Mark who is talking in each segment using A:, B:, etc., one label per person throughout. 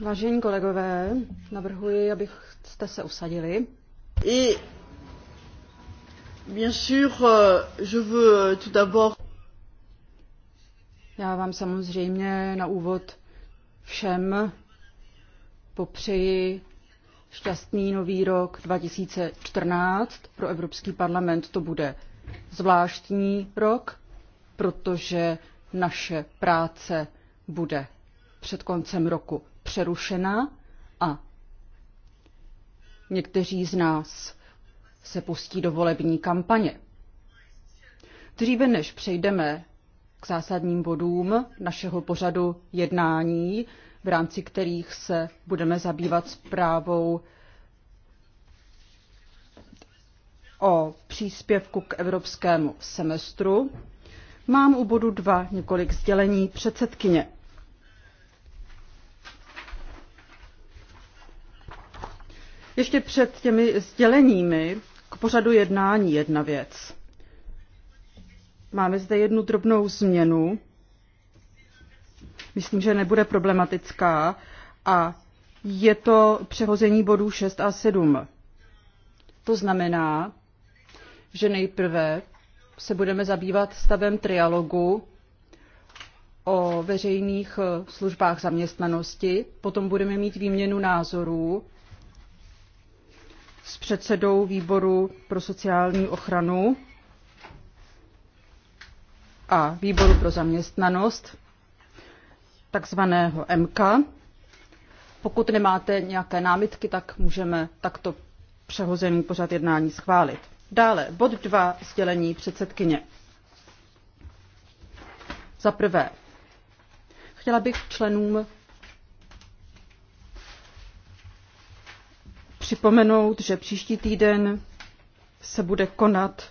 A: Vážení kolegové, navrhuji, abyste se usadili. Et bien sûr, euh, je veux euh, tout d'abord Já vám samozřejmě na úvod všem popřeji šťastný nový rok 2014. Pro Evropský parlament to bude zvláštní rok, protože naše práce bude před koncem roku přerušena a někteří z nás se pustí do volební kampaně. Dříve než přejdeme k zásadním bodům našeho pořadu jednání, v rámci kterých se budeme zabývat zprávou o příspěvku k evropskému semestru, mám u bodu 2 několik sdělení předsedkyně. Ještě před těmi sděleními k pořadu jednání jedna věc. Máme zde jednu drobnou změnu. Myslím, že nebude problematická. A je to přehození bodů 6 a 7. To znamená, že nejprve se budeme zabývat stavem trialogu o veřejných službách zaměstnanosti, potom budeme mít výměnu názorů s předsedou výboru pro sociální ochranu a výboru pro zaměstnanost, takzvaného MK. Pokud nemáte nějaké námitky, tak můžeme takto přehozený pořad jednání schválit. Dále bod 2 sdělení předsedkyně. Za prvé, chtěla bych členům připomenout, že příští týden se bude konat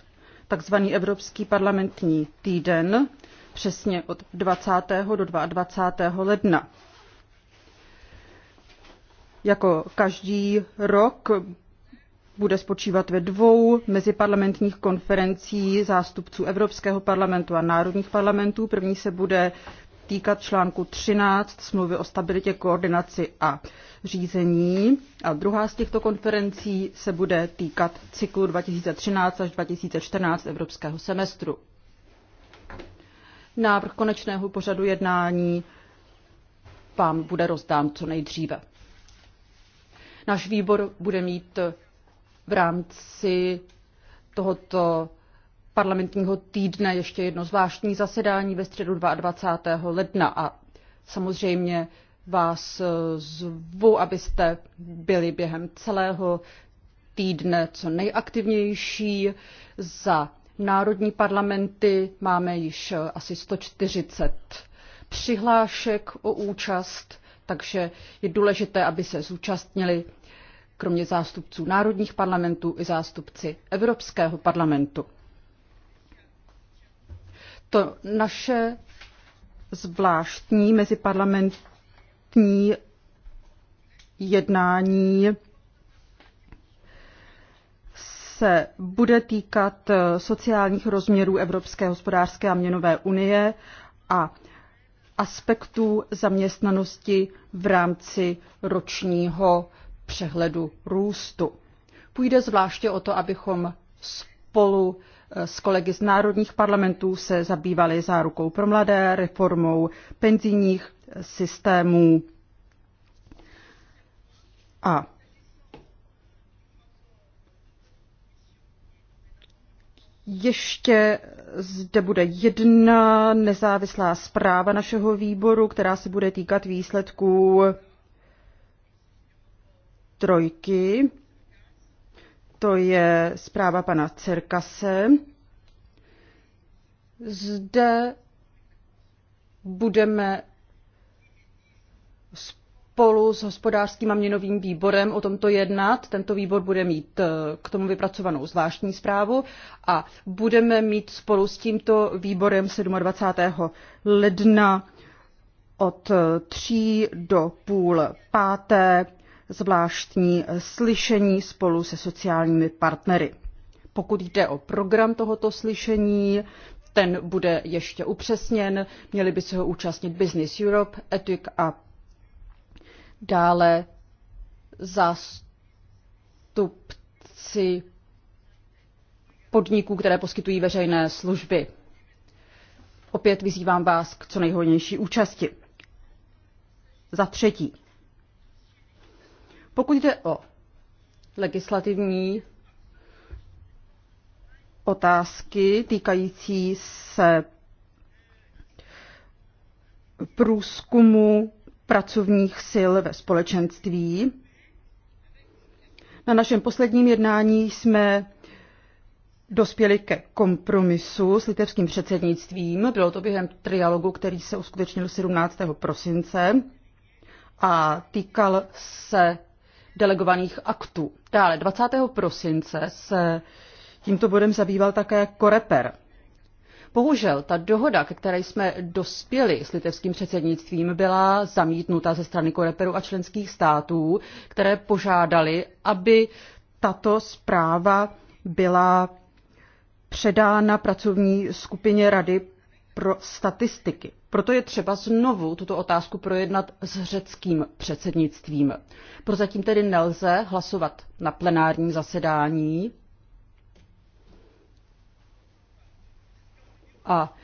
A: takzvaný Evropský parlamentní týden, přesně od 20. do 22. ledna. Jako každý rok bude spočívat ve dvou meziparlamentních konferencí zástupců Evropského parlamentu a národních parlamentů. První se bude týkat článku 13 smlouvy o stabilitě, koordinaci a řízení. A druhá z těchto konferencí se bude týkat cyklu 2013 až 2014 evropského semestru. Návrh konečného pořadu jednání vám bude rozdán co nejdříve. Náš výbor bude mít v rámci tohoto parlamentního týdne ještě jedno zvláštní zasedání ve středu 22. ledna a samozřejmě vás zvu, abyste byli během celého týdne co nejaktivnější. Za národní parlamenty máme již asi 140 přihlášek o účast, takže je důležité, aby se zúčastnili kromě zástupců národních parlamentů i zástupci Evropského parlamentu to naše zvláštní meziparlamentní jednání se bude týkat sociálních rozměrů Evropské hospodářské a měnové unie a aspektů zaměstnanosti v rámci ročního přehledu růstu. Půjde zvláště o to, abychom spolu s kolegy z národních parlamentů se zabývali zárukou pro mladé, reformou penzijních systémů a Ještě zde bude jedna nezávislá zpráva našeho výboru, která se bude týkat výsledků trojky. To je zpráva pana Cerkase. Zde budeme spolu s hospodářským a měnovým výborem o tomto jednat. Tento výbor bude mít eh, k tomu vypracovanou zvláštní zprávu a budeme mít spolu s tímto výborem 27. ledna od 3 eh, do půl páté zvláštní eh, slyšení spolu se sociálními partnery. Pokud jde o program tohoto slyšení, ten bude ještě upřesněn. Měli by se ho účastnit Business Europe, ETIC a dále zástupci podniků, které poskytují veřejné služby. Opět vyzývám vás k co nejhodnější účasti. Za třetí, pokud jde o legislativní otázky týkající se průzkumu pracovních sil ve společenství. Na našem posledním jednání jsme dospěli ke kompromisu s litevským předsednictvím. Bylo to během trialogu, který se uskutečnil 17. prosince a týkal se delegovaných aktů. Dále 20. prosince se tímto bodem zabýval také Koreper. Bohužel ta dohoda, ke které jsme dospěli s litevským předsednictvím, byla zamítnuta ze strany Koreperu a členských států, které požádali, aby tato zpráva byla předána pracovní skupině Rady pro statistiky. Proto je třeba znovu tuto otázku projednat s řeckým předsednictvím. Prozatím tedy nelze hlasovat na plenární zasedání. A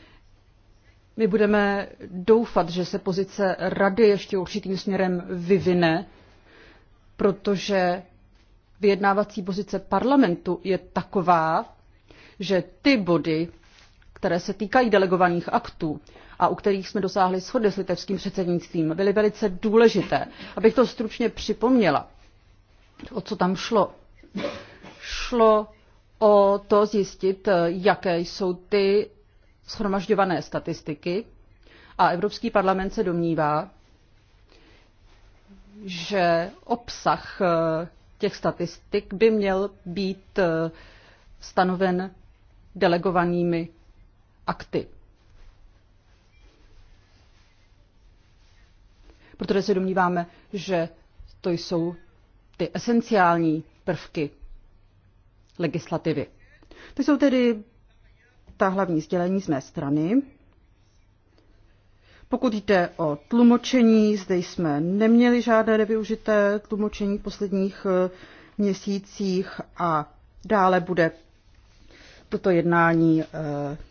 A: my budeme doufat, že se pozice rady ještě určitým směrem vyvine, protože vyjednávací pozice parlamentu je taková, že ty body, které se týkají delegovaných aktů, a u kterých jsme dosáhli shody s litevským předsednictvím, byly velice důležité. Abych to stručně připomněla, o co tam šlo. Šlo o to zjistit, jaké jsou ty schromažďované statistiky a Evropský parlament se domnívá, že obsah eh, těch statistik by měl být eh, stanoven delegovanými akty. protože se domníváme, že to jsou ty esenciální prvky legislativy. To jsou tedy ta hlavní sdělení z mé strany. Pokud jde o tlumočení, zde jsme neměli žádné nevyužité tlumočení v posledních eh, měsících a dále bude toto jednání eh,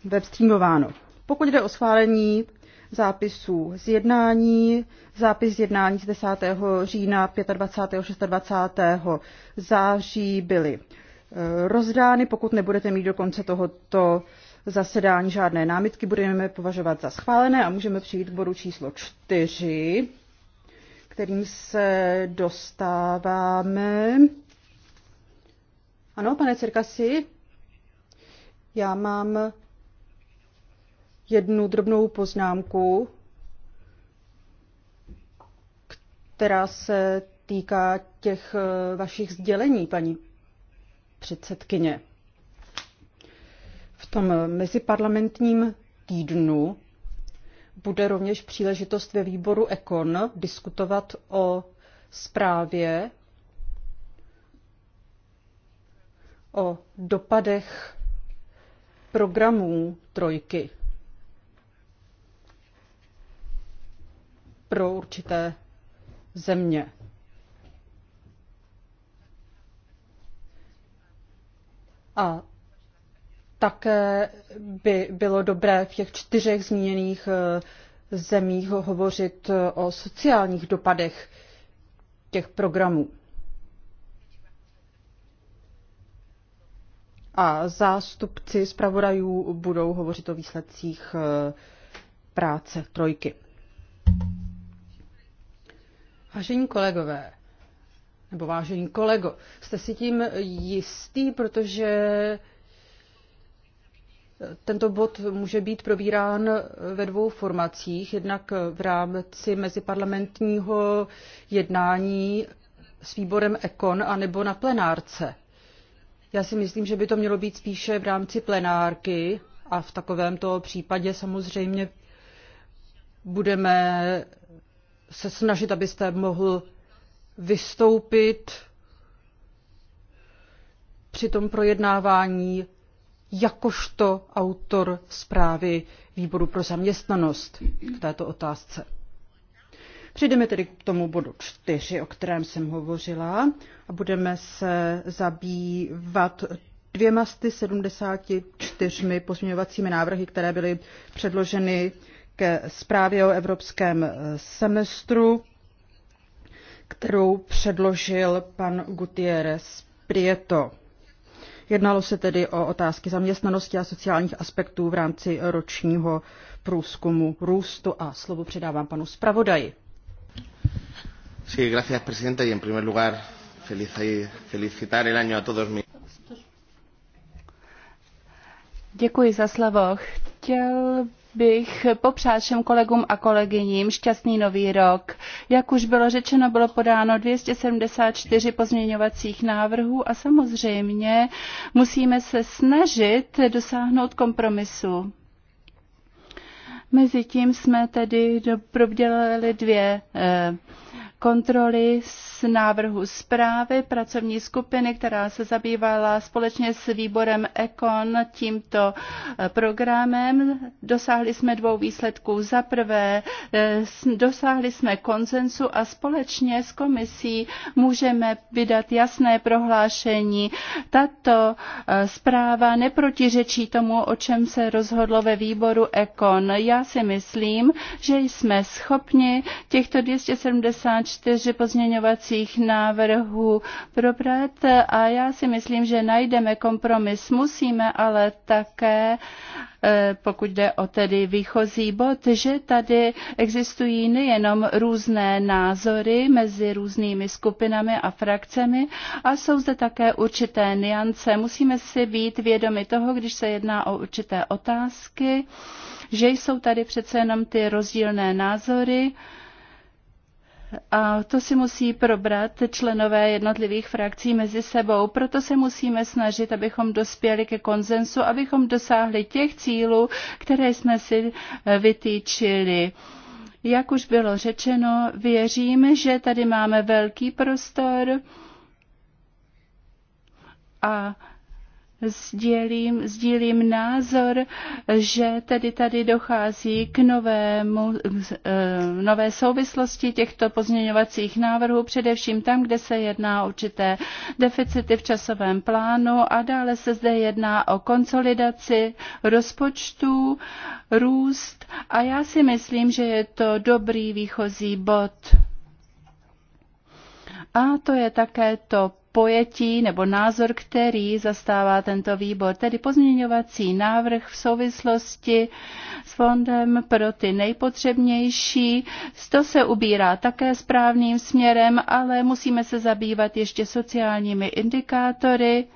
A: webstreamováno. Pokud jde o schválení zápisů z jednání, zápis z jednání z 10. října 25. 26. září byly eh, rozdány. Pokud nebudete mít do konce tohoto zasedání žádné námitky, budeme považovat za schválené a můžeme přijít k bodu číslo 4, kterým se dostáváme. Ano, pane Cirkasi, já mám jednu drobnou poznámku, která se týká těch eh, vašich sdělení, paní předsedkyně. V tom eh, meziparlamentním týdnu bude rovněž příležitost ve výboru Ekon diskutovat o zprávě o dopadech programů trojky. pro určité země. A také by bylo dobré v těch čtyřech zmíněných eh, zemích hovořit eh, o sociálních dopadech těch programů. A zástupci zpravodajů budou hovořit o výsledcích eh, práce trojky. Vážení kolegové, nebo vážení kolego, jste si tím jistý, protože tento bod může být probírán ve dvou formacích, jednak v rámci meziparlamentního jednání s výborem Ekon a nebo na plenárce. Já si myslím, že by to mělo být spíše v rámci plenárky a v takovémto případě samozřejmě budeme se snažit, abyste mohl vystoupit při tom projednávání jakožto autor zprávy výboru pro zaměstnanost k této otázce. Přijdeme tedy k tomu bodu čtyři, o kterém jsem hovořila, a budeme se zabývat dvěma z 74 pozměňovacími návrhy, které byly předloženy ke zprávě o evropském eh, semestru, kterou předložil pan Gutierrez Prieto. Jednalo se tedy o otázky zaměstnanosti a sociálních aspektů v rámci ročního průzkumu růstu a slovo předávám panu zpravodaji.
B: Sí, gracias, presidenta, y en primer lugar felicitar el año a todos mis...
C: Děkuji za slovo. Chtěl bych popřál všem kolegům a kolegyním šťastný nový rok. Jak už bylo řečeno, bylo podáno 274 pozměňovacích návrhů a samozřejmě musíme se snažit dosáhnout kompromisu. Mezitím jsme tedy probdělali dvě eh, kontroly z návrhu zprávy pracovní skupiny, která se zabývala společně s výborem ECON tímto eh, programem. Dosáhli jsme dvou výsledků. Za prvé, eh, dosáhli jsme konsensu a společně s komisí můžeme vydat jasné prohlášení. Tato eh, zpráva neprotiřečí tomu, o čem se rozhodlo ve výboru ECON. Já si myslím, že jsme schopni těchto 270 čtyři pozměňovacích návrhů probrat a já si myslím, že najdeme kompromis. Musíme ale také eh, pokud jde o tedy výchozí bod, že tady existují nejenom různé názory mezi různými skupinami a frakcemi a jsou zde také určité niance. Musíme si být vědomi toho, když se jedná o určité otázky, že jsou tady přece jenom ty rozdílné názory, a to si musí probrat členové jednotlivých frakcí mezi sebou. Proto se musíme snažit, abychom dospěli ke konzensu, abychom dosáhli těch cílů, které jsme si eh, vytýčili. Jak už bylo řečeno, věřím, že tady máme velký prostor a sdělím, sdílím názor, že tedy tady dochází k novému, e, nové souvislosti těchto pozměňovacích návrhů, především tam, kde se jedná o určité deficity v časovém plánu a dále se zde jedná o konsolidaci rozpočtů, růst a já si myslím, že je to dobrý výchozí bod. A to je také to pojetí nebo názor, který zastává tento výbor, tedy pozměňovací návrh v souvislosti s fondem pro ty nejpotřebnější. To se ubírá také správným směrem, ale musíme se zabývat ještě sociálními indikátory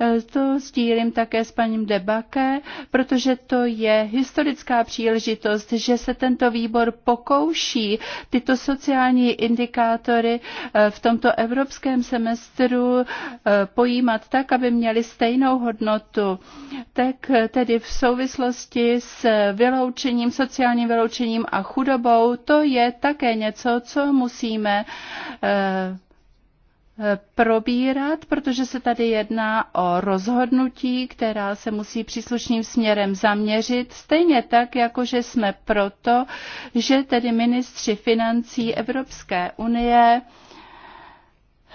C: Eh, to sdílím také s paním Debake, protože to je historická příležitost, že se tento výbor pokouší tyto sociální indikátory eh, v tomto evropském semestru eh, pojímat tak, aby měly stejnou hodnotu. Tak tedy v souvislosti s vyloučením, sociálním vyloučením a chudobou, to je také něco, co musíme probírat, protože se tady jedná o rozhodnutí, která se musí příslušným směrem zaměřit, stejně tak, jako že jsme proto, že tedy ministři financí Evropské unie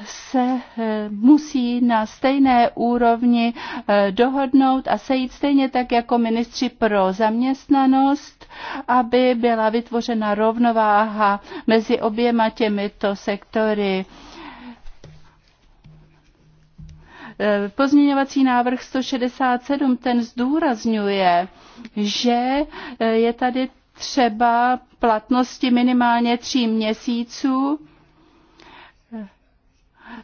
C: se eh, musí na stejné úrovni eh, dohodnout a sejít stejně tak jako ministři pro zaměstnanost, aby byla vytvořena rovnováha mezi oběma těmito sektory E, pozměňovací návrh 167 ten zdůrazňuje, že e, je tady třeba platnosti minimálně tří měsíců e,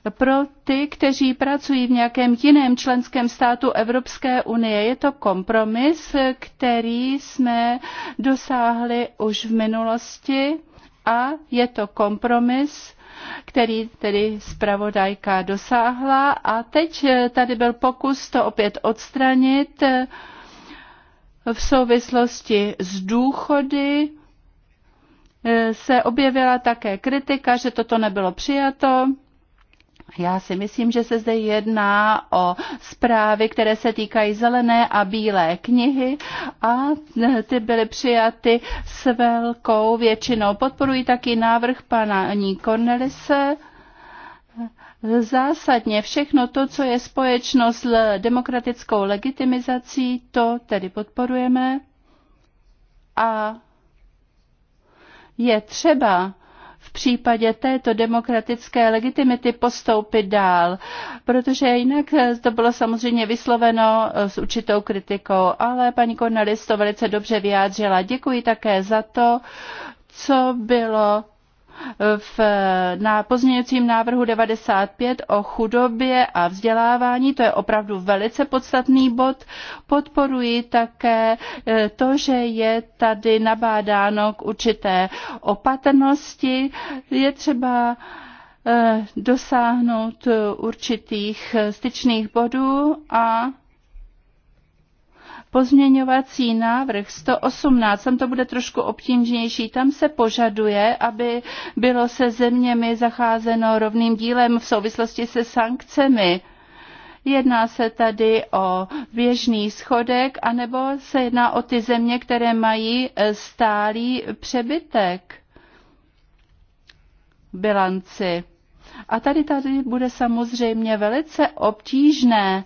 C: pro ty, kteří pracují v nějakém jiném členském státu Evropské unie. Je to kompromis, který jsme dosáhli už v minulosti a je to kompromis, který tedy zpravodajka dosáhla a teď eh, tady byl pokus to opět odstranit eh, v souvislosti s důchody eh, se objevila také kritika, že toto nebylo přijato. Já si myslím, že se zde jedná o zprávy, které se týkají zelené a bílé knihy a ty byly přijaty s velkou většinou. Podporuji taky návrh pana Ní Cornelise. Zásadně všechno to, co je společnost s demokratickou legitimizací, to tedy podporujeme. A je třeba případě této demokratické legitimity postoupit dál, protože jinak to bylo samozřejmě vysloveno s určitou kritikou, ale paní Cornelis to velice dobře vyjádřila. Děkuji také za to, co bylo v, na pozměňujícím návrhu 95 o chudobě a vzdělávání. To je opravdu velice podstatný bod. Podporuji také eh, to, že je tady nabádáno k určité opatrnosti. Je třeba eh, dosáhnout eh, určitých styčných bodů a Pozměňovací návrh 118, tam to bude trošku obtížnější, tam se požaduje, aby bylo se zeměmi zacházeno rovným dílem v souvislosti se sankcemi. Jedná se tady o běžný schodek, anebo se jedná o ty země, které mají e, stálý přebytek bilanci. A tady tady bude samozřejmě velice obtížné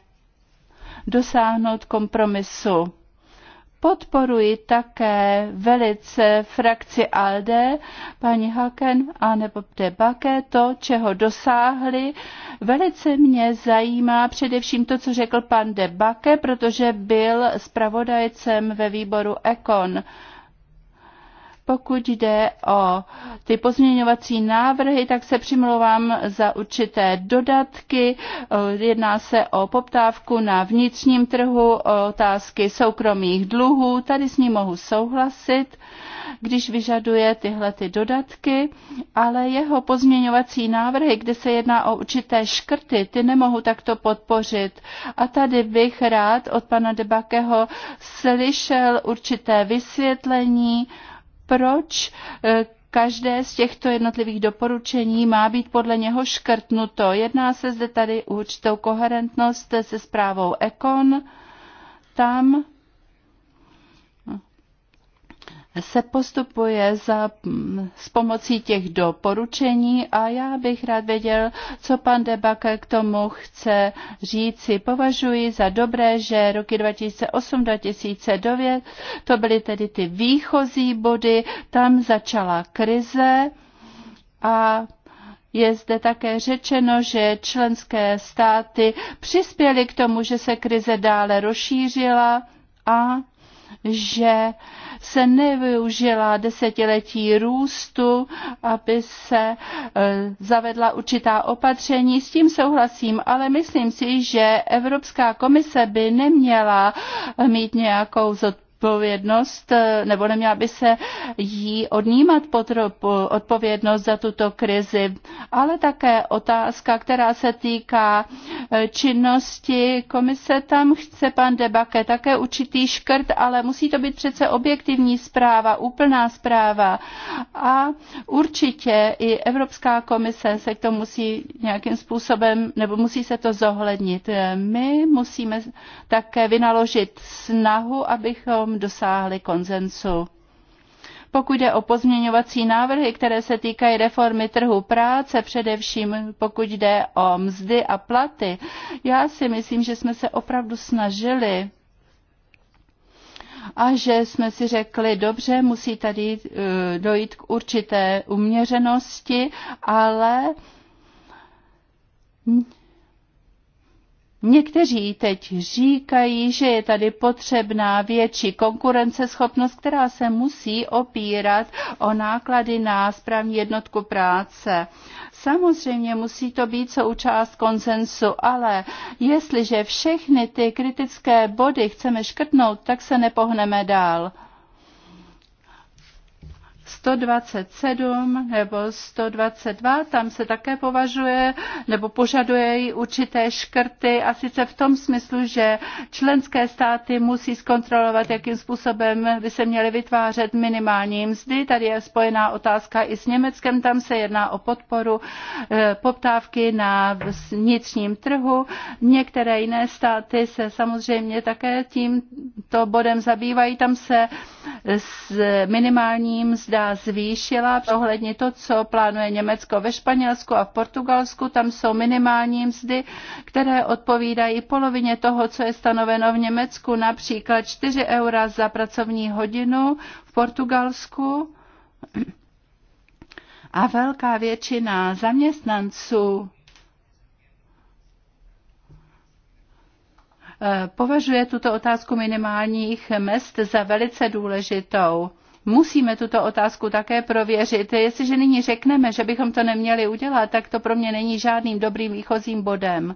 C: dosáhnout kompromisu. Podporuji také velice frakci ALDE, paní Haken a nebo Debake, to, čeho dosáhli. Velice mě zajímá především to, co řekl pan Debake, protože byl zpravodajcem ve výboru Econ pokud jde o ty pozměňovací návrhy, tak se přimlouvám za určité dodatky. Eh, jedná se o poptávku na vnitřním trhu, o otázky soukromých dluhů. Tady s ní mohu souhlasit když vyžaduje tyhle ty dodatky, ale jeho pozměňovací návrhy, kde se jedná o určité škrty, ty nemohu takto podpořit. A tady bych rád od pana Debakeho slyšel určité vysvětlení, proč eh, každé z těchto jednotlivých doporučení má být podle něho škrtnuto. Jedná se zde tady určitou koherentnost se zprávou Econ. Tam se postupuje za, mm, s pomocí těch doporučení a já bych rád věděl, co pan Debake k tomu chce říci. Považuji za dobré, že roky 2008-2009 to byly tedy ty výchozí body, tam začala krize a je zde také řečeno, že členské státy přispěly k tomu, že se krize dále rozšířila a že se nevyužila desetiletí růstu, aby se e, zavedla určitá opatření. S tím souhlasím, ale myslím si, že Evropská komise by neměla mít nějakou zodpovědnost odpovědnost, eh, nebo neměla by se jí odnímat odpovědnost za tuto krizi, ale také otázka, která se týká eh, činnosti komise. Tam chce pan Debake také určitý škrt, ale musí to být přece objektivní zpráva, úplná zpráva. A určitě i Evropská komise se k tomu musí nějakým způsobem, nebo musí se to zohlednit. Eh, My musíme také vynaložit snahu, abychom abychom dosáhli konsensu. Pokud jde o pozměňovací návrhy, které se týkají reformy trhu práce, především pokud jde o mzdy a platy, já si myslím, že jsme se opravdu snažili a že jsme si řekli, dobře, musí tady eh, dojít k určité uměřenosti, ale Někteří teď říkají, že je tady potřebná větší konkurenceschopnost, která se musí opírat o náklady na správní jednotku práce. Samozřejmě musí to být součást konsensu, ale jestliže všechny ty kritické body chceme škrtnout, tak se nepohneme dál. 127 nebo 122, tam se také považuje nebo požaduje i určité škrty a sice v tom smyslu, že členské státy musí zkontrolovat, jakým způsobem by se měly vytvářet minimální mzdy. Tady je spojená otázka i s Německem, tam se jedná o podporu eh, poptávky na vnitřním trhu. Některé jiné státy se samozřejmě také tímto bodem zabývají, tam se s minimální mzda zvýšila ohledně to, co plánuje Německo ve Španělsku a v Portugalsku. Tam jsou minimální mzdy, které odpovídají polovině toho, co je stanoveno v Německu, například 4 eura za pracovní hodinu v Portugalsku. A velká většina zaměstnanců eh, považuje tuto otázku minimálních mest za velice důležitou musíme tuto otázku také prověřit. Jestliže nyní řekneme, že bychom to neměli udělat, tak to pro mě není žádným dobrým výchozím bodem.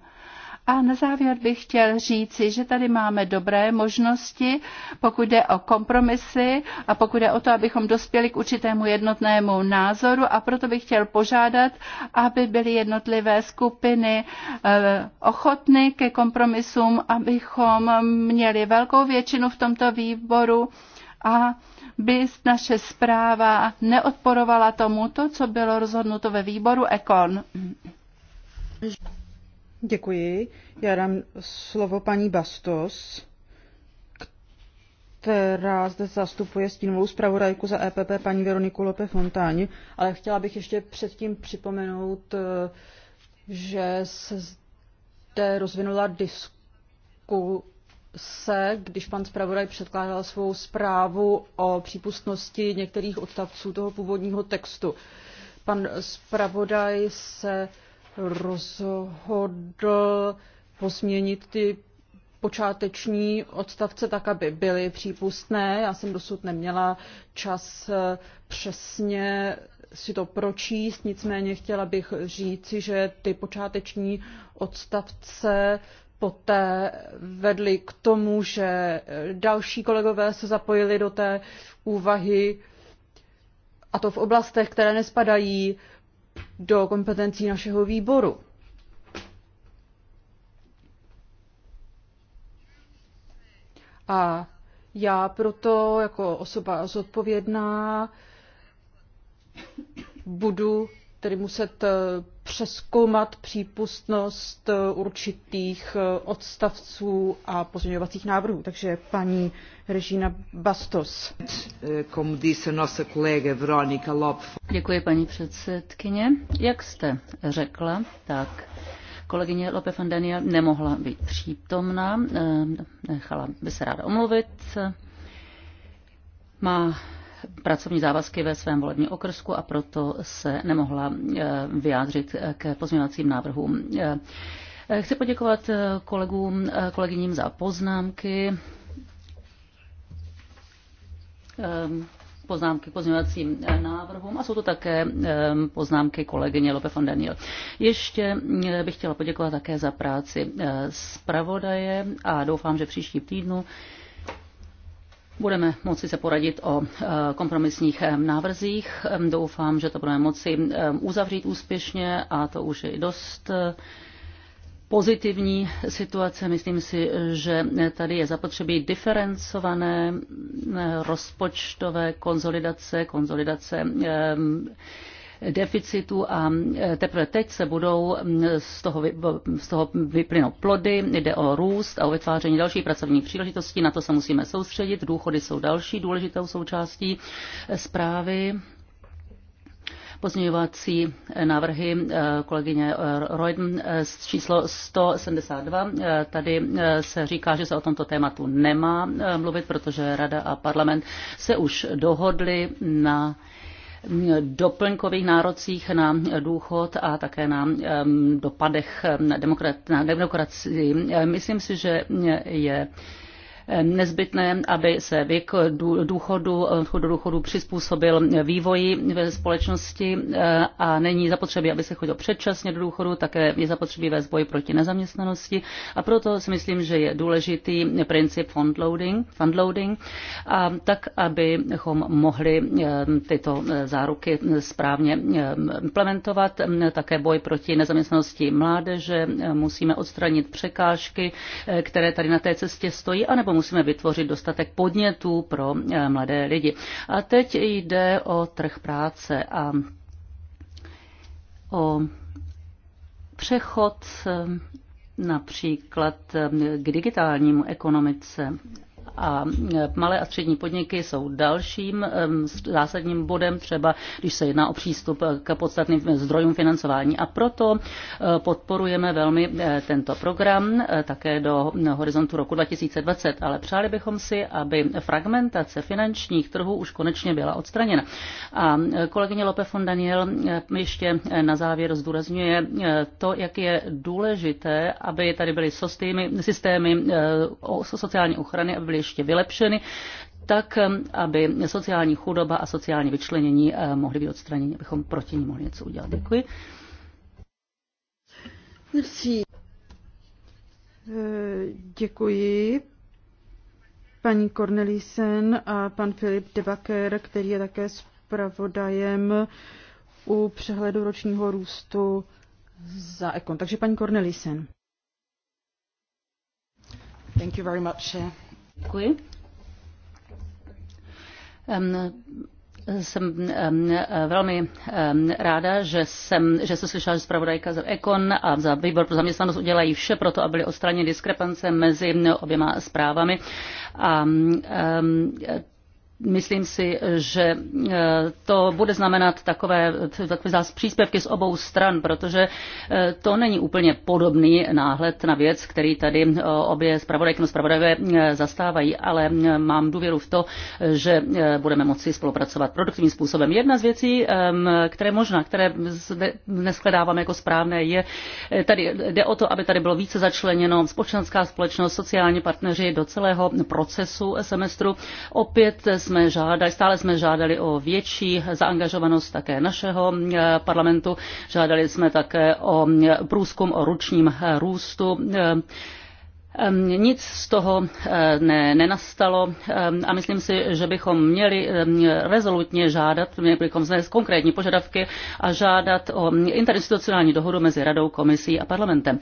C: A na závěr bych chtěl říci, že tady máme dobré možnosti, pokud jde o kompromisy a pokud jde o to, abychom dospěli k určitému jednotnému názoru a proto bych chtěl požádat, aby byly jednotlivé skupiny eh, ochotny ke kompromisům, abychom měli velkou většinu v tomto výboru a by naše zpráva neodporovala tomu, to, co bylo rozhodnuto ve výboru Ekon.
A: Děkuji. Já dám slovo paní Bastos, která zde zastupuje stínovou zpravodajku za EPP paní Veroniku Lope Fontáň, ale chtěla bych ještě předtím připomenout, eh, že se zde rozvinula diskuse se, když pan zpravodaj předkládal svou zprávu o přípustnosti některých odstavců toho původního textu. Pan zpravodaj se rozhodl pozměnit ty počáteční odstavce tak, aby byly přípustné. Já jsem dosud neměla čas eh, přesně si to pročíst, nicméně chtěla bych říci, že ty počáteční odstavce poté vedly k tomu, že další kolegové se zapojili do té úvahy, a to v oblastech, které nespadají do kompetencí našeho výboru. A já proto jako osoba zodpovědná budu tedy muset eh, přeskoumat přípustnost eh, určitých eh, odstavců a pozměňovacích návrhů. Takže paní Režina Bastos. Děkuji, paní předsedkyně. Jak jste řekla,
B: tak kolegyně Lope van Daniel nemohla být přítomná, nechala by se ráda omluvit. Má pracovní závazky ve svém volebním okrsku a proto se nemohla eh, vyjádřit k pozměňovacím návrhům. Eh, chci poděkovat eh, kolegům, kolegyním za poznámky poznámky k pozměňovacím návrhům a jsou to také poznámky kolegyně Lope von Daniel. Ještě bych chtěla poděkovat také za práci zpravodaje a doufám, že příští týdnu budeme moci se poradit o eh, kompromisních eh, návrzích. Doufám, že to budeme moci uzavřít úspěšně a to už je dost eh, pozitivní situace. Myslím si, že tady je zapotřebí diferencované rozpočtové konzolidace, konzolidace deficitu a e, teprve teď se budou z toho, z toho vyplynout plody, jde o růst a o vytváření dalších pracovních příležitosti, na to se musíme soustředit, důchody jsou další důležitou součástí e, zprávy pozměňovací e, návrhy kolegyně Reuden z číslo 172. Tady se říká, že se o tomto tématu nemá mluvit, protože Rada a parlament se už dohodli na doplňkových nárocích na důchod a také na dopadech na demokracii. Myslím si, že je nezbytné, aby se věk důchodu, do důchodu přizpůsobil vývoji ve společnosti e, a není zapotřebí, aby se chodil předčasně do důchodu, také je zapotřebí vést boj proti nezaměstnanosti a proto si myslím, že je důležitý princip fundloading, fundloading a tak, abychom mohli e, tyto e, záruky správně implementovat. Také boj proti nezaměstnanosti mládeže, musíme odstranit překážky, které tady na té cestě stojí, anebo musíme vytvořit dostatek podnětů pro eh, mladé lidi. A teď jde o trh práce a o přechod eh, například eh, k digitálnímu ekonomice a e, malé a střední podniky jsou dalším e, zásadním bodem, třeba když se jedná o přístup k podstatným zdrojům financování. A proto e, podporujeme velmi tento program také do horizontu roku 2020, ale přáli bychom si, aby fragmentace finančních trhů už konečně byla odstraněna. A kolegyně Lope von Daniel ještě na závěr zdůrazňuje to, jak je důležité, aby tady byly systémy, sociální ochrany, aby byly ještě vylepšeny, tak um, aby sociální chudoba a sociální vyčlenění uh, mohly být odstraněny, abychom proti ní mohli něco udělat. Děkuji.
A: Merci. Eh, děkuji paní Cornelisen a pan Filip Debaker, který je také zpravodajem u přehledu ročního růstu za Ekon. Takže paní Cornelisen. Thank you very much. Děkuji. Um, jsem
B: velmi ráda, že jsem, že jsem slyšela, že zpravodajka z Ekon a za výbor pro zaměstnanost udělají vše pro to, aby byly odstraněny diskrepance mezi oběma zprávami. A, myslím si, že e, to bude znamenat takové, takové příspěvky z obou stran, protože e, to není úplně podobný náhled na věc, který tady e, obě zpravodajky, no, zpravodajové zastávají, ale mám důvěru v to, že budeme moci spolupracovat produktivním způsobem. Jedna z věcí, které možná, které neskledáváme jako správné, je, tady jde o to, aby tady bylo více začleněno společenská společnost, sociální partneři do celého procesu semestru. Opět jsme žádali, stále jsme žádali o větší zaangažovanost také našeho eh, parlamentu. Žádali jsme také o eh, průzkum o ručním eh, růstu. Nic z toho ne, nenastalo a myslím si, že bychom měli rezolutně žádat, měli bychom znést konkrétní požadavky a žádat o interinstitucionální dohodu mezi Radou, Komisí a parlamentem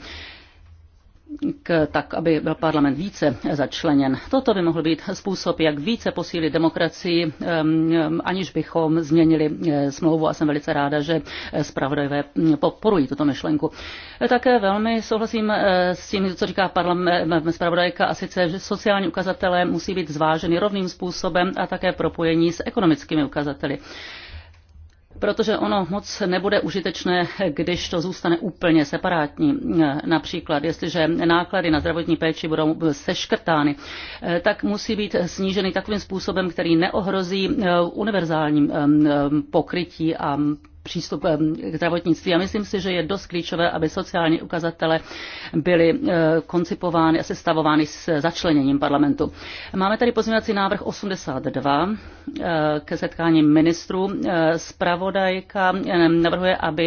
B: k, tak, aby byl parlament více začleněn. Toto by mohl být způsob, jak více posílit demokracii, aniž bychom změnili eh, smlouvu a jsem velice ráda, že eh, zpravodajové hm, podporují tuto myšlenku. Eh, také velmi souhlasím s tím, co říká zpravodajka, a sice, že sociální ukazatele musí být zváženy rovným způsobem a také propojení s ekonomickými ukazateli protože ono moc nebude užitečné, když to zůstane úplně separátní. Například, jestliže náklady na zdravotní péči budou seškrtány, tak musí být sníženy takovým způsobem, který neohrozí univerzální pokrytí a přístup eh, k zdravotnictví. A myslím si, že je dost klíčové, aby sociální ukazatele byly eh, koncipovány a sestavovány s začleněním parlamentu. Máme tady pozměňovací návrh 82 eh, ke setkání ministrů. Spravodajka navrhuje, aby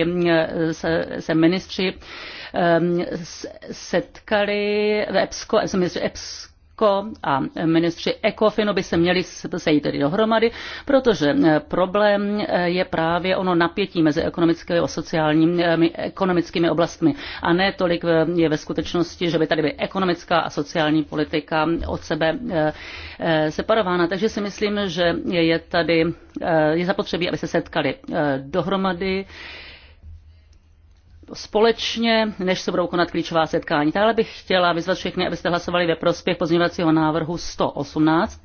B: se, se ministři setkali v EPSCO, EPSCO EPSCO a ministři ECOFINu by se měli sejít tedy dohromady, protože eh, problém eh, je právě ono napětí mezi ekonomickými a sociálními ekonomickými oblastmi a ne tolik eh, je ve skutečnosti, že by tady by ekonomická a sociální politika od sebe separována. Takže si myslím, že je tady je zapotřebí, aby se setkali dohromady společně, než se budou konat klíčová setkání. tady bych chtěla vyzvat všechny, abyste hlasovali ve prospěch pozměňovacího návrhu 118.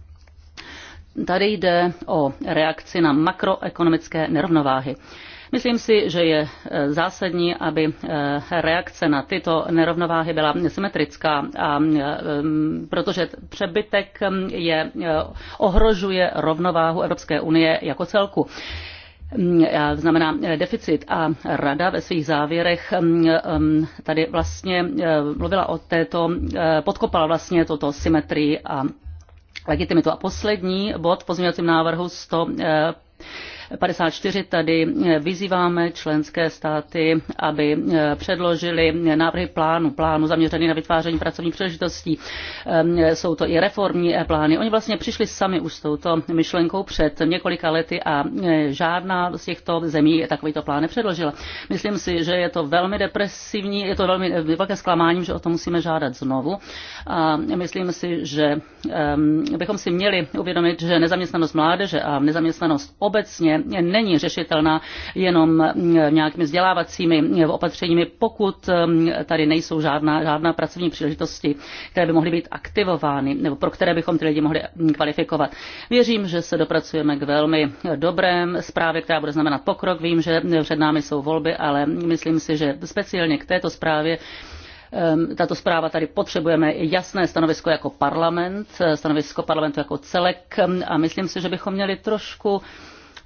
B: Tady jde o reakci na makroekonomické nerovnováhy. Myslím si, že je eh, zásadní, aby eh, reakce na tyto nerovnováhy byla symetrická, a, eh, mm, protože přebytek je, ohrožuje rovnováhu Evropské unie jako celku znamená eh, deficit a rada ve svých závěrech mm, mm, tady vlastně eh, mluvila o této, eh, podkopala vlastně toto symetrii a legitimitu. A poslední bod v pozměňovacím návrhu 100 54 tady vyzýváme členské státy, aby eh, předložili návrhy plánu, plánu zaměřený na vytváření pracovních příležitostí. Ehm, jsou to i reformní eh, plány. Oni vlastně přišli sami už s touto myšlenkou před několika lety a eh, žádná z těchto zemí takovýto plán nepředložila. Myslím si, že je to velmi depresivní, je to velmi velké zklamání, že o to musíme žádat znovu. A myslím si, že ehm, bychom si měli uvědomit, že nezaměstnanost mládeže a nezaměstnanost obecně není řešitelná jenom mm, nějakými vzdělávacími mm, opatřeními, pokud mm, tady nejsou žádná, žádná pracovní příležitosti, které by mohly být aktivovány nebo pro které bychom ty lidi mohli kvalifikovat. Věřím, že se dopracujeme k velmi dobré zprávě, která bude znamenat pokrok. Vím, že před námi jsou volby, ale myslím si, že speciálně k této zprávě tato zpráva tady potřebujeme jasné stanovisko jako parlament, stanovisko parlamentu jako celek a myslím si, že bychom měli trošku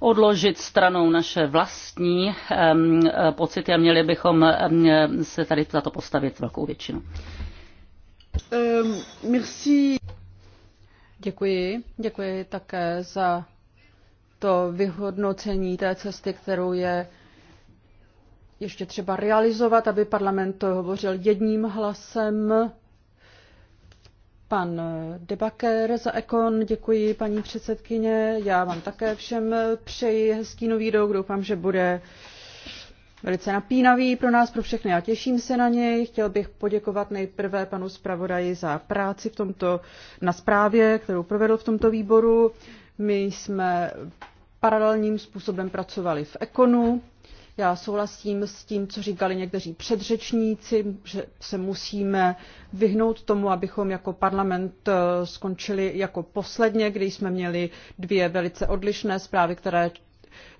B: odložit stranou naše vlastní eh, pocity a měli bychom se tady za to postavit velkou většinu.
A: Um, merci. Děkuji. Děkuji také za to vyhodnocení té cesty, kterou je ještě třeba realizovat, aby parlament to hovořil jedním hlasem Pan Debaker za Ekon, děkuji paní předsedkyně. Já vám také všem přeji hezký nový rok. Doufám, že bude velice napínavý pro nás, pro všechny a těším se na něj. Chtěl bych poděkovat nejprve panu zpravodaji za práci v tomto, na zprávě, kterou provedl v tomto výboru. My jsme paralelním způsobem pracovali v Ekonu já souhlasím s tím, co říkali někteří předřečníci, že se musíme vyhnout tomu, abychom jako parlament eh, skončili jako posledně, kdy jsme měli dvě velice odlišné zprávy, které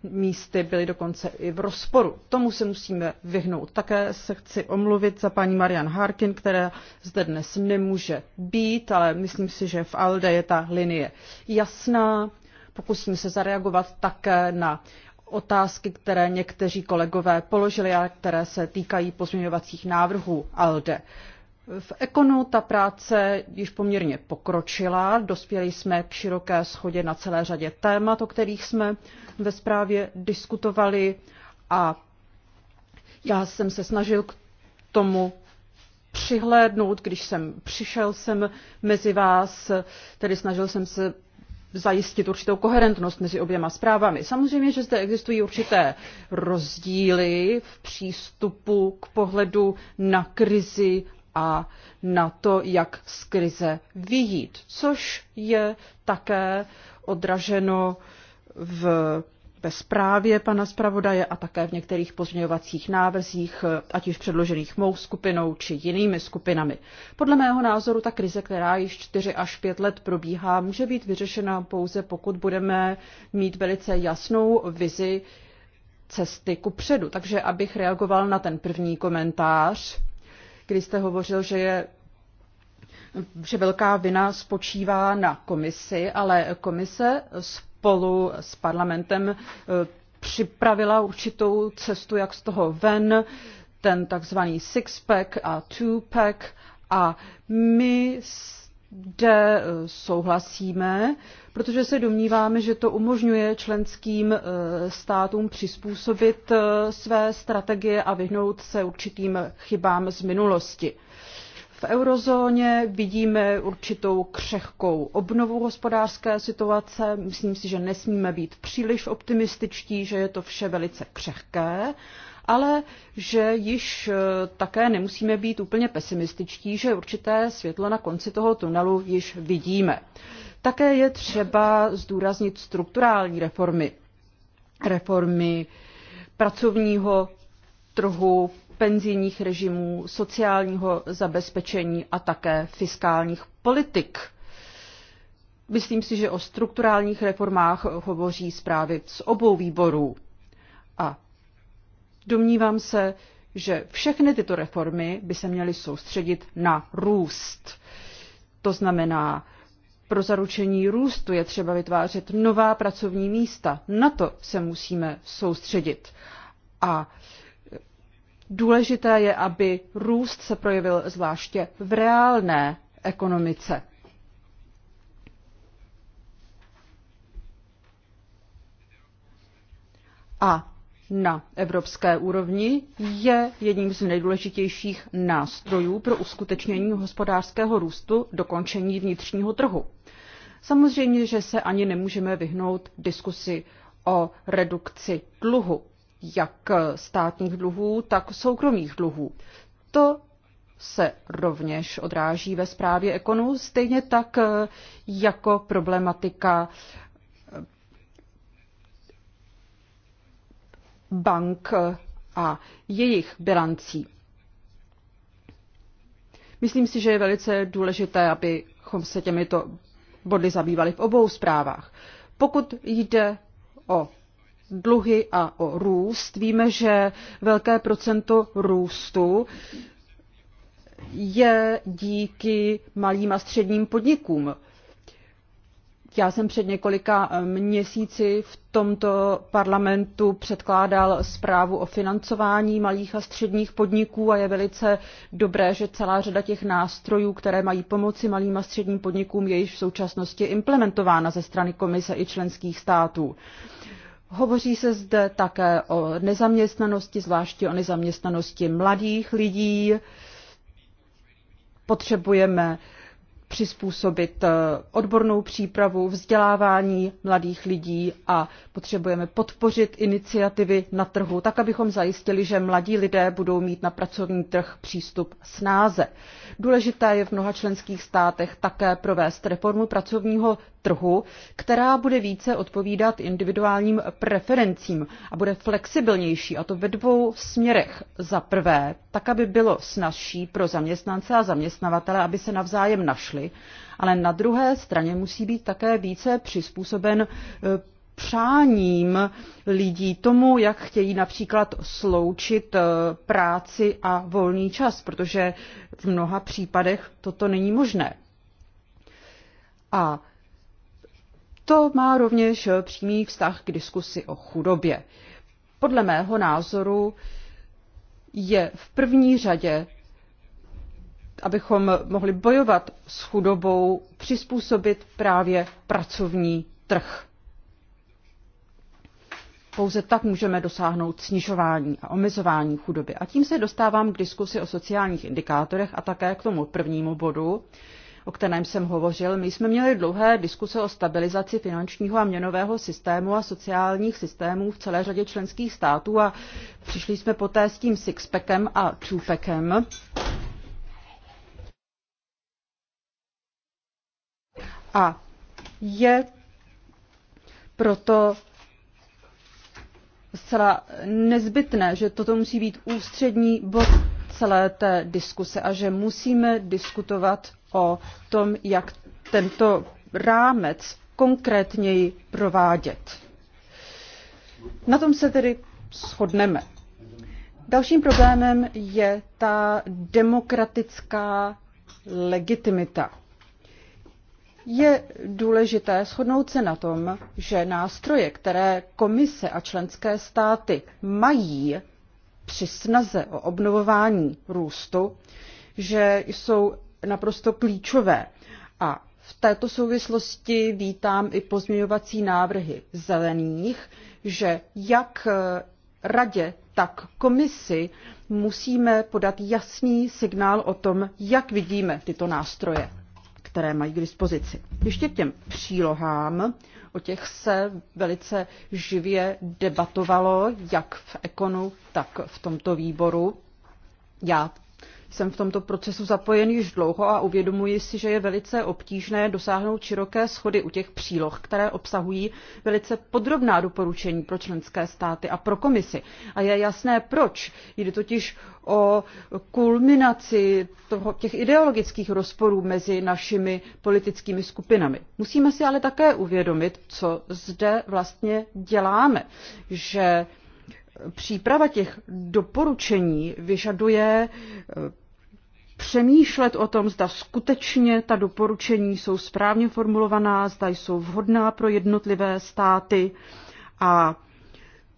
A: místy byly dokonce i v rozporu. Tomu se musíme vyhnout. Také se chci omluvit za paní Marian Harkin, která zde dnes nemůže být, ale myslím si, že v ALDE je ta linie jasná. Pokusím se zareagovat také na otázky, které někteří kolegové položili a které se týkají pozměňovacích návrhů ALDE. V Ekonu ta práce již poměrně pokročila, dospěli jsme k široké schodě na celé řadě témat, o kterých jsme ve zprávě diskutovali a já jsem se snažil k tomu přihlédnout, když jsem přišel sem mezi vás, tedy snažil jsem se zajistit určitou koherentnost mezi oběma zprávami. Samozřejmě, že zde existují určité rozdíly v přístupu k pohledu na krizi a na to, jak z krize vyjít, což je také odraženo v ve zprávě pana zpravodaje a také v některých pozměňovacích návrzích, ať už předložených mou skupinou či jinými skupinami. Podle mého názoru ta krize, která již 4 až 5 let probíhá, může být vyřešena pouze pokud budeme mít velice jasnou vizi cesty ku předu. Takže abych reagoval na ten první komentář, kdy jste hovořil, že je že velká vina spočívá na komisi, ale komise spolu s parlamentem eh, připravila určitou cestu, jak z toho ven, ten takzvaný six-pack a two-pack a my zde eh, souhlasíme, protože se domníváme, že to umožňuje členským eh, státům přizpůsobit své strategie a vyhnout se určitým chybám z minulosti. V eurozóně vidíme určitou křehkou obnovu hospodářské situace. Myslím si, že nesmíme být příliš optimističtí, že je to vše velice křehké, ale že již eh, také nemusíme být úplně pesimističtí, že určité světlo na konci toho tunelu již vidíme. Také je třeba zdůraznit strukturální reformy. Reformy pracovního trhu, penzijních režimů, sociálního zabezpečení a také fiskálních politik. Myslím si, že o strukturálních reformách hovoří zprávy z obou výborů. A domnívám se, že všechny tyto reformy by se měly soustředit na růst. To znamená, pro zaručení růstu je třeba vytvářet nová pracovní místa. Na to se musíme soustředit. A Důležité je, aby růst se projevil zvláště v reálné ekonomice. A na evropské úrovni je jedním z nejdůležitějších nástrojů pro uskutečnění hospodářského růstu dokončení vnitřního trhu. Samozřejmě, že se ani nemůžeme vyhnout diskusi o redukci dluhu jak státních dluhů, tak soukromých dluhů. To se rovněž odráží ve zprávě Ekonu, stejně tak eh, jako problematika eh, bank eh, a jejich bilancí. Myslím si, že je velice důležité, abychom se těmito body zabývali v obou zprávách. Pokud jde o dluhy a o růst. Víme, že velké procento růstu je díky malým a středním podnikům. Já jsem před několika eh, měsíci v tomto parlamentu předkládal zprávu o financování malých a středních podniků a je velice dobré, že celá řada těch nástrojů, které mají pomoci malým a středním podnikům, je již v současnosti implementována ze strany komise i členských států. Hovoří se zde také o nezaměstnanosti, zvláště o nezaměstnanosti mladých lidí. Potřebujeme přizpůsobit eh, odbornou přípravu, vzdělávání mladých lidí a potřebujeme podpořit iniciativy na trhu, tak abychom zajistili, že mladí lidé budou mít na pracovní trh přístup snáze. Důležité je v mnoha členských státech také provést reformu pracovního trhu, která bude více odpovídat individuálním preferencím a bude flexibilnější, a to ve dvou směrech. Za prvé, tak, aby bylo snažší pro zaměstnance a zaměstnavatele, aby se navzájem našli, ale na druhé straně musí být také více přizpůsoben eh, přáním lidí tomu, jak chtějí například sloučit eh, práci a volný čas, protože v mnoha případech toto není možné. A to má rovněž eh, přímý vztah k diskusi o chudobě. Podle mého názoru je v první řadě, abychom mohli bojovat s chudobou, přizpůsobit právě pracovní trh. Pouze tak můžeme dosáhnout snižování a omezování chudoby. A tím se dostávám k diskusi o sociálních indikátorech a také k tomu prvnímu bodu, o kterém jsem hovořil, my jsme měli dlouhé diskuse o stabilizaci finančního a měnového systému a sociálních systémů v celé řadě členských států a přišli jsme poté s tím sixpackem a twopackem. A je proto zcela nezbytné, že toto musí být ústřední bod celé té diskuse a že musíme diskutovat o tom, jak tento rámec konkrétněji provádět. Na tom se tedy shodneme. Dalším problémem je ta demokratická legitimita. Je důležité shodnout se na tom, že nástroje, které komise a členské státy mají při snaze o obnovování růstu, že jsou naprosto klíčové. A v této souvislosti vítám i pozměňovací návrhy zelených, že jak radě, tak komisi musíme podat jasný signál o tom, jak vidíme tyto nástroje, které mají k dispozici. Ještě k těm přílohám, o těch se velice živě debatovalo, jak v Ekonu, tak v tomto výboru. Já jsem v tomto procesu zapojen již dlouho a uvědomuji si, že je velice obtížné dosáhnout široké schody u těch příloh, které obsahují velice podrobná doporučení pro členské státy a pro komisi. A je jasné proč. Jde totiž o kulminaci toho, těch ideologických rozporů mezi našimi politickými skupinami. Musíme si ale také uvědomit, co zde vlastně děláme. Že příprava těch doporučení vyžaduje eh, přemýšlet o tom, zda skutečně ta doporučení jsou správně formulovaná, zda jsou vhodná pro jednotlivé státy a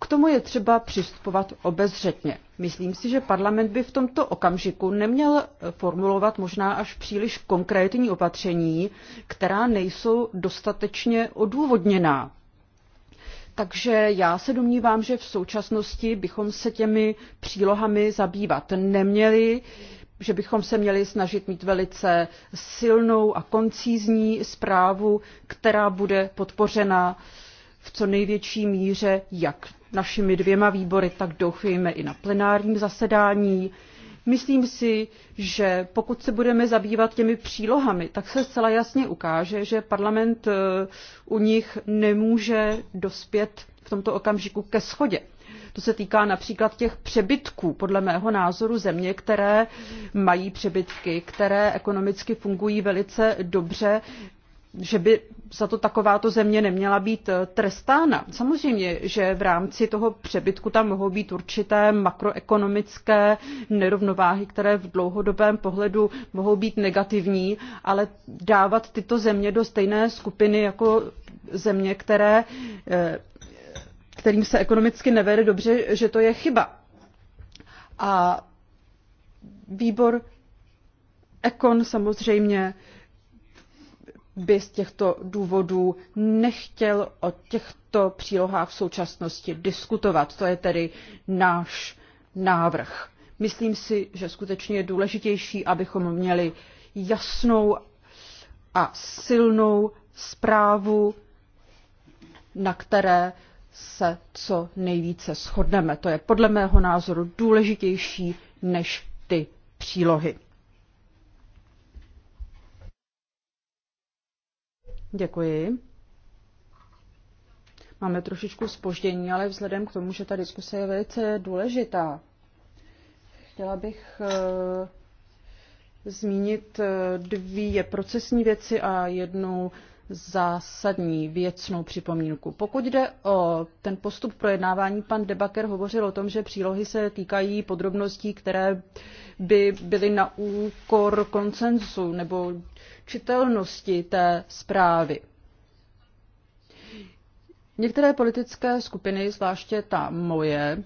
A: k tomu je třeba přistupovat obezřetně. Myslím si, že parlament by v tomto okamžiku neměl formulovat možná až příliš konkrétní opatření, která nejsou dostatečně odůvodněná. Takže já se domnívám, že v současnosti bychom se těmi přílohami zabývat neměli, že bychom se měli snažit mít velice silnou a koncízní zprávu, která bude podpořena v co největší míře jak našimi dvěma výbory, tak doufejme i na plenárním zasedání. Myslím si, že pokud se budeme zabývat těmi přílohami, tak se zcela jasně ukáže, že parlament eh, u nich nemůže dospět v tomto okamžiku ke schodě. To se týká například těch přebytků, podle mého názoru země, které mají přebytky, které ekonomicky fungují velice dobře, že by za to takováto země neměla být eh, trestána. Samozřejmě, že v rámci toho přebytku tam mohou být určité makroekonomické nerovnováhy, které v dlouhodobém pohledu mohou být negativní, ale dávat tyto země do stejné skupiny jako země, které, eh, kterým se ekonomicky nevede dobře, že to je chyba. A výbor Ekon samozřejmě by z těchto důvodů nechtěl o těchto přílohách v současnosti diskutovat. To je tedy náš návrh. Myslím si, že skutečně je důležitější, abychom měli jasnou a silnou zprávu, na které se co nejvíce shodneme. To je podle mého názoru důležitější než ty přílohy. Děkuji. Máme trošičku spoždění, ale vzhledem k tomu, že ta diskuse je velice důležitá, chtěla bych eh, zmínit eh, dvě procesní věci a jednu zásadní věcnou připomínku. Pokud jde o ten postup projednávání, pan Debaker hovořil o tom, že přílohy se týkají podrobností, které by byly na úkor konsenzu nebo čitelnosti té zprávy. Některé politické skupiny, zvláště ta moje,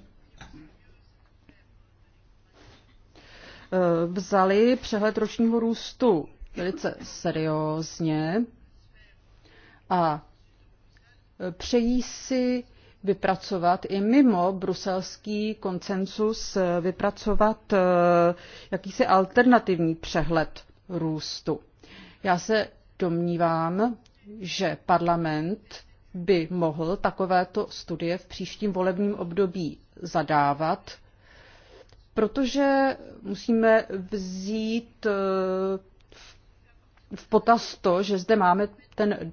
A: eh, vzali přehled ročního růstu velice seriózně a přejí si vypracovat i mimo bruselský koncensus, eh, vypracovat eh, jakýsi alternativní přehled růstu. Já se domnívám, že parlament by mohl takovéto studie v příštím volebním období zadávat, protože musíme vzít eh, v potaz to, že zde máme ten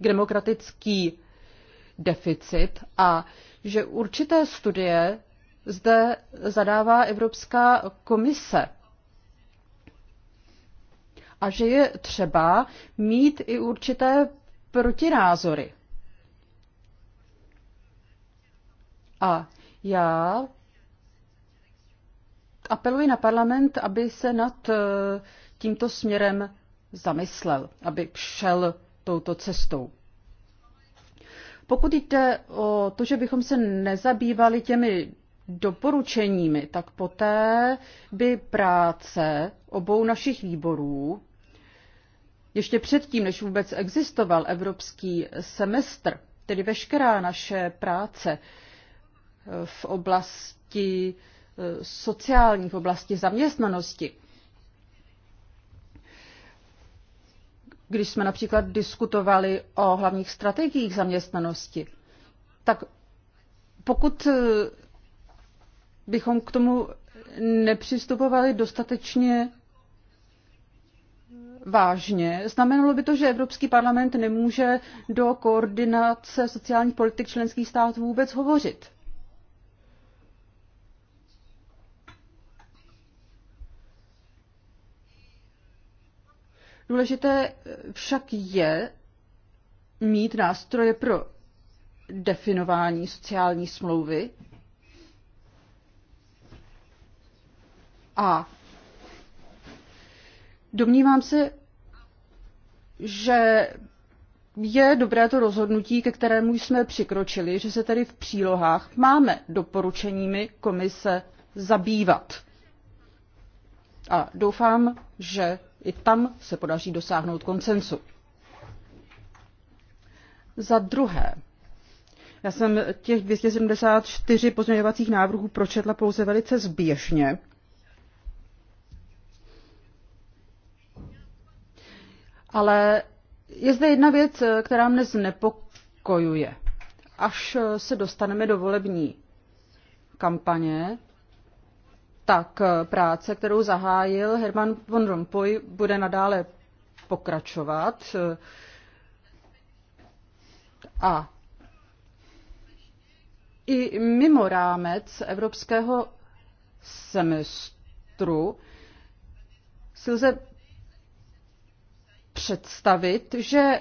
A: demokratický deficit a že určité studie zde zadává Evropská komise. A že je třeba mít i určité protinázory. A já apeluji na parlament, aby se nad eh, tímto směrem zamyslel, aby šel touto cestou. Pokud jde o to, že bychom se nezabývali těmi doporučeními, tak poté by práce obou našich výborů, ještě předtím, než vůbec existoval evropský semestr, tedy veškerá naše práce v oblasti eh, sociální, v oblasti zaměstnanosti, když jsme například diskutovali o hlavních strategiích zaměstnanosti, tak pokud eh, bychom k tomu nepřistupovali dostatečně vážně, znamenalo by to, že Evropský parlament nemůže do koordinace sociálních politik členských států vůbec hovořit. Důležité však je mít nástroje pro definování sociální smlouvy a domnívám se, že je dobré to rozhodnutí, ke kterému jsme přikročili, že se tedy v přílohách máme doporučeními komise zabývat a doufám, že i tam se podaří dosáhnout koncensu. Za druhé, já jsem těch 274 pozměňovacích návrhů pročetla pouze velice zběžně. Ale je zde jedna věc, která mne znepokojuje. Až se dostaneme do volební kampaně, tak eh, práce, kterou zahájil Herman von Rompuy, bude nadále pokračovat. Eh, a i mimo rámec evropského semestru si lze představit, že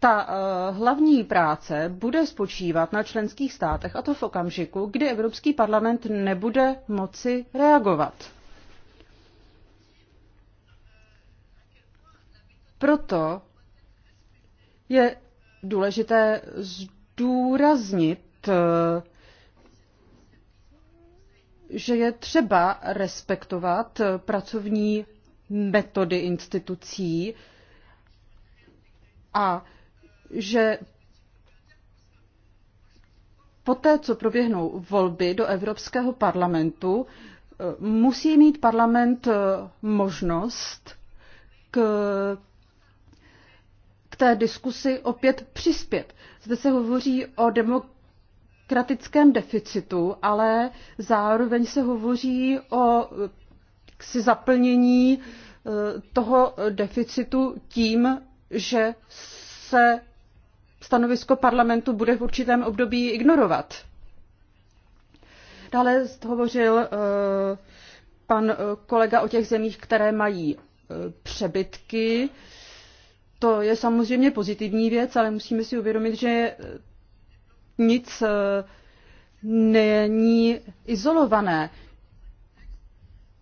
A: ta eh, hlavní práce bude spočívat na členských státech a to v okamžiku, kdy Evropský parlament nebude moci reagovat. Proto je důležité zdůraznit, eh, že je třeba respektovat eh, pracovní metody institucí a že poté, co proběhnou volby do Evropského parlamentu, musí mít parlament eh, možnost k, k té diskusi opět přispět. Zde se hovoří o demokratickém deficitu, ale zároveň se hovoří o eh, si zaplnění eh, toho deficitu tím, že se stanovisko parlamentu bude v určitém období ignorovat. Dále hovořil eh, pan eh, kolega o těch zemích, které mají eh, přebytky. To je samozřejmě pozitivní věc, ale musíme si uvědomit, že nic není izolované.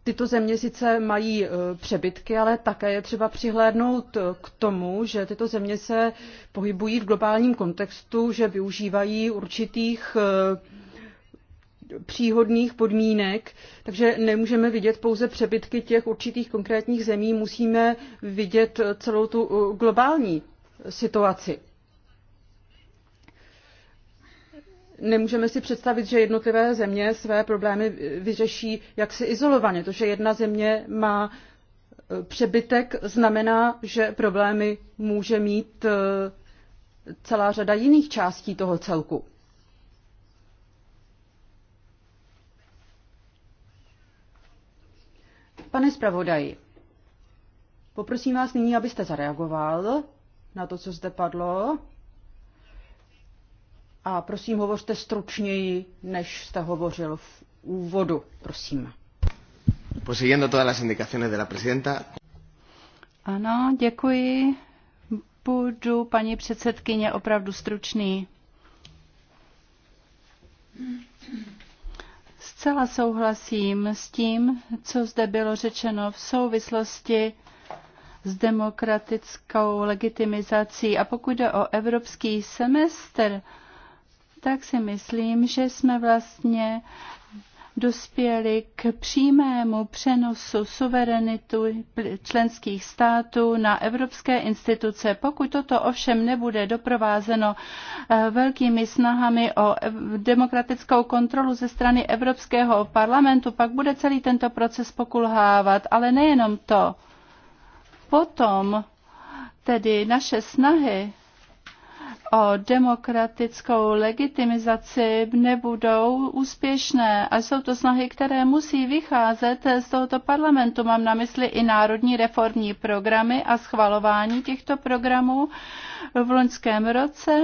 A: Tyto země sice mají e, přebytky, ale také je třeba přihlédnout k tomu, že tyto země se pohybují v globálním kontextu, že využívají určitých e, příhodných podmínek, takže nemůžeme vidět pouze přebytky těch určitých konkrétních zemí, musíme vidět e, celou tu globální situaci. Nemůžeme si představit, že jednotlivé země své problémy vyřeší jaksi izolovaně. To, že jedna země má eh, přebytek, znamená, že problémy může mít eh, celá řada jiných částí toho celku. Pane zpravodaji, poprosím vás nyní, abyste zareagoval na to, co zde padlo. A prosím, hovořte stručněji, než jste hovořil v úvodu, prosím.
B: Pues todas las indicaciones de la presidenta.
A: Ano, děkuji.
C: Budu, paní předsedkyně, opravdu stručný. Zcela souhlasím s tím, co zde bylo řečeno v souvislosti s demokratickou legitimizací. A pokud jde o evropský semestr, tak si myslím, že jsme vlastně dospěli k přímému přenosu suverenitu členských států na evropské instituce. Pokud toto ovšem nebude doprovázeno eh, velkými snahami o demokratickou kontrolu ze strany Evropského parlamentu, pak bude celý tento proces pokulhávat. Ale nejenom to. Potom tedy naše snahy o demokratickou legitimizaci nebudou úspěšné. A jsou to snahy, které musí vycházet z tohoto parlamentu. Mám na mysli i národní reformní programy a schvalování těchto programů v loňském roce.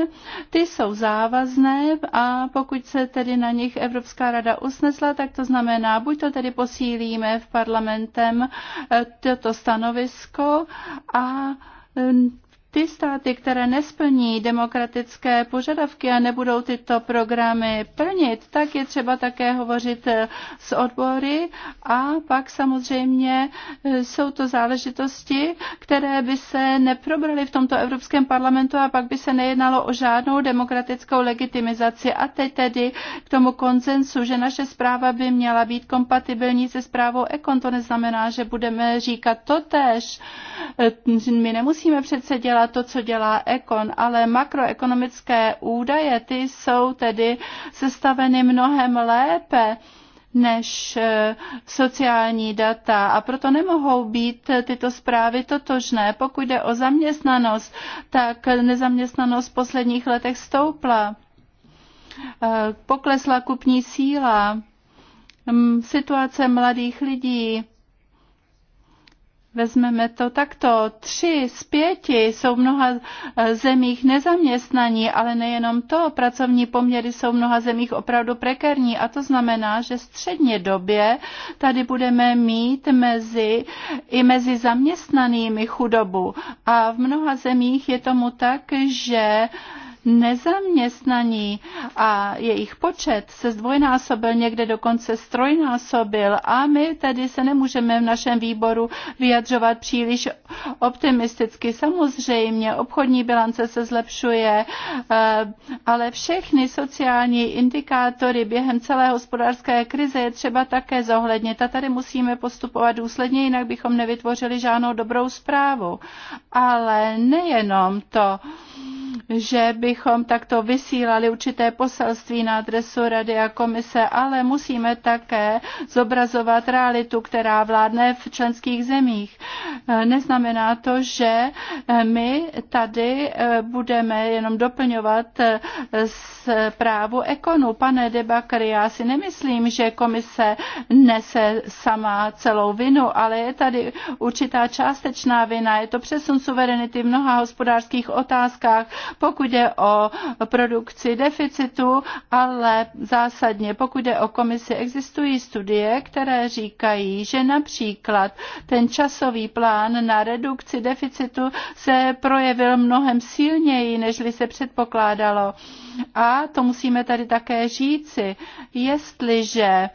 C: Ty jsou závazné a pokud se tedy na nich Evropská rada usnesla, tak to znamená, buď to tedy posílíme v parlamentem eh, toto stanovisko a mm, ty státy, které nesplní demokratické požadavky a nebudou tyto programy plnit, tak je třeba také hovořit eh, s odbory a pak samozřejmě eh, jsou to záležitosti, které by se neprobraly v tomto Evropském parlamentu a pak by se nejednalo o žádnou demokratickou legitimizaci. A teď tedy k tomu konsensu, že naše zpráva by měla být kompatibilní se zprávou EKON. To neznamená, že budeme říkat to tež. Eh, my nemusíme přece dělat to, co dělá Ekon, ale makroekonomické údaje, ty jsou tedy sestaveny mnohem lépe než eh, sociální data a proto nemohou být tyto zprávy totožné. Pokud jde o zaměstnanost, tak nezaměstnanost v posledních letech stoupla. Eh, poklesla kupní síla, mm, situace mladých lidí Vezmeme to takto. Tři z pěti jsou v mnoha eh, zemích nezaměstnaní, ale nejenom to. Pracovní poměry jsou v mnoha zemích opravdu prekerní a to znamená, že středně době tady budeme mít mezi, i mezi zaměstnanými chudobu. A v mnoha zemích je tomu tak, že nezaměstnaní a jejich počet se zdvojnásobil, někde dokonce strojnásobil a my tedy se nemůžeme v našem výboru vyjadřovat příliš optimisticky. Samozřejmě obchodní bilance se zlepšuje, eh, ale všechny sociální indikátory během celé hospodářské krize je třeba také zohlednit a tady musíme postupovat důsledně, jinak bychom nevytvořili žádnou dobrou zprávu. Ale nejenom to, že bychom takto vysílali určité poselství na adresu Rady a komise, ale musíme také zobrazovat realitu, která vládne v členských zemích. E, neznamená to, že e, my tady e, budeme jenom doplňovat zprávu ekonu. Pane Debakry, já si nemyslím, že komise nese sama celou vinu, ale je tady určitá částečná vina. Je to přesun suverenity v mnoha hospodářských otázkách otázkách, pokud je o produkci deficitu, ale zásadně, pokud je o komisi, existují studie, které říkají, že například ten časový plán na redukci deficitu se projevil mnohem silněji, nežli se předpokládalo. A to musíme tady také říci, jestliže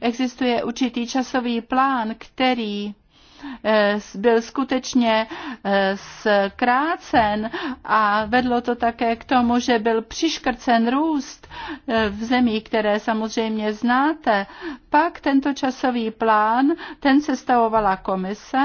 C: existuje určitý časový plán, který Eh, byl skutečně eh, zkrácen a vedlo to také k tomu, že byl přiškrcen růst eh, v zemí, které samozřejmě znáte. Pak tento časový plán, ten sestavovala komise,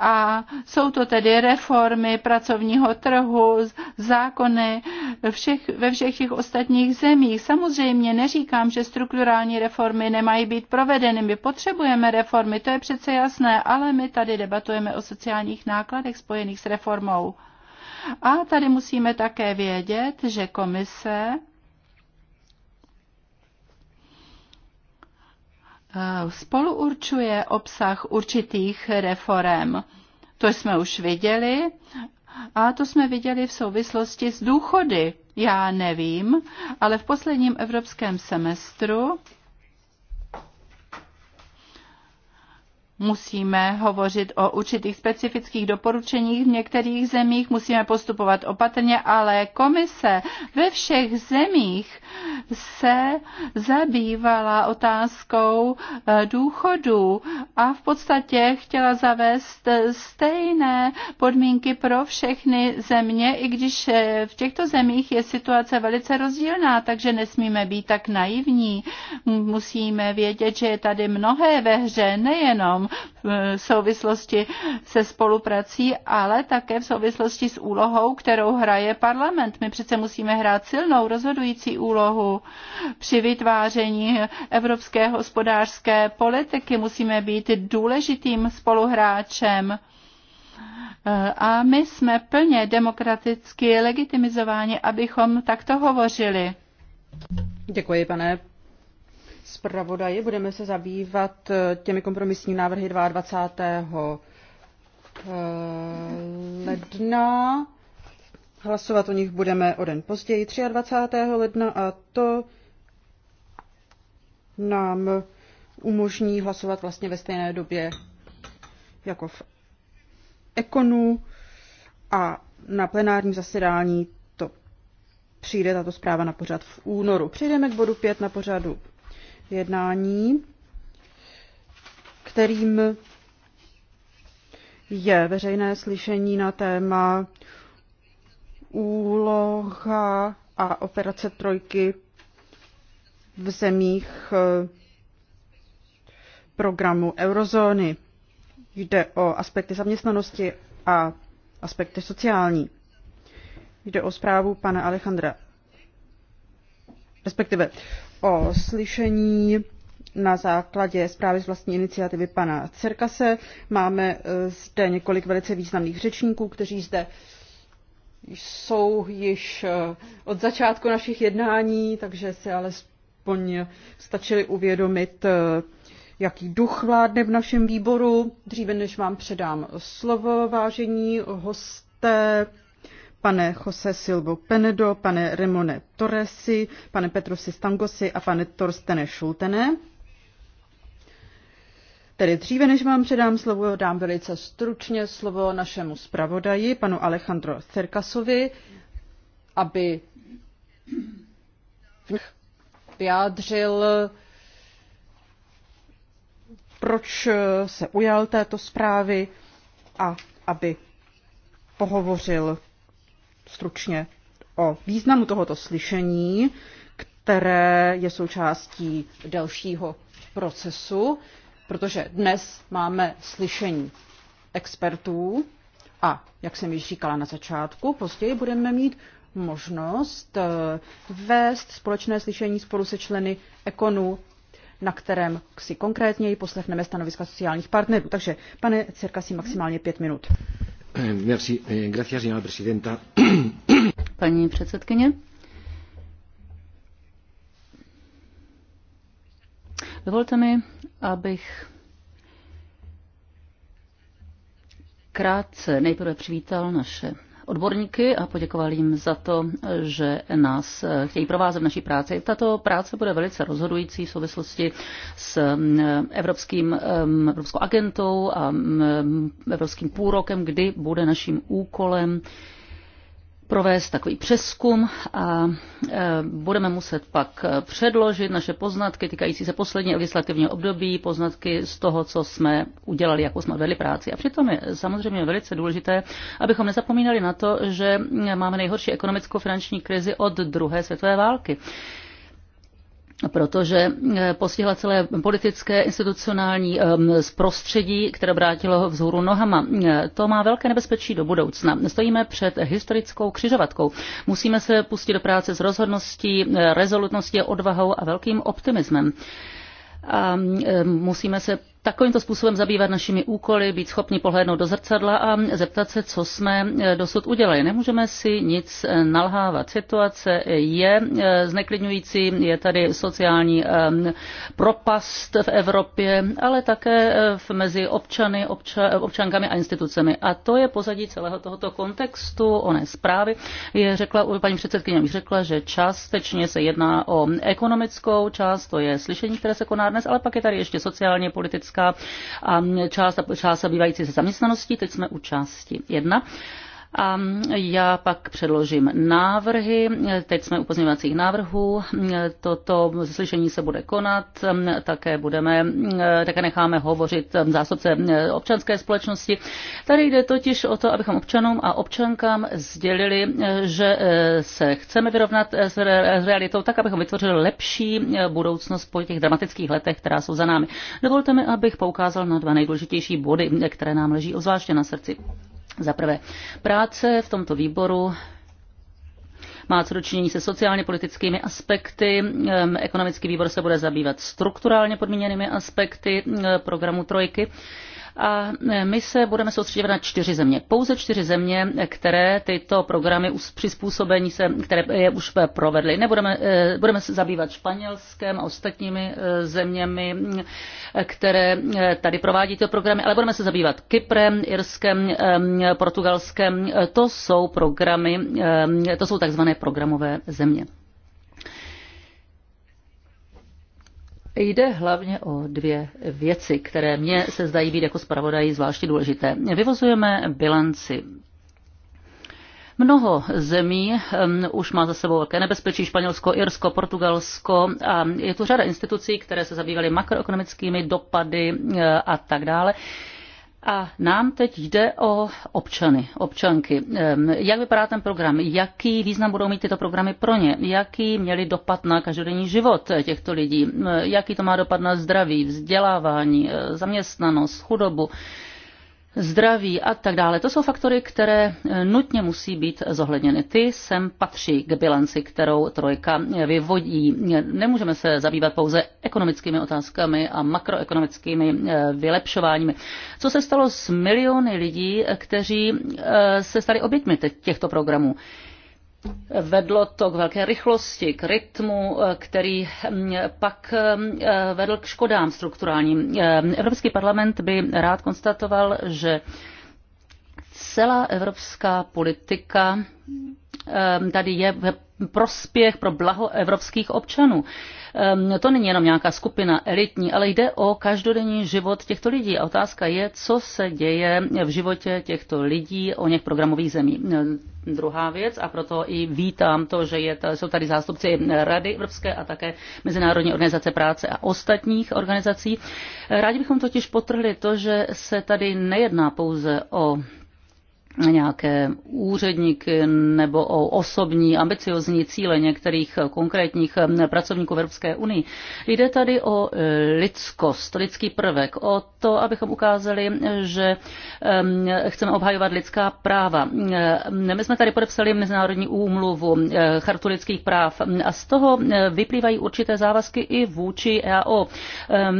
C: a jsou to tedy reformy pracovního trhu, zákony všech, ve všech těch ostatních zemích. Samozřejmě neříkám, že strukturální reformy nemají být provedeny. My potřebujeme reformy, to je přece jasné, ale my tady debatujeme o sociálních nákladech spojených s reformou. A tady musíme také vědět, že komise Eh, spoluurčuje obsah určitých reform. To jsme už viděli a to jsme viděli v souvislosti s důchody. Já nevím, ale v posledním evropském semestru Musíme hovořit o určitých specifických doporučeních v některých zemích, musíme postupovat opatrně, ale komise ve všech zemích se zabývala otázkou eh, důchodu a v podstatě chtěla zavést eh, stejné podmínky pro všechny země, i když eh, v těchto zemích je situace velice rozdílná, takže nesmíme být tak naivní. Musíme vědět, že je tady mnohé ve hře, nejenom v souvislosti se spoluprací, ale také v souvislosti s úlohou, kterou hraje parlament. My přece musíme hrát silnou rozhodující úlohu při vytváření evropské hospodářské politiky. Musíme být důležitým spoluhráčem. A my jsme plně demokraticky legitimizováni, abychom takto hovořili.
A: Děkuji, pane zpravodaji. Budeme se zabývat eh, těmi kompromisní návrhy 22. Eh, ledna. Hlasovat o nich budeme o den později, 23. ledna, a to nám umožní hlasovat vlastně ve stejné době jako v ekonu a na plenárním zasedání to přijde tato zpráva na pořad v únoru. Přejdeme k bodu 5 na pořadu jednání, kterým je veřejné slyšení na téma úloha a operace trojky v zemích eh, programu eurozóny. Jde o aspekty zaměstnanosti a aspekty sociální. Jde o zprávu pana Alejandra, respektive o slyšení na základě zprávy z vlastní iniciativy pana Cerkase. Máme eh, zde několik velice významných řečníků, kteří zde jsou již eh, od začátku našich jednání, takže se alespoň stačili uvědomit, eh, jaký duch vládne v našem výboru. Dříve než vám předám slovo, vážení hosté, pane Jose Silvo Penedo, pane Remone Torresi, pane Petrosi Stangosi a pane Torstene Schultene. Tedy dříve, než vám předám slovo, dám velice stručně slovo našemu zpravodaji, panu Alejandro Cerkasovi, aby vyjádřil, proč se ujal této zprávy a aby pohovořil stručně o významu tohoto slyšení, které je součástí dalšího procesu, protože dnes máme slyšení expertů a, jak jsem již říkala na začátku, později budeme mít možnost eh, vést společné slyšení spolu se členy ekonu, na kterém si konkrétněji poslechneme stanoviska sociálních partnerů. Takže, pane Cirka, si maximálně pět minut. Eh, eh, Paní předsedkyně.
B: Dovolte mi, abych krátce nejprve přivítal naše odborníky a poděkoval jim za to, že nás eh, chtějí provázet v naší práci. Tato práce bude velice rozhodující v souvislosti s mm, Evropským, mm, Evropskou agentou a mm, Evropským půrokem, kdy bude naším úkolem provést takový přeskum a e, budeme muset pak e, předložit naše poznatky týkající se posledního legislativního období, poznatky z toho, co jsme udělali, jakou jsme vedli práci. A přitom je samozřejmě velice důležité, abychom nezapomínali na to, že máme nejhorší ekonomickou finanční krizi od druhé světové války protože eh, postihla celé politické, institucionální ehm, prostředí, které vrátilo vzhůru nohama. Eh, to má velké nebezpečí do budoucna. Stojíme před historickou křižovatkou. Musíme se pustit do práce s rozhodností, eh, rezolutností, odvahou a velkým optimismem a ehm, musíme se takovýmto způsobem zabývat našimi úkoly, být schopni pohlédnout do zrcadla a zeptat se, co jsme eh, dosud udělali. Nemůžeme si nic eh, nalhávat. Situace je eh, zneklidňující, je tady sociální ehm, propast v Evropě, ale také mezi občany, obča, občankami a institucemi. A to je pozadí celého tohoto kontextu, oné zprávy. Je řekla, paní předsedkyně mi řekla, že částečně se jedná o ekonomickou část, to je slyšení, které se koná dnes, ale pak je tady ještě sociálně politická ekonomická a část, část zabývající se zaměstnaností. Teď jsme u části jedna. A já pak předložím návrhy. Teď jsme u pozměňovacích návrhů. Toto slyšení se bude konat. Také, budeme, také necháme hovořit zástupce občanské společnosti. Tady jde totiž o to, abychom občanům a občankám sdělili, že eh, se chceme vyrovnat s realitou tak, abychom vytvořili lepší eh, budoucnost po těch dramatických letech, která jsou za námi. Dovolte mi, abych poukázal na dva nejdůležitější body, které nám leží obzvláště na srdci. Za prvé, práce v tomto výboru má co dočinění se sociálně politickými aspekty. Ekonomický výbor se bude zabývat strukturálně podmíněnými aspekty programu Trojky. A e, my se budeme soustředit na čtyři země. Pouze čtyři země, které tyto programy přizpůsobení se, které je už e, provedly. Nebudeme, e, budeme se zabývat Španělskem a ostatními zeměmi, které tady provádí ty programy, ale budeme se zabývat Kyprem, Irskem, Portugalskem. To jsou programy, to jsou takzvané programové země. Jde hlavně o dvě věci, které mně se zdají být jako zpravodají zvláště důležité. Vyvozujeme bilanci Mnoho zemí um, už má za sebou velké nebezpečí, Španělsko, Irsko, Portugalsko a je tu řada institucí, které se zabývaly makroekonomickými dopady uh, a tak dále. Uh, a nám teď jde o občany, občanky. Jak vypadá ten program? Jaký význam budou mít tyto programy pro ně? Jaký měli dopad na každodenní život těchto lidí? Jaký to má dopad na zdraví, vzdělávání, e, zaměstnanost, chudobu?
A: zdraví
B: a tak dále. To jsou faktory, které eh, nutně musí být zohledněny. Ty sem patří k bilanci, kterou trojka vyvodí. Nemůžeme se zabývat pouze ekonomickými otázkami a makroekonomickými eh, vylepšováními. Co se stalo s miliony lidí, kteří eh, se stali oběťmi těchto programů? Vedlo to k velké rychlosti, k rytmu, který mm, pak mm, vedl k škodám strukturálním. Eh, Evropský parlament by rád konstatoval, že celá evropská politika Ehm, tady je ve prospěch pro blaho evropských občanů. Ehm, to není jenom nějaká skupina elitní, ale jde o každodenní život těchto lidí. A otázka je, co se děje v životě těchto lidí o něch programových zemí. Ehm, druhá věc, a proto i vítám to, že je, jsou tady zástupci Rady Evropské a také Mezinárodní organizace práce a ostatních organizací. Rádi bychom totiž potrhli to, že se tady nejedná pouze o nějaké úředníky nebo o osobní ambiciozní cíle některých konkrétních eh, pracovníků Evropské unii. Jde tady o eh, lidskost, lidský prvek, o to, abychom ukázali, že eh, chceme obhajovat lidská práva. My jsme tady podepsali Mezinárodní úmluvu Chartu lidských práv a z toho vyplývají určité závazky i vůči EAO.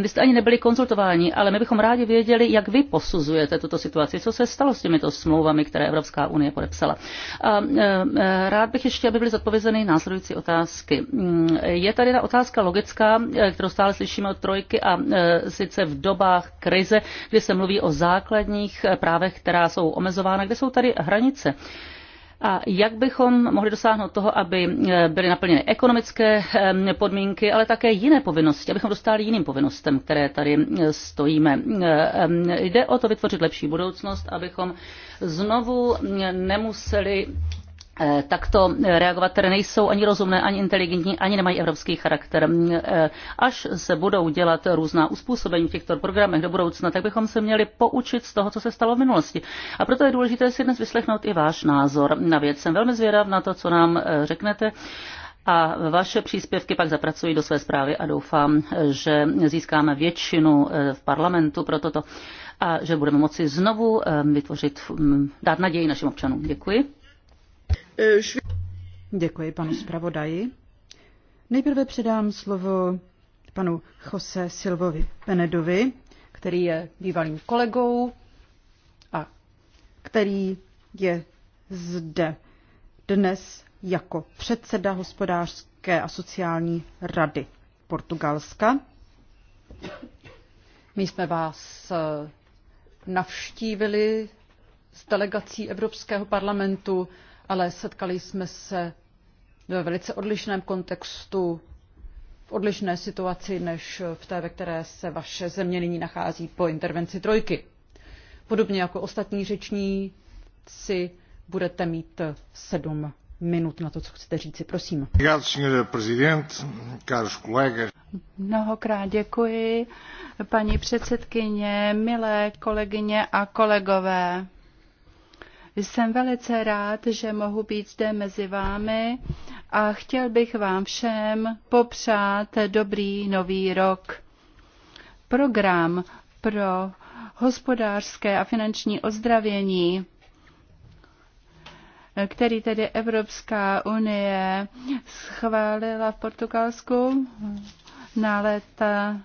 B: Vy jste ani nebyli konzultováni, ale my bychom rádi věděli, jak vy posuzujete tuto situaci, co se stalo s těmito smlouvami dohodami, které Evropská unie podepsala. A e, e, rád bych ještě, aby byly zodpovězeny následující otázky. Mm, je tady ta otázka logická, e, kterou stále slyšíme od trojky a sice v dobách krize, kdy se mluví o základních právech, která jsou omezována, kde jsou tady hranice a jak bychom mohli dosáhnout toho, aby eh, byly naplněny ekonomické eh, podmínky, ale také jiné povinnosti, abychom dostali jiným povinnostem, které tady eh, stojíme. Jde o to vytvořit lepší budoucnost, abychom znovu nemuseli Eh, takto reagovat, které nejsou ani rozumné, ani inteligentní, ani nemají evropský charakter. Eh, až se budou dělat různá uspůsobení v těchto programech do budoucna, tak bychom se měli poučit z toho, co se stalo v minulosti. A proto je důležité si dnes vyslechnout i váš názor na věc. Jsem velmi zvědav na to, co nám eh, řeknete a vaše příspěvky pak zapracují do své zprávy a doufám, že získáme většinu v parlamentu pro toto a že budeme moci znovu vytvořit, mm, dát naději našim občanům. Děkuji.
A: Děkuji panu zpravodaji. Nejprve předám slovo panu Jose Silvovi Penedovi, který je bývalým kolegou a který je zde dnes jako předseda hospodářské a sociální rady Portugalska. My jsme vás eh, navštívili s delegací Evropského parlamentu ale setkali jsme se ve velice odlišném kontextu, v odlišné situaci, než v té, ve které se vaše země nyní nachází po intervenci trojky. Podobně jako ostatní řečníci budete mít sedm minut na to, co chcete říci. Prosím.
C: Mnohokrát děkuji, paní předsedkyně, milé kolegyně a kolegové. Jsem velice rád, že mohu být zde mezi vámi a chtěl bych vám všem popřát dobrý nový rok. Program pro hospodářské a finanční ozdravění který tedy Evropská unie schválila v Portugalsku na léta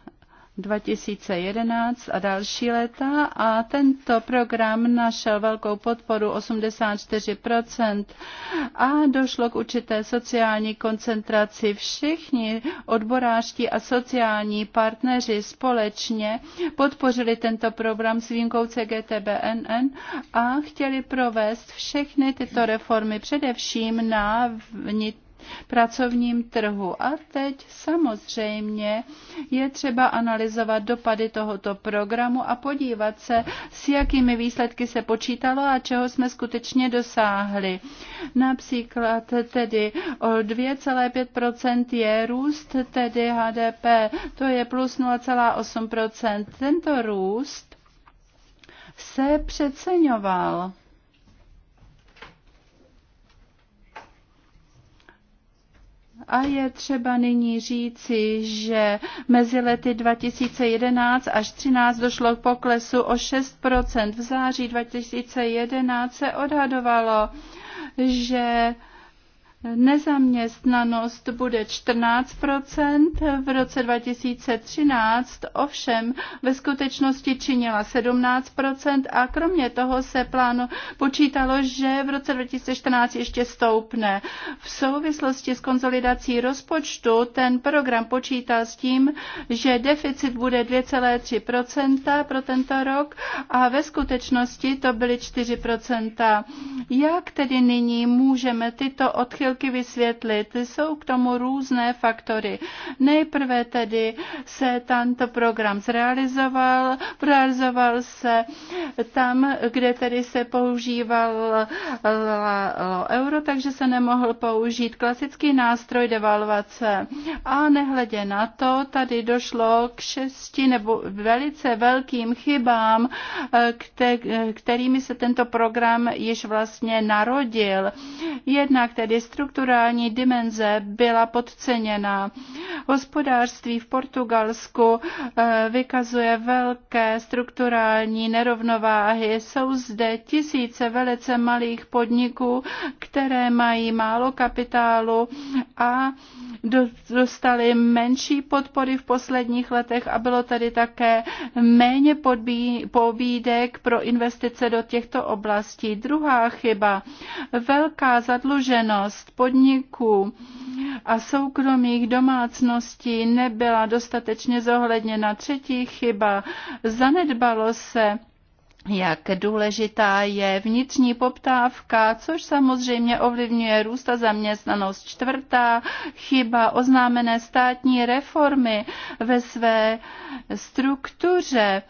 C: 2011 a další léta a tento program našel velkou podporu 84% a došlo k určité sociální koncentraci. Všichni odborářští a sociální partneři společně podpořili tento program s výjimkou CGTBNN a chtěli provést všechny tyto reformy především na vnitř pracovním trhu. A teď samozřejmě je třeba analyzovat dopady tohoto programu a podívat se, s jakými výsledky se počítalo a čeho jsme skutečně dosáhli. Například tedy o 2,5 je růst, tedy HDP, to je plus 0,8 Tento růst se přeceňoval. A je třeba nyní říci, že mezi lety 2011 až 2013 došlo k poklesu o 6%. V září 2011 se odhadovalo, že Nezaměstnanost bude 14 v roce 2013 ovšem ve skutečnosti činila 17 a kromě toho se plánu počítalo, že v roce 2014 ještě stoupne. V souvislosti s konzolidací rozpočtu ten program počítá s tím, že deficit bude 2,3 pro tento rok a ve skutečnosti to byly 4 Jak tedy nyní můžeme tyto odchylky chvilky vysvětlit. Jsou k tomu různé faktory. Nejprve tedy se tento program zrealizoval, realizoval se tam, kde tedy se používal euro, takže se nemohl použít klasický nástroj devalvace. A nehledě na to, tady došlo k šesti nebo velice velkým chybám, kterými se tento program již vlastně narodil. Jednak tedy struktura strukturální dimenze byla podceněna. Hospodářství v Portugalsku eh, vykazuje velké strukturální nerovnováhy. Jsou zde tisíce velice malých podniků, které mají málo kapitálu a dostali menší podpory v posledních letech a bylo tady také méně podbí, pobídek pro investice do těchto oblastí. Druhá chyba, velká zadluženost podniků a soukromých domácností nebyla dostatečně zohledněna. Třetí chyba, zanedbalo se jak důležitá je vnitřní poptávka, což samozřejmě ovlivňuje růst a zaměstnanost. Čtvrtá chyba oznámené státní reformy ve své struktuře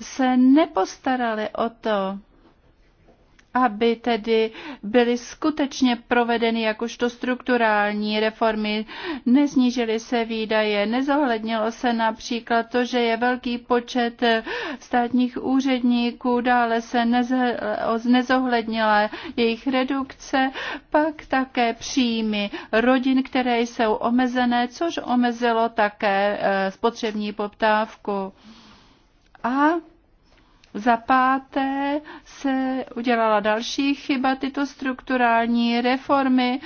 C: se nepostarali o to, aby tedy byly skutečně provedeny jakožto strukturální reformy, neznížily se výdaje, nezohlednilo se například to, že je velký počet eh, státních úředníků, dále se eh, nezohlednila jejich redukce, pak také příjmy rodin, které jsou omezené, což omezilo také eh, spotřební poptávku. A za páté se udělala další chyba. Tyto strukturální reformy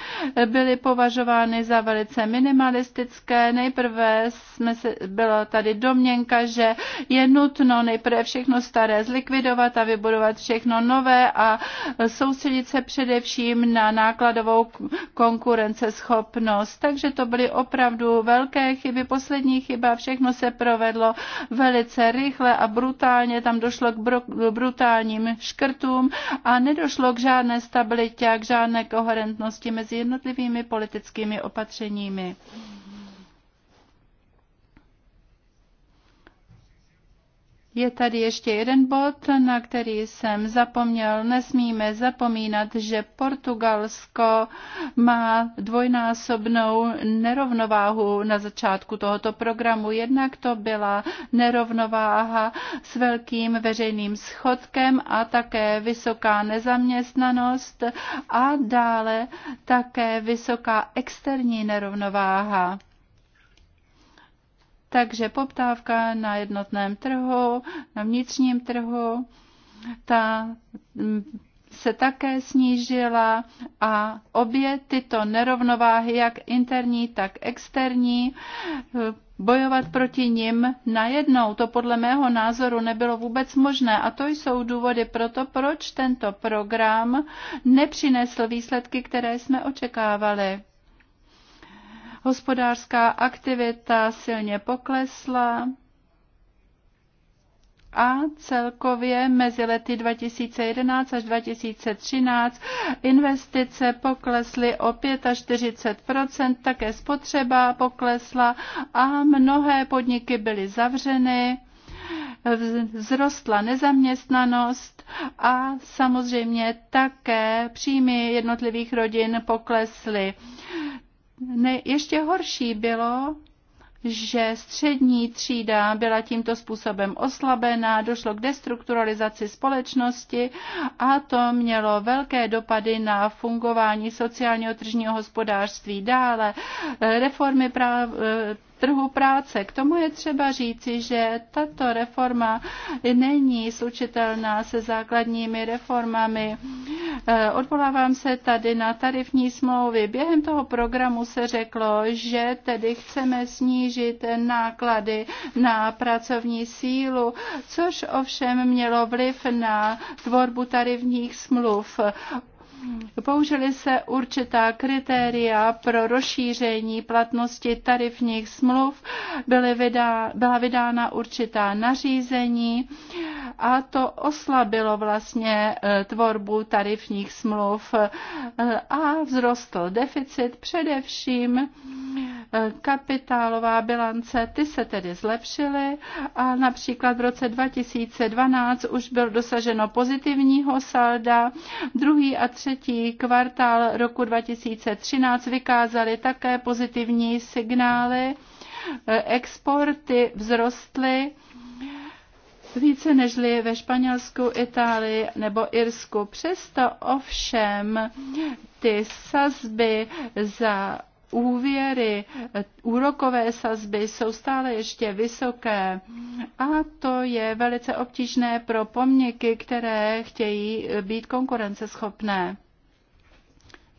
C: byly považovány za velice minimalistické. Nejprve jsme se, byla tady domněnka, že je nutno nejprve všechno staré zlikvidovat a vybudovat všechno nové a soustředit se především na nákladovou konkurenceschopnost. Takže to byly opravdu velké chyby. Poslední chyba, všechno se provedlo velice rychle a brutálně. Tam došlo k k brutálním škrtům a nedošlo k žádné stabilitě a k žádné koherentnosti mezi jednotlivými politickými opatřeními. Mm. Je tady ještě jeden bod, na který jsem zapomněl. Nesmíme zapomínat, že Portugalsko má dvojnásobnou nerovnováhu na začátku tohoto programu. Jednak to byla nerovnováha s velkým veřejným schodkem a také vysoká nezaměstnanost a dále také vysoká externí nerovnováha takže poptávka na jednotném trhu, na vnitřním trhu, ta mm, se také snížila a obě tyto nerovnováhy, jak interní, tak externí, eh, bojovat proti nim najednou. To podle mého názoru nebylo vůbec možné a to jsou důvody pro to, proč tento program nepřinesl výsledky, které jsme očekávali hospodářská aktivita silně poklesla a celkově mezi lety 2011 až 2013 investice poklesly o 45 také spotřeba poklesla a mnohé podniky byly zavřeny vzrostla nezaměstnanost a samozřejmě také příjmy jednotlivých rodin poklesly ne, ještě horší bylo, že střední třída byla tímto způsobem oslabená, došlo k destrukturalizaci společnosti a to mělo velké dopady na fungování sociálního tržního hospodářství dále. Eh, reformy práv, eh, trhu práce. K tomu je třeba říci, že tato reforma není slučitelná se základními reformami. Eh, odvolávám se tady na tarifní smlouvy. Během toho programu se řeklo, že tedy chceme snížit náklady na pracovní sílu, což ovšem mělo vliv na tvorbu tarifních smluv. Použili se určitá kritéria pro rozšíření platnosti tarifních smluv, byly vydá, byla vydána určitá nařízení a to oslabilo vlastně e, tvorbu tarifních smluv e, a vzrostl deficit především e, kapitálová bilance, ty se tedy zlepšily a například v roce 2012 už byl dosaženo pozitivního salda, druhý a třetí třetí kvartál roku 2013 vykázaly také pozitivní signály. Exporty vzrostly více nežli ve Španělsku, Itálii nebo Irsku. Přesto ovšem ty sazby za úvěry, eh, úrokové sazby jsou stále ještě vysoké a to je velice obtížné pro pomníky, které chtějí být konkurenceschopné.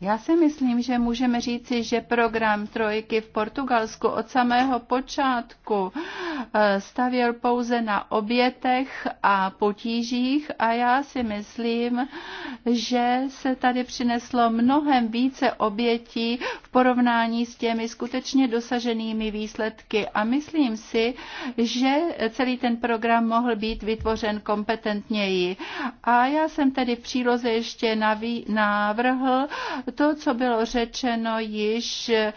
C: Já si myslím, že můžeme říci, že program Trojky v Portugalsku od samého počátku eh, stavěl pouze na obětech a potížích a já si myslím, že se tady přineslo mnohem více obětí v porovnání s těmi skutečně dosaženými výsledky a myslím si, že celý ten program mohl být vytvořen kompetentněji. A já jsem tedy v příloze ještě navrhl to, co bylo řečeno již eh,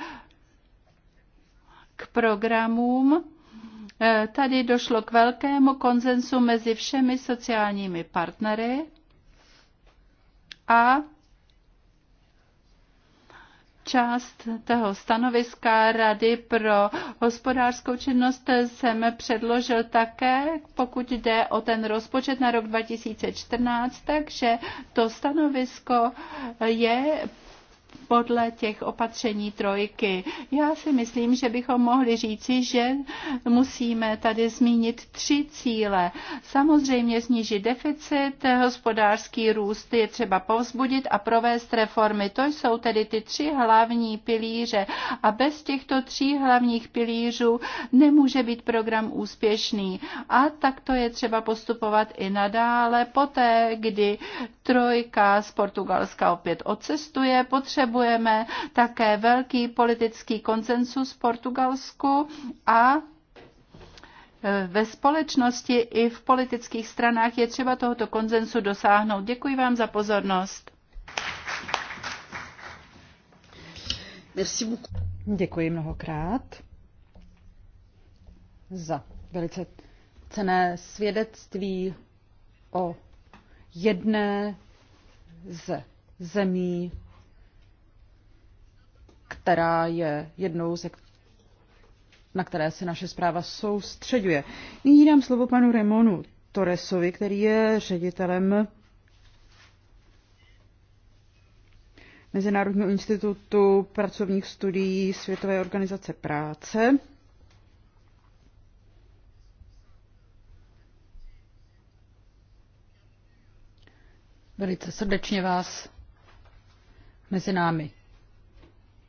C: k programům, eh, tady došlo k velkému konzensu mezi všemi sociálními partnery a část toho stanoviska Rady pro hospodářskou činnost jsem předložil také, pokud jde o ten rozpočet na rok 2014, takže to stanovisko je podle těch opatření trojky. Já si myslím, že bychom mohli říci, že musíme tady zmínit tři cíle. Samozřejmě snížit deficit, hospodářský růst je třeba povzbudit a provést reformy. To jsou tedy ty tři hlavní pilíře a bez těchto tří hlavních pilířů nemůže být program úspěšný. A tak to je třeba postupovat i nadále. Poté, kdy trojka z Portugalska opět odcestuje, potřebuje potřebujeme také velký politický konsensus v Portugalsku a e, ve společnosti i v politických stranách je třeba tohoto konzensu dosáhnout. Děkuji vám za pozornost.
A: Děkuji mnohokrát za velice cené svědectví o jedné z zemí která je jednou ze na které se naše zpráva soustředuje. Nyní dám slovo panu Remonu Torresovi, který je ředitelem Mezinárodního institutu pracovních studií Světové organizace práce. Velice srdečně vás mezi námi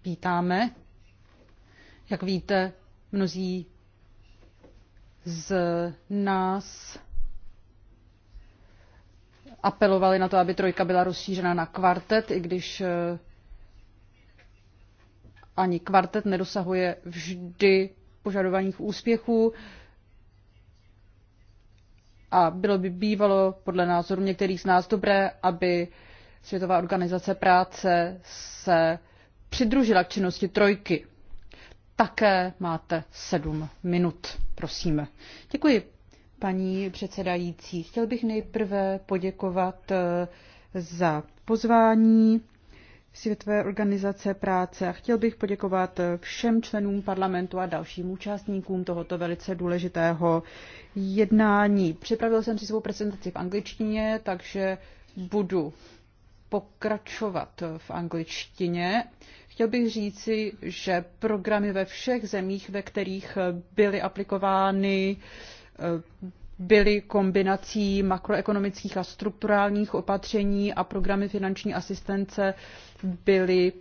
A: vítáme. Jak víte, mnozí z nás apelovali na to, aby trojka byla rozšířena na kvartet, i když eh, ani kvartet nedosahuje vždy požadovaných úspěchů. A bylo by bývalo, podle názoru některých z nás, dobré, aby Světová organizace práce se přidružila k činnosti trojky. Také máte sedm minut, prosím. Děkuji, paní předsedající. Chtěl bych nejprve poděkovat eh, za pozvání Světové organizace práce a chtěl bych poděkovat eh, všem členům parlamentu a dalším účastníkům tohoto velice důležitého jednání. Připravil jsem si svou prezentaci v angličtině, takže budu pokračovat v angličtině. Chtěl bych říci, že programy ve všech zemích, ve kterých byly aplikovány, eh, byly kombinací makroekonomických a strukturálních opatření a programy finanční asistence byly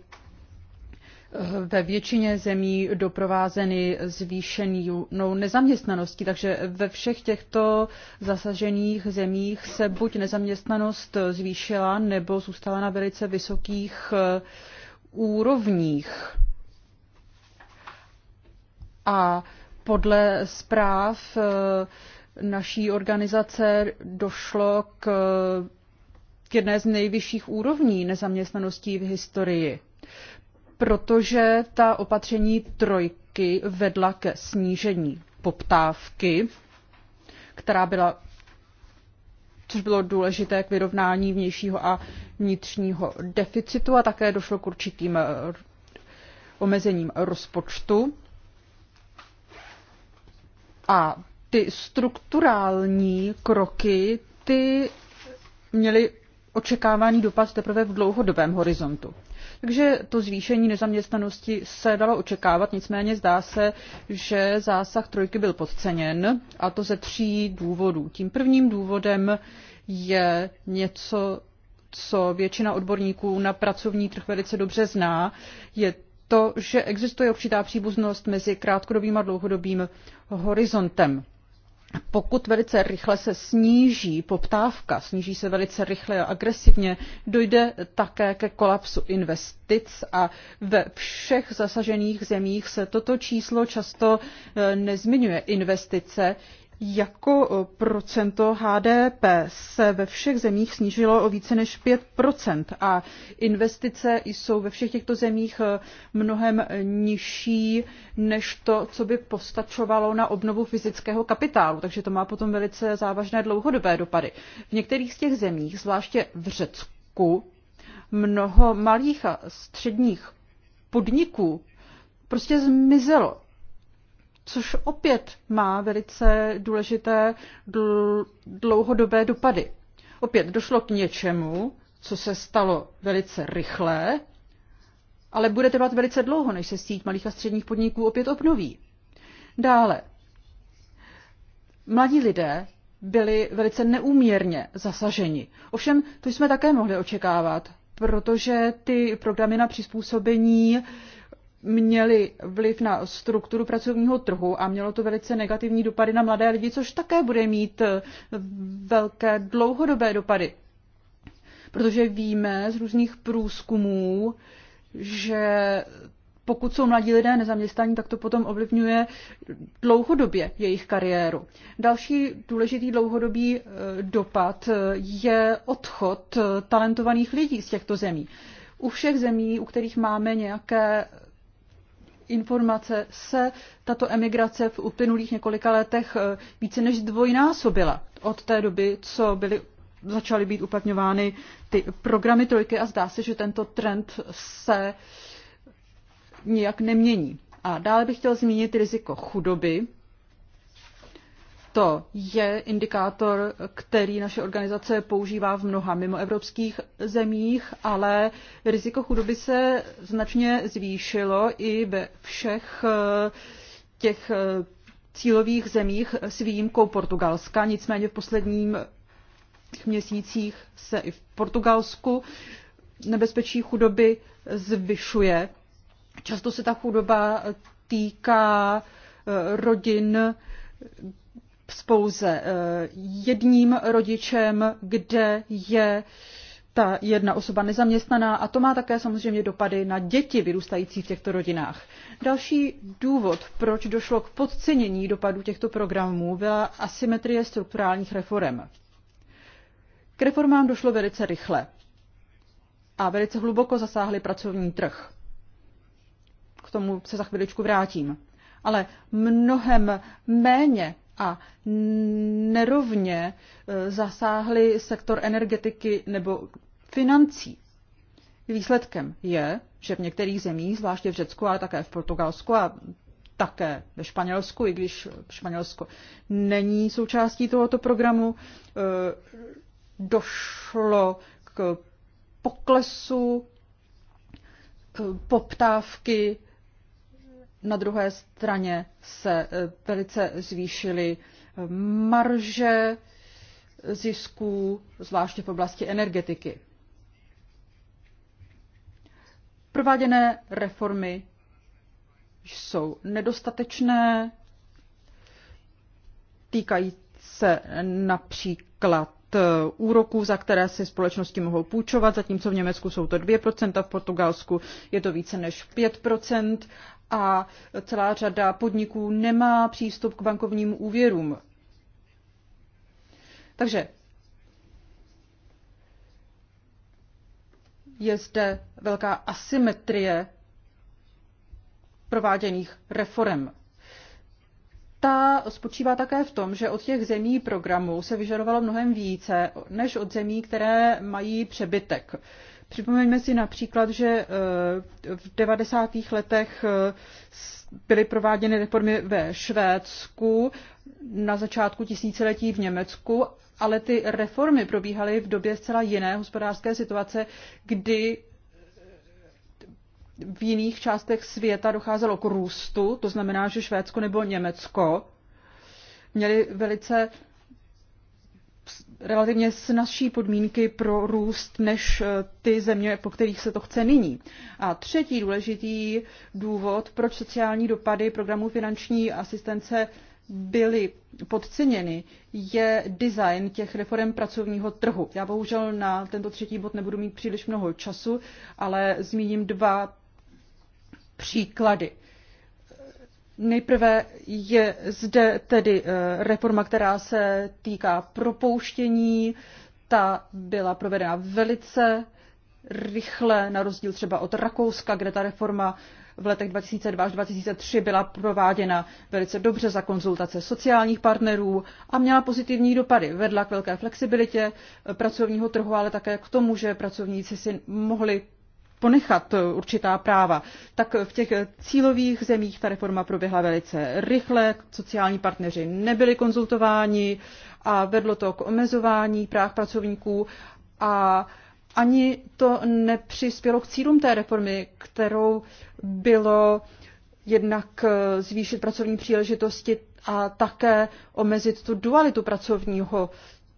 A: ve většině zemí doprovázeny zvýšenou nezaměstnaností. Takže ve všech těchto zasažených zemích se buď nezaměstnanost zvýšila nebo zůstala na velice vysokých eh, úrovních. A podle zpráv eh, naší organizace došlo eh, k jedné z nejvyšších úrovní nezaměstnaností v historii protože ta opatření trojky vedla ke snížení poptávky, která byla, což bylo důležité k vyrovnání vnějšího a vnitřního deficitu a také došlo k určitým eh, omezením rozpočtu. A ty strukturální kroky, ty měly očekávaný dopad teprve v dlouhodobém horizontu. Takže to zvýšení nezaměstnanosti se dalo očekávat, nicméně zdá se, že zásah trojky byl podceněn a to ze tří důvodů. Tím prvním důvodem je něco, co většina odborníků na pracovní trh velice dobře zná, je to, že existuje určitá příbuznost mezi krátkodobým a dlouhodobým horizontem pokud velice rychle se sníží poptávka, sníží se velice rychle a agresivně, dojde také ke kolapsu investic a ve všech zasažených zemích se toto číslo často eh, nezmiňuje. Investice jako eh, procento HDP se ve všech zemích snížilo o více než 5 a investice jsou ve všech těchto zemích eh, mnohem nižší než to, co by postačovalo na obnovu fyzického kapitálu. Takže to má potom velice závažné dlouhodobé dopady. V některých z těch zemích, zvláště v Řecku, mnoho malých a středních podniků prostě zmizelo což opět má velice důležité dlouhodobé dopady. Opět došlo k něčemu, co se stalo velice rychle, ale bude trvat velice dlouho, než se síť malých a středních podniků opět obnoví. Dále, mladí lidé byli velice neúměrně zasaženi. Ovšem, to jsme také mohli očekávat, protože ty programy na přizpůsobení měly vliv na strukturu pracovního trhu a mělo to velice negativní dopady na mladé lidi, což také bude mít eh, velké dlouhodobé dopady. Protože víme z různých průzkumů, že pokud jsou mladí lidé nezaměstnaní, tak to potom ovlivňuje dlouhodobě jejich kariéru. Další důležitý dlouhodobý eh, dopad eh, je odchod talentovaných lidí z těchto zemí. U všech zemí, u kterých máme nějaké informace se tato emigrace v uplynulých několika letech eh, více než dvojnásobila od té doby, co byly, začaly být uplatňovány ty programy trojky a zdá se, že tento trend se nijak nemění. A dále bych chtěl zmínit riziko chudoby, to je indikátor, který naše organizace používá v mnoha mimoevropských zemích, ale riziko chudoby se značně zvýšilo i ve všech eh, těch eh, cílových zemích s výjimkou Portugalska. Nicméně v posledním měsících se i v Portugalsku nebezpečí chudoby zvyšuje. Často se ta chudoba týká eh, rodin, spouze eh, jedním rodičem, kde je ta jedna osoba nezaměstnaná a to má také samozřejmě dopady na děti vyrůstající v těchto rodinách. Další důvod, proč došlo k podcenění dopadů těchto programů, byla asymetrie strukturálních reform. K reformám došlo velice rychle a velice hluboko zasáhly pracovní trh. K tomu se za chviličku vrátím. Ale mnohem méně a nerovně e, zasáhly sektor energetiky nebo financí. Výsledkem je, že v některých zemích, zvláště v Řecku, ale také v Portugalsku a také ve Španělsku, i když Španělsko není součástí tohoto programu, e, došlo k poklesu e, poptávky na druhé straně se e, velice zvýšily e, marže zisků, zvláště v oblasti energetiky. Prováděné reformy jsou nedostatečné, týkají se například Eh, úroků, za které si společnosti mohou půjčovat, zatímco v Německu jsou to 2%, v Portugalsku je to více než 5% a celá řada podniků nemá přístup k bankovním úvěrům. Takže je zde velká asymetrie prováděných reform ta spočívá také v tom, že od těch zemí programů se vyžadovalo mnohem více než od zemí, které mají přebytek. Připomeňme si například, že eh, v 90. letech eh, byly prováděny reformy ve Švédsku, na začátku tisíciletí v Německu, ale ty reformy probíhaly v době zcela jiné hospodářské situace, kdy v jiných částech světa docházelo k růstu, to znamená, že Švédsko nebo Německo měli velice relativně snazší podmínky pro růst než eh, ty země, po kterých se to chce nyní. A třetí důležitý důvod, proč sociální dopady programu finanční asistence byly podceněny, je design těch reform pracovního trhu. Já bohužel na tento třetí bod nebudu mít příliš mnoho času, ale zmíním dva příklady. Nejprve je zde tedy eh, reforma, která se týká propouštění. Ta byla provedena velice rychle, na rozdíl třeba od Rakouska, kde ta reforma v letech 2002 až 2003 byla prováděna velice dobře za konzultace sociálních partnerů a měla pozitivní dopady. Vedla k velké flexibilitě eh, pracovního trhu, ale také k tomu, že pracovníci si mohli ponechat určitá práva, tak v těch cílových zemích ta reforma proběhla velice rychle, sociální partneři nebyli konzultováni a vedlo to k omezování práv pracovníků a ani to nepřispělo k cílům té reformy, kterou bylo jednak zvýšit pracovní příležitosti a také omezit tu dualitu pracovního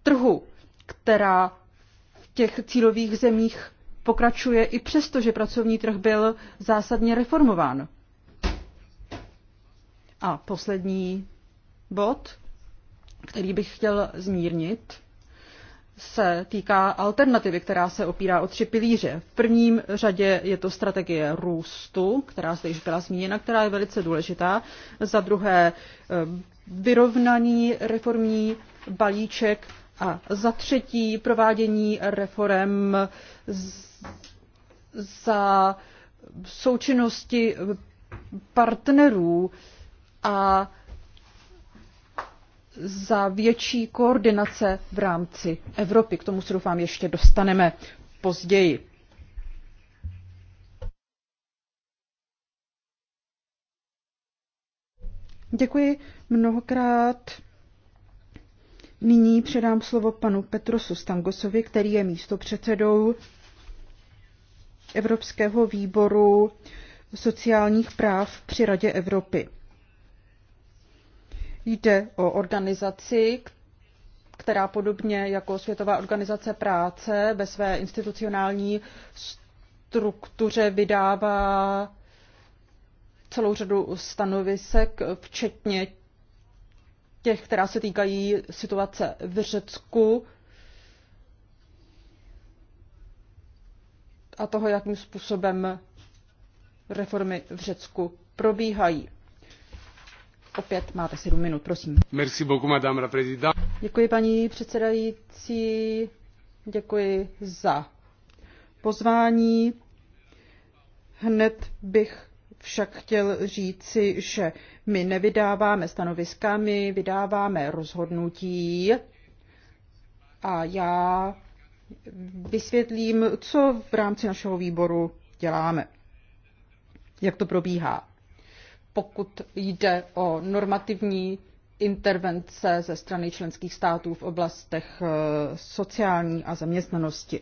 A: trhu, která v těch cílových zemích pokračuje i přesto, že pracovní trh byl zásadně reformován. A poslední bod, který bych chtěl zmírnit, se týká alternativy, která se opírá o tři pilíře. V prvním řadě je to strategie růstu, která zde již byla zmíněna, která je velice důležitá. Za druhé eh, vyrovnaný reformní balíček a za třetí provádění reform za součinnosti partnerů a za větší koordinace v rámci Evropy. K tomu se doufám ještě dostaneme později. Děkuji mnohokrát. Nyní předám slovo panu Petrosu Stangosovi, který je místopředsedou Evropského výboru sociálních práv při Radě Evropy. Jde o organizaci, která podobně jako Světová organizace práce ve své institucionální struktuře vydává celou řadu stanovisek, včetně těch, která se týkají situace v Řecku a toho, jakým způsobem reformy v Řecku probíhají. Opět máte sedm minut, prosím. Merci beaucoup,
C: madame la présidente.
A: Děkuji, paní předsedající. Děkuji za pozvání. Hned bych však chtěl říci, že my nevydáváme stanoviska, my vydáváme rozhodnutí a já vysvětlím, co v rámci našeho výboru děláme, jak to probíhá. Pokud jde o normativní intervence ze strany členských států v oblastech eh, sociální a zaměstnanosti.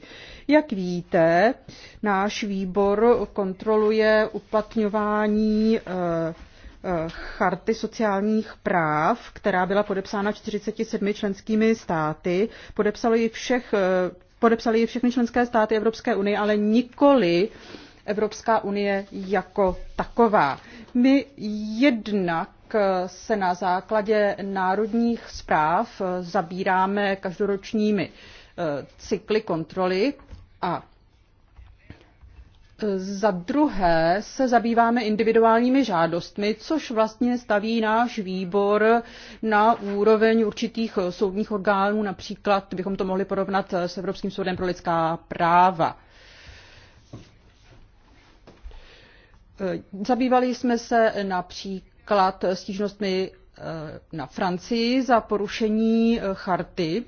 A: Jak víte, náš výbor kontroluje uplatňování eh, eh, charty sociálních práv, která byla podepsána 47 členskými státy. Podepsalo ji všech, podepsali ji všechny členské státy Evropské unie, ale nikoli Evropská unie jako taková. My jednak se na základě národních zpráv zabíráme každoročními eh, cykly kontroly a eh, za druhé se zabýváme individuálními žádostmi, což vlastně staví náš výbor na úroveň určitých eh, soudních orgánů, například bychom to mohli porovnat s Evropským soudem pro lidská práva. Zabývali jsme se například klad stížnostmi eh, na Francii za porušení eh, charty.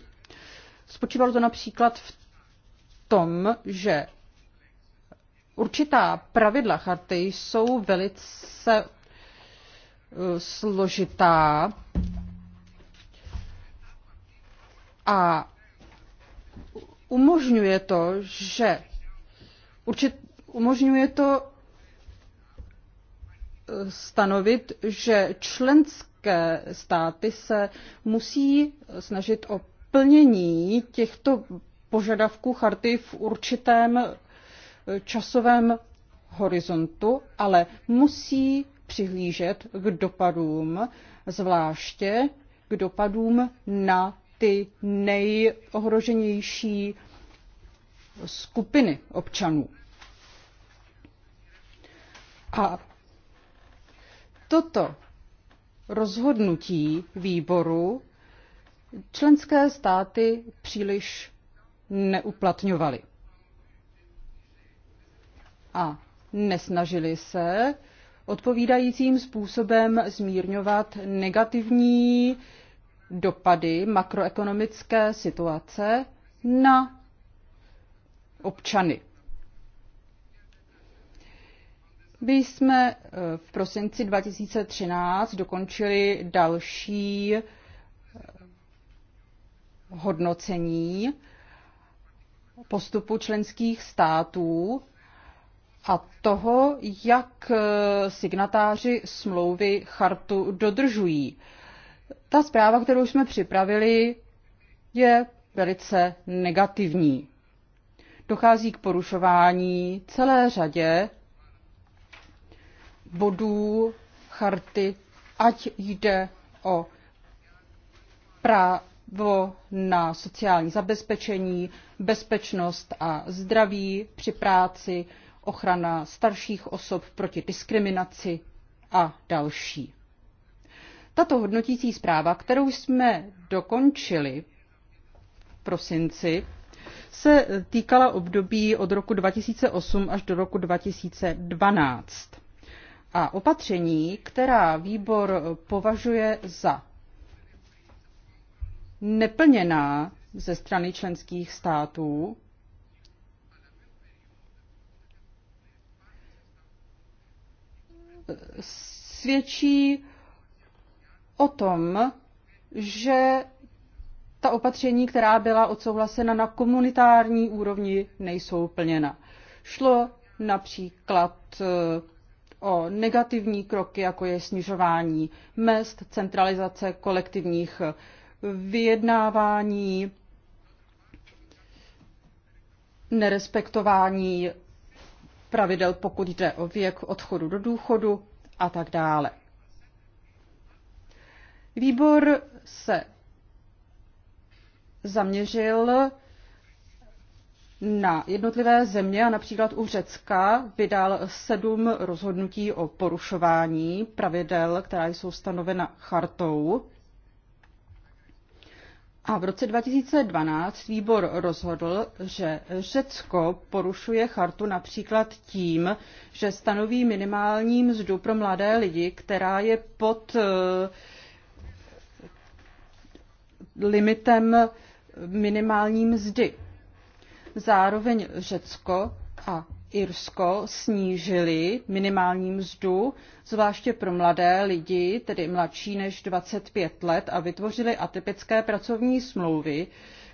A: Spočívalo to například v tom, že určitá pravidla charty jsou velice eh, složitá a umožňuje to, že určit, umožňuje to stanovit, že členské státy se musí snažit o plnění těchto požadavků charty v určitém eh, časovém horizontu, ale musí přihlížet k dopadům, zvláště k dopadům na ty nejohroženější skupiny občanů. A toto rozhodnutí výboru členské státy příliš neuplatňovaly a nesnažili se odpovídajícím způsobem zmírňovat negativní dopady makroekonomické situace na občany. My jsme eh, v prosinci 2013 dokončili další eh, hodnocení postupu členských států a toho, jak eh, signatáři smlouvy chartu dodržují. Ta zpráva, kterou jsme připravili, je velice negativní. Dochází k porušování celé řadě bodů charty, ať jde o právo na sociální zabezpečení, bezpečnost a zdraví při práci, ochrana starších osob proti diskriminaci a další. Tato hodnotící zpráva, kterou jsme dokončili v prosinci, se týkala období od roku 2008 až do roku 2012 a opatření, která výbor považuje za neplněná ze strany členských států, svědčí o tom, že ta opatření, která byla odsouhlasena na komunitární úrovni, nejsou plněna. Šlo například o negativní kroky, jako je snižování mest, centralizace kolektivních eh, vyjednávání, nerespektování pravidel, pokud jde o věk odchodu do důchodu a tak dále. Výbor se zaměřil na jednotlivé země a například u Řecka vydal sedm rozhodnutí o porušování pravidel, která jsou stanovena chartou. A v roce 2012 výbor rozhodl, že Řecko porušuje chartu například tím, že stanoví minimální mzdu pro mladé lidi, která je pod eh, limitem minimální mzdy. Zároveň Řecko a Irsko snížili minimální mzdu, zvláště pro mladé lidi, tedy mladší než 25 let, a vytvořili atypické pracovní smlouvy,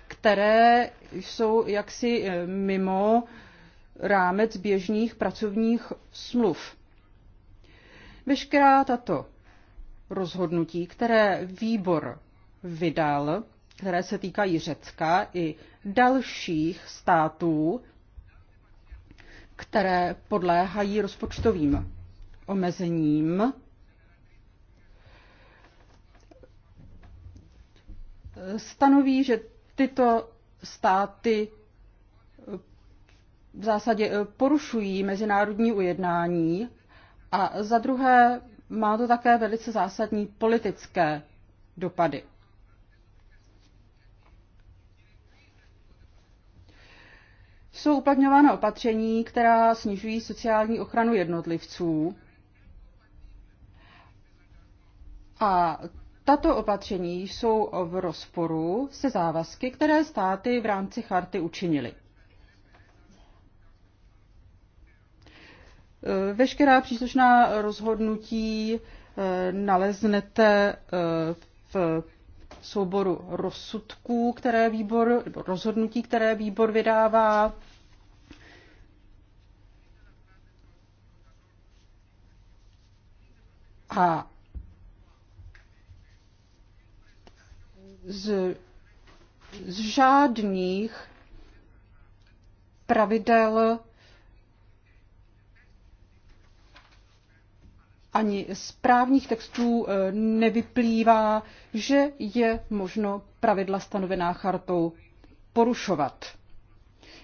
A: které jsou jaksi eh, mimo rámec běžných pracovních smluv. Veškerá tato rozhodnutí, které výbor vydal, které se týkají Řecka i dalších států, které podléhají rozpočtovým omezením. Stanoví, že tyto státy v zásadě porušují mezinárodní ujednání a za druhé má to také velice zásadní politické dopady. jsou uplatňována opatření, která snižují sociální ochranu jednotlivců. A tato opatření jsou v rozporu se závazky, které státy v rámci charty učinily. Veškerá příslušná rozhodnutí eh, naleznete eh, v souboru rozsudků, které výbor, nebo rozhodnutí, které výbor vydává. A z, z žádných pravidel ani z právních textů eh, nevyplývá, že je možno pravidla stanovená chartou porušovat,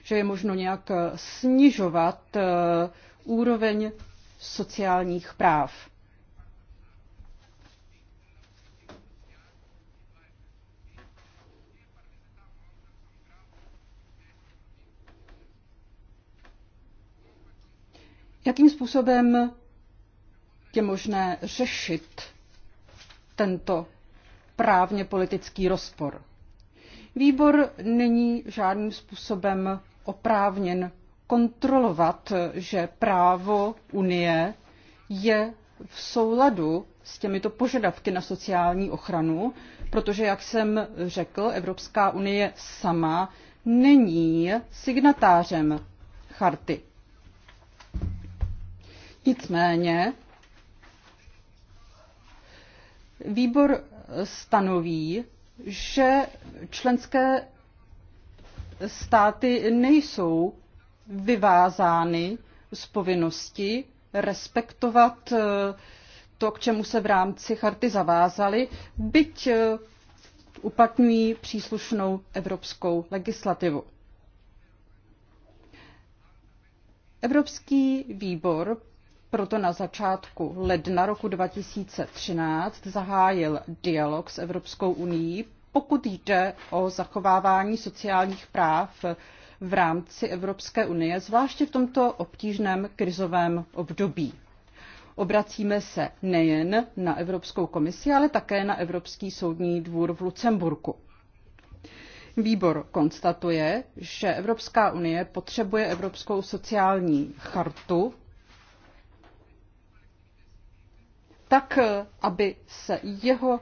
A: že je možno nějak eh, snižovat eh, úroveň sociálních práv. Jakým způsobem je možné řešit tento právně politický rozpor. Výbor není žádným způsobem oprávněn kontrolovat, že právo Unie je v souladu s těmito požadavky na sociální ochranu, protože, jak jsem řekl, Evropská unie sama není signatářem charty. Nicméně Výbor stanoví, že členské státy nejsou vyvázány z povinnosti respektovat eh, to, k čemu se v rámci charty zavázali, byť eh, uplatňují příslušnou evropskou legislativu. Evropský výbor proto na začátku ledna roku 2013 zahájil dialog s Evropskou unii, pokud jde o zachovávání sociálních práv v rámci Evropské unie, zvláště v tomto obtížném krizovém období. Obracíme se nejen na Evropskou komisi, ale také na Evropský soudní dvůr v Lucemburku. Výbor konstatuje, že Evropská unie potřebuje Evropskou sociální chartu, tak, eh, aby se jeho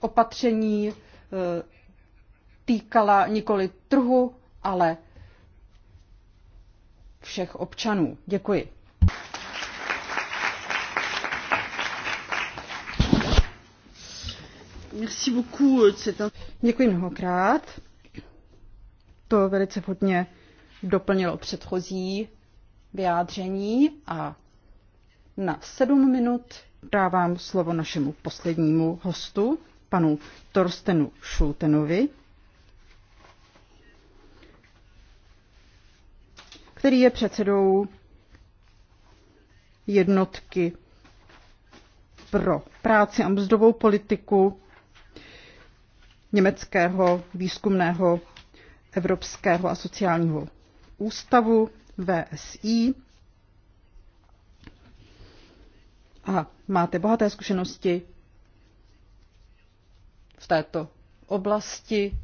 A: opatření eh, týkala nikoli trhu, ale všech občanů. Děkuji. Merci beaucoup, euh, Děkuji mnohokrát. To velice hodně doplnilo předchozí vyjádření a na sedm minut dávám slovo našemu poslednímu hostu, panu Torstenu Šultenovi, který je předsedou jednotky pro práci a mzdovou politiku Německého výzkumného evropského a sociálního ústavu VSI a máte bohaté zkušenosti v této oblasti.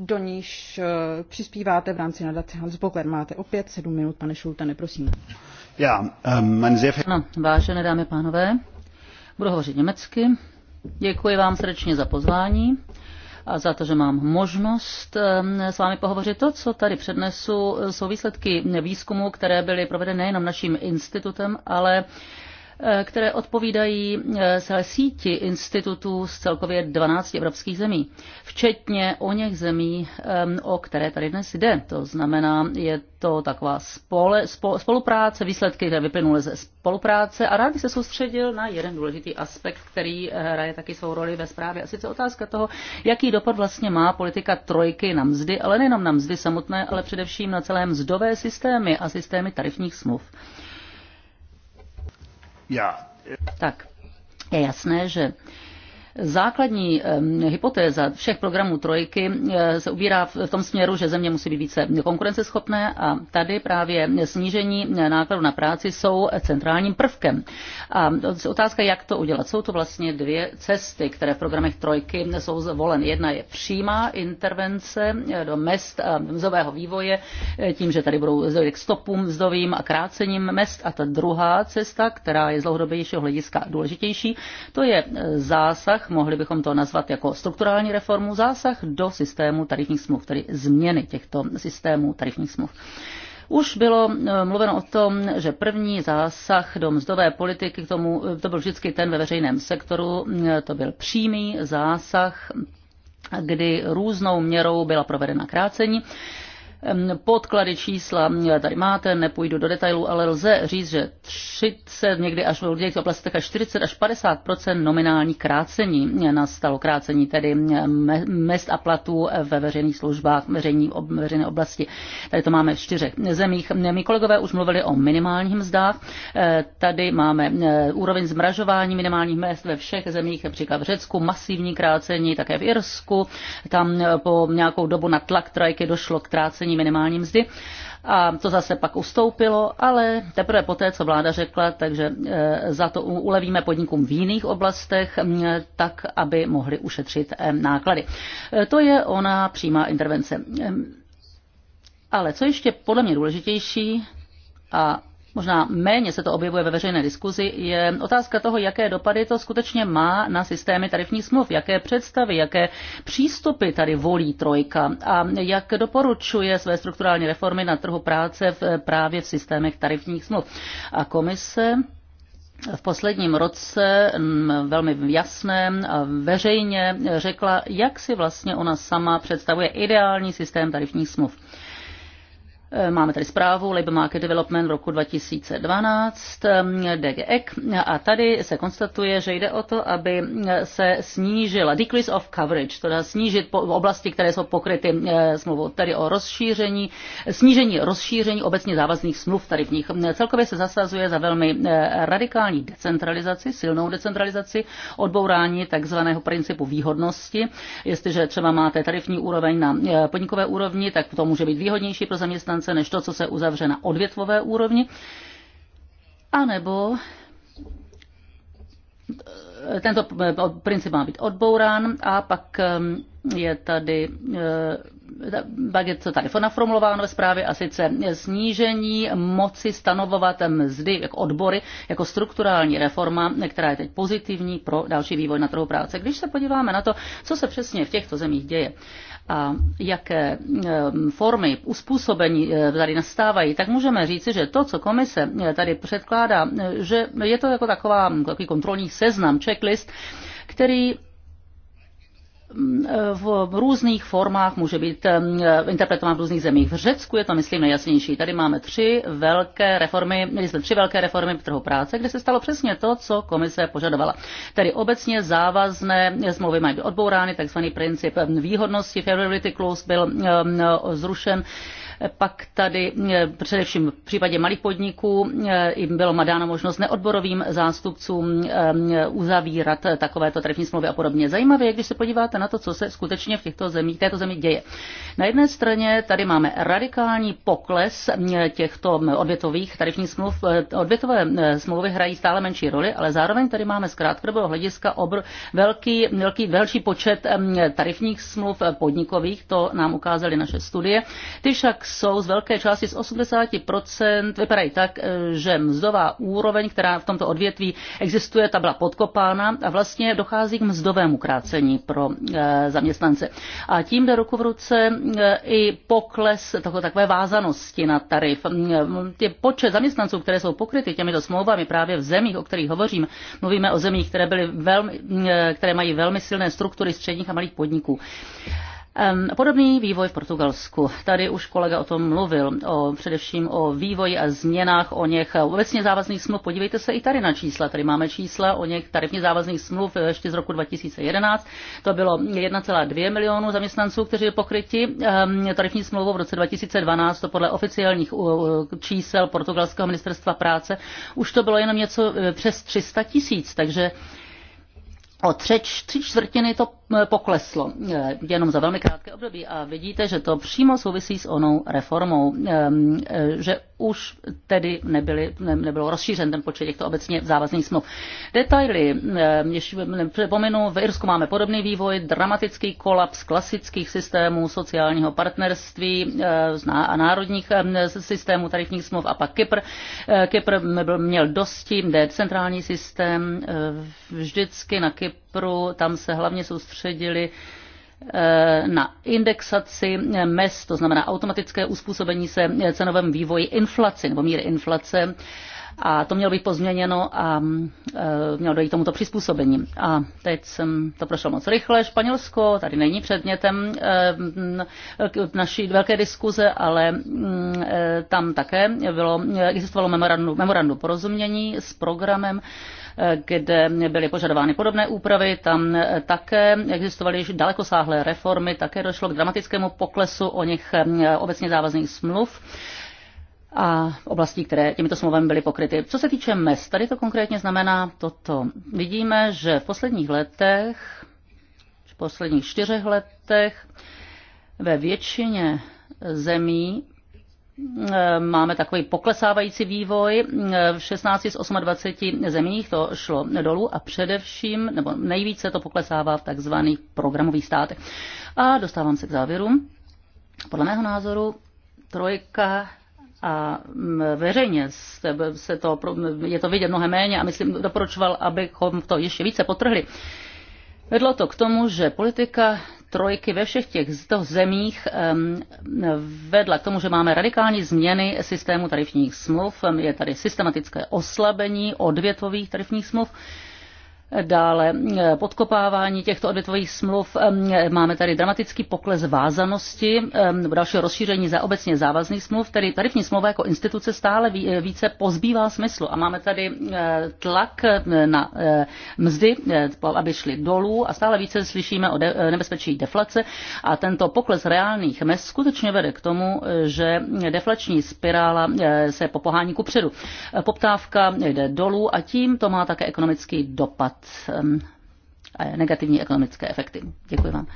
A: do níž eh, přispíváte v rámci nadace Hans Bokler. Máte opět sedm minut, pane Šultane, prosím. Já, um, no, vážené dámy pánové,
B: budu hovořit německy. Děkuji vám srdečně za pozvání a za to, že mám možnost s vámi pohovořit. To, co tady přednesu, jsou výsledky výzkumu, které byly provedeny nejenom naším institutem, ale Eh, které odpovídají eh, celé síti institutů z celkově 12 evropských zemí, včetně o něch zemí, o které tady dnes jde. To znamená, je to taková spole, spol, spolupráce, výsledky, které vyplynuly ze spolupráce a rád bych se soustředil na jeden důležitý aspekt, který eh, hraje taky svou roli ve zprávě. A sice otázka toho, jaký dopad vlastně má politika trojky na mzdy, ale nejenom na mzdy samotné, ale především na celé mzdové systémy a systémy tarifních smluv. Tak, je jasné, že Základní hypotéza všech programů trojky se ubírá v tom směru, že země musí být více konkurenceschopné a tady právě snížení nákladů na práci jsou centrálním prvkem. A otázka, jak to udělat. Jsou to vlastně dvě cesty, které v programech trojky jsou zvoleny. Jedna je přímá intervence do mest a mzového vývoje, e, tím, že tady budou k stopům mzdovým a krácením mest. A ta druhá cesta, která je z dlouhodobějšího hlediska důležitější, to je e, zásah mohli bychom to nazvat jako strukturální reformu, zásah do systému tarifních smluv, tedy změny těchto systémů tarifních smluv. Už bylo eh, mluveno o tom, že první zásah do mzdové politiky, k tomu, eh, to byl vždycky ten ve veřejném sektoru, eh, to byl přímý zásah kdy různou měrou byla provedena krácení podklady čísla tady máte, nepůjdu do detailů, ale lze říct, že 30, někdy až v těch oblastech až 40 až 50 nominální krácení nastalo krácení tedy mest a platů ve veřejných službách, veřejní, veřejné oblasti. Tady to máme v čtyřech zemích. Mí kolegové už mluvili o minimálních mzdách. E, tady máme e, úroveň zmražování minimálních mest ve všech zemích, například v Řecku, masivní krácení, také v Irsku. Tam e, po nějakou dobu na tlak trajky došlo k krácení zvýšení minimální mzdy. A to zase pak ustoupilo, ale teprve poté, co vláda řekla, takže eh, za to ulevíme podnikům v jiných oblastech, mm, tak aby mohli ušetřit eh, náklady. Eh, to je ona přímá intervence. Ale co ještě podle mě důležitější, a možná méně se to objevuje ve veřejné diskuzi, je otázka toho, jaké dopady to skutečně má na systémy tarifních smluv, jaké představy, jaké přístupy tady volí trojka a jak doporučuje své strukturální reformy na trhu práce v, právě v systémech tarifních smluv. A komise v posledním roce mm, velmi jasné a veřejně řekla, jak si vlastně ona sama představuje ideální systém tarifních smluv. Eh, máme tady zprávu Labour Market Development v roku 2012, DGEC, ehm, a tady se konstatuje, že jde o to, aby eh, se snížila decrease of coverage, teda snížit po oblasti, které jsou pokryty eh, smlouvou, tedy o rozšíření, snížení rozšíření obecně závazných smluv tarifních. Celkově se zasazuje za velmi radikální decentralizaci, silnou decentralizaci, odbourání takzvaného principu výhodnosti. Jestliže třeba máte tarifní úroveň na podnikové úrovni, tak to může být výhodnější pro zaměstnance konference než to, co se uzavře na odvětvové úrovni, anebo eh, tento eh, princip má být odbourán a pak ehm, je tady eh, tak je to tady naformulováno ve zprávě a sice snížení moci stanovovat mzdy jako odbory jako strukturální reforma, která je teď pozitivní pro další vývoj na trhu práce. Když se podíváme na to, co se přesně v těchto zemích děje a jaké eh, formy uspůsobení eh, tady nastávají, tak můžeme říci, že to, co komise tady předkládá, že je to jako taková, takový kontrolní seznam, checklist, který v různých formách může být interpretován v různých zemích. V Řecku je to, myslím, nejjasnější. Tady máme tři velké reformy, měli jsme tři velké reformy v trhu práce, kde se stalo přesně to, co komise požadovala. Tedy obecně závazné smlouvy mají být odbourány, takzvaný princip výhodnosti, favorability clause byl zrušen. Pak tady eh, především v případě malých podniků eh, jim bylo dána možnost neodborovým zástupcům eh, uzavírat takovéto tarifní smlouvy a podobně. Zajímavé je, když se podíváte na to, co se skutečně v těchto zemích, této zemi děje. Na jedné straně tady máme radikální pokles těchto odvětových tarifních smluv. Odvětové smlouvy hrají stále menší roli, ale zároveň tady máme z krátkodobého hlediska obr- velký, velký, velký počet tarifních smluv podnikových, to nám ukázaly naše studie. Ty však jsou z velké části z 80% vypadají tak, eh, že mzdová úroveň, která v tomto odvětví existuje, ta byla podkopána a vlastně dochází k mzdovému krácení pro eh, zaměstnance. A tím jde ruku v ruce eh, i pokles toho takové vázanosti na tarif. Ty mm, počet zaměstnanců, které jsou pokryty těmito smlouvami právě v zemích, o kterých hovořím, mluvíme o zemích, které, byly velmi, mm, které mají velmi silné struktury středních a malých podniků. Podobný vývoj v Portugalsku. Tady už kolega o tom mluvil, o, především o vývoji a změnách o něch eh, obecně závazných smluv. Podívejte se i tady na čísla. Tady máme čísla o něch tarifně závazných smluv eh, ještě z roku 2011. To bylo 1,2 milionu zaměstnanců, kteří je pokryti tarifní smlouvou v roce 2012. To podle oficiálních čísel portugalského ministerstva práce už to bylo jenom něco eh, přes 300 tisíc. Takže o tři, tři čtvrtiny to e, pokleslo e, jenom za velmi krátké období a vidíte, že to přímo souvisí s onou reformou, e, že už tedy nebyly, nebylo rozšířen ten počet těchto obecně závazných smluv. Detaily, ještě připomenu, v Irsku máme podobný vývoj, dramatický kolaps klasických systémů sociálního partnerství a národních systémů tarifních smluv a pak Kypr. Kypr měl dosti decentrální systém, vždycky na Kypr Kypru, tam se hlavně soustředili eh, na indexaci eh, MES, to znamená automatické uspůsobení se eh, cenovém vývoji inflaci nebo míry inflace. A to mělo být pozměněno a mělo dojít tomuto přizpůsobení. A teď jsem to prošlo moc rychle. Španělsko tady není předmětem naší velké diskuze, ale mm, tam také bylo, existovalo memorandum, memorandum porozumění s programem kde byly požadovány podobné úpravy. Tam také existovaly již dalekosáhlé reformy, také došlo k dramatickému poklesu o nich eh, obecně závazných smluv a oblastí, které těmito smlouvami byly pokryty. Co se týče mes, tady to konkrétně znamená toto. Vidíme, že v posledních letech, v posledních čtyřech letech ve většině zemí Eh, máme takový poklesávající vývoj. Eh, v 16 z 28 zemích to šlo dolů a především, nebo nejvíce to poklesává v takzvaných programových státech. A dostávám se k závěru. Podle mého názoru trojka a mm, veřejně se to, je to vidět mnohem méně a myslím, doporučoval, abychom to ještě více potrhli. Vedlo to k tomu, že politika trojky ve všech těch zemích vedla k tomu, že máme radikální změny systému tarifních smluv, je tady systematické oslabení odvětvových tarifních smluv Dále eh, podkopávání těchto odvětvových smluv. Máme tady dramatický pokles vázanosti, dalšího rozšíření za obecně závazných smluv, tedy tarifní smlouva jako instituce stále eh, více pozbývá smyslu. A máme tady eh, tlak na mzdy, aby šly dolů a stále více slyšíme o nebezpečí deflace. A tento pokles reálných mest skutečně vede k tomu, že deflační spirála se popohání kupředu. Poptávka jde dolů a tím to má také ekonomický dopad dopad a e, negativní ekonomické efekty. Děkuji vám.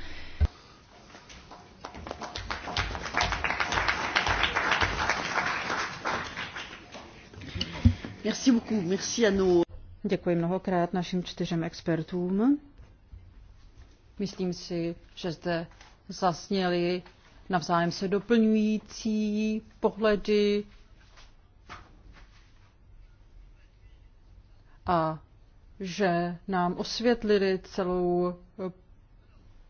A: Merci beaucoup. Merci à nous. Děkuji mnohokrát našim čtyřem expertům. Myslím si, že zde zasněli navzájem se doplňující pohledy a že nám osvětlili celou eh,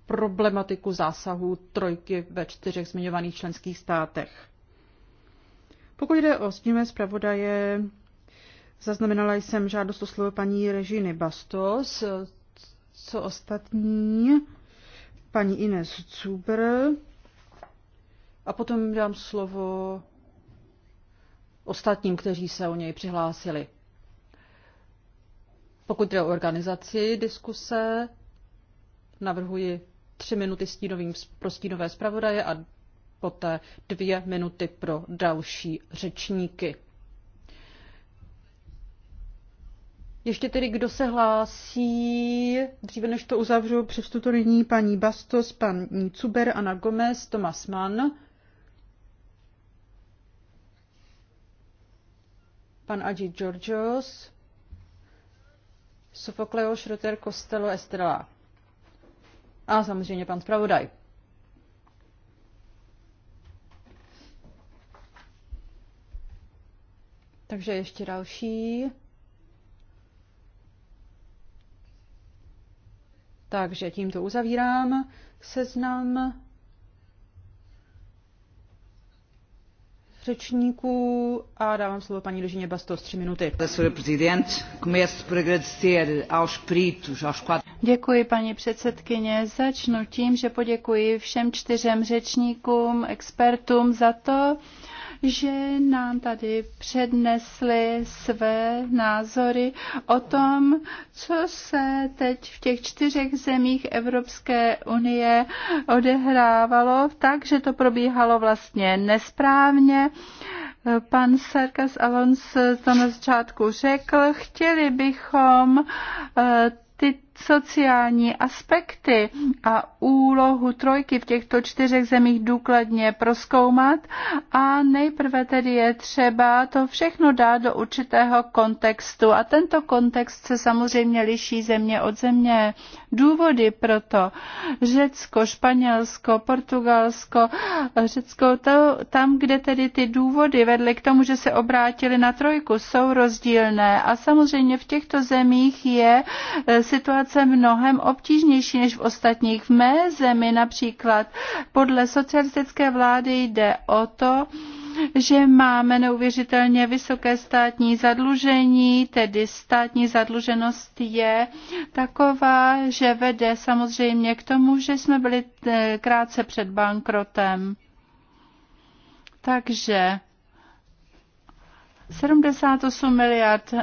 A: problematiku zásahu trojky ve čtyřech zmiňovaných členských státech. Pokud jde o stínové zpravodaje, zaznamenala jsem žádost o slovo paní Režiny Bastos, co ostatní, paní Ines Zuber a potom dám slovo ostatním, kteří se o něj přihlásili. Pokud jde o organizaci diskuse, navrhuji tři minuty stínovým, pro stínové zpravodaje a poté dvě minuty pro další řečníky. Ještě tedy, kdo se hlásí, dříve než to uzavřu, přečtu to nyní paní Bastos, paní Cuber, Ana Gomez, Tomas Mann, pan Adi Georgios, Sofokleo, Schroeter, Costello, Estrela. A samozřejmě pan zpravodaj. Takže ještě další. Takže tímto uzavírám seznam řečníků a dávám slovo paní Dožině Bastos, tři minuty.
C: Děkuji, paní předsedkyně. Začnu tím, že poděkuji všem čtyřem řečníkům, expertům za to, že nám tady přednesli své názory o tom, co se teď v těch čtyřech zemích Evropské unie odehrávalo, takže to probíhalo vlastně nesprávně. Pan Sarkas Alons to na začátku řekl, chtěli bychom eh, sociální aspekty a úlohu trojky v těchto čtyřech zemích důkladně proskoumat a nejprve tedy je třeba to všechno dát do určitého kontextu a tento kontext se samozřejmě liší země od země. Důvody proto Řecko, Španělsko, Portugalsko, Řecko, to, tam, kde tedy ty důvody vedly k tomu, že se obrátili na trojku, jsou rozdílné a samozřejmě v těchto zemích je eh, situace situace mnohem obtížnější než v ostatních. V mé zemi například podle socialistické vlády jde o to, že máme neuvěřitelně vysoké státní zadlužení, tedy státní zadluženost je taková, že vede samozřejmě k tomu, že jsme byli eh, krátce před bankrotem. Takže 78 miliard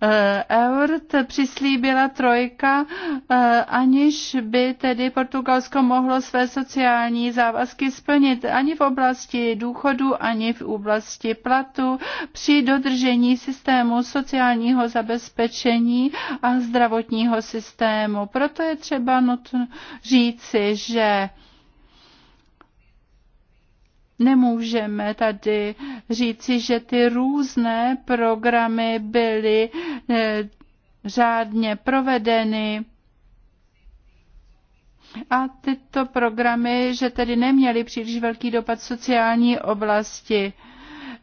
C: Eh, eur přislíbila trojka, eh, aniž by tedy Portugalsko mohlo své sociální závazky splnit ani v oblasti důchodu, ani v oblasti platu při dodržení systému sociálního zabezpečení a zdravotního systému. Proto je třeba nutno říci, že Nemůžeme tady říci, že ty různé programy byly eh, řádně provedeny a tyto programy, že tedy neměly příliš velký dopad sociální oblasti.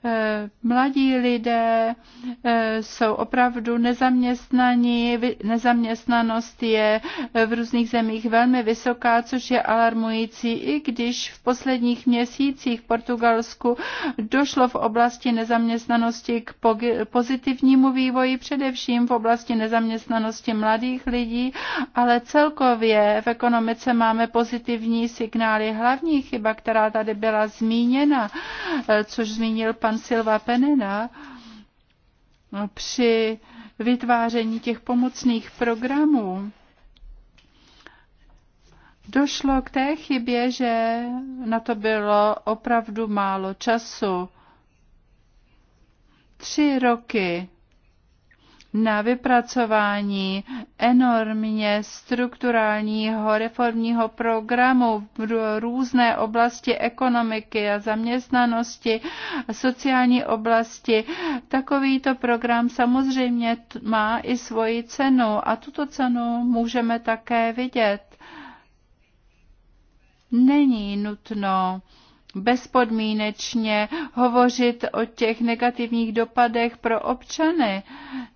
C: Eh, mladí lidé eh, jsou opravdu nezaměstnaní, nezaměstnanost je eh, v různých zemích velmi vysoká, což je alarmující, i když v posledních měsících v Portugalsku došlo v oblasti nezaměstnanosti k pozitivnímu vývoji, především v oblasti nezaměstnanosti mladých lidí, ale celkově v ekonomice máme pozitivní signály. Hlavní chyba, která tady byla zmíněna, což zmínil pan pan Silva Penena no, při vytváření těch pomocných programů došlo k té chybě, že na to bylo opravdu málo času. Tři roky na vypracování enormně strukturálního reformního programu v různé oblasti ekonomiky a zaměstnanosti, sociální oblasti. Takovýto program samozřejmě má i svoji cenu a tuto cenu můžeme také vidět. Není nutno bezpodmínečně hovořit o těch negativních dopadech pro občany.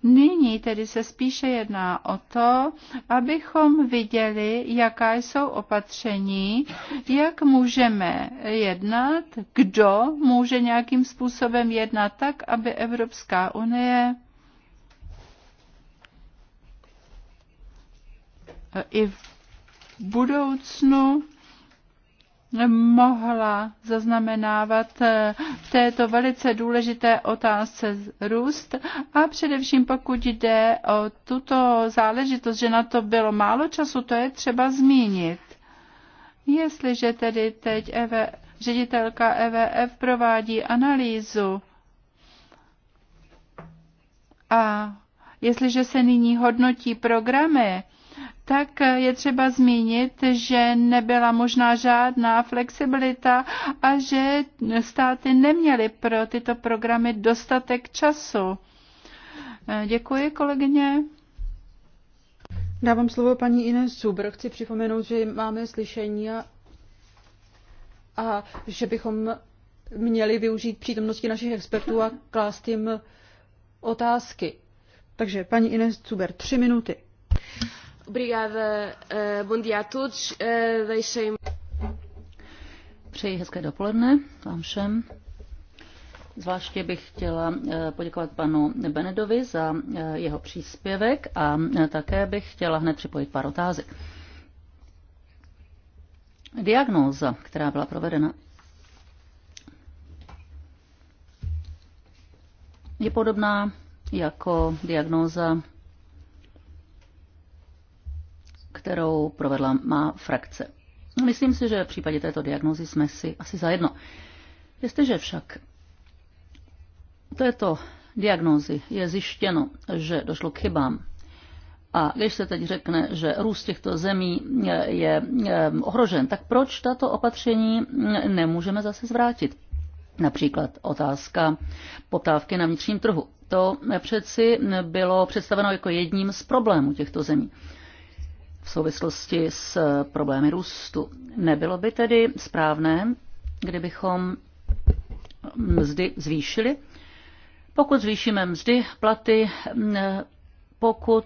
C: Nyní tedy se spíše jedná o to, abychom viděli, jaká jsou opatření, jak můžeme jednat, kdo může nějakým způsobem jednat tak, aby Evropská unie i v budoucnu mohla zaznamenávat eh, v této velice důležité otázce růst a především pokud jde o tuto záležitost, že na to bylo málo času, to je třeba zmínit. Jestliže tedy teď EV, ředitelka EVF provádí analýzu a jestliže se nyní hodnotí programy, tak je třeba zmínit, že nebyla možná žádná flexibilita a že státy neměly pro tyto programy
A: dostatek času. Děkuji, kolegyně. Dávám slovo paní Ines Subr. Chci připomenout, že máme slyšení a, a že bychom měli využít přítomnosti našich expertů a klást jim otázky. Takže paní Ines Cuber, tři minuty. Obrigada, uh, bom dia a todos. Uh, eh, deixem...
B: Přeji hezké dopoledne vám všem. Zvláště bych chtěla eh, poděkovat panu Benedovi za jeho příspěvek a také bych chtěla hned připojit pár otázek. Diagnóza, která byla provedena, je podobná jako diagnóza kterou provedla má frakce. Myslím si, že v případě této diagnózy jsme si asi zajedno. Jestliže však této diagnozy je zjištěno, že došlo k chybám a když se teď řekne, že růst těchto zemí je ohrožen, tak proč tato opatření nemůžeme zase zvrátit? Například otázka potávky na vnitřním trhu. To přeci bylo představeno jako jedním z problémů těchto zemí v souvislosti s problémy růstu. Nebylo by tedy správné, kdybychom mzdy zvýšili? Pokud zvýšíme mzdy, platy, pokud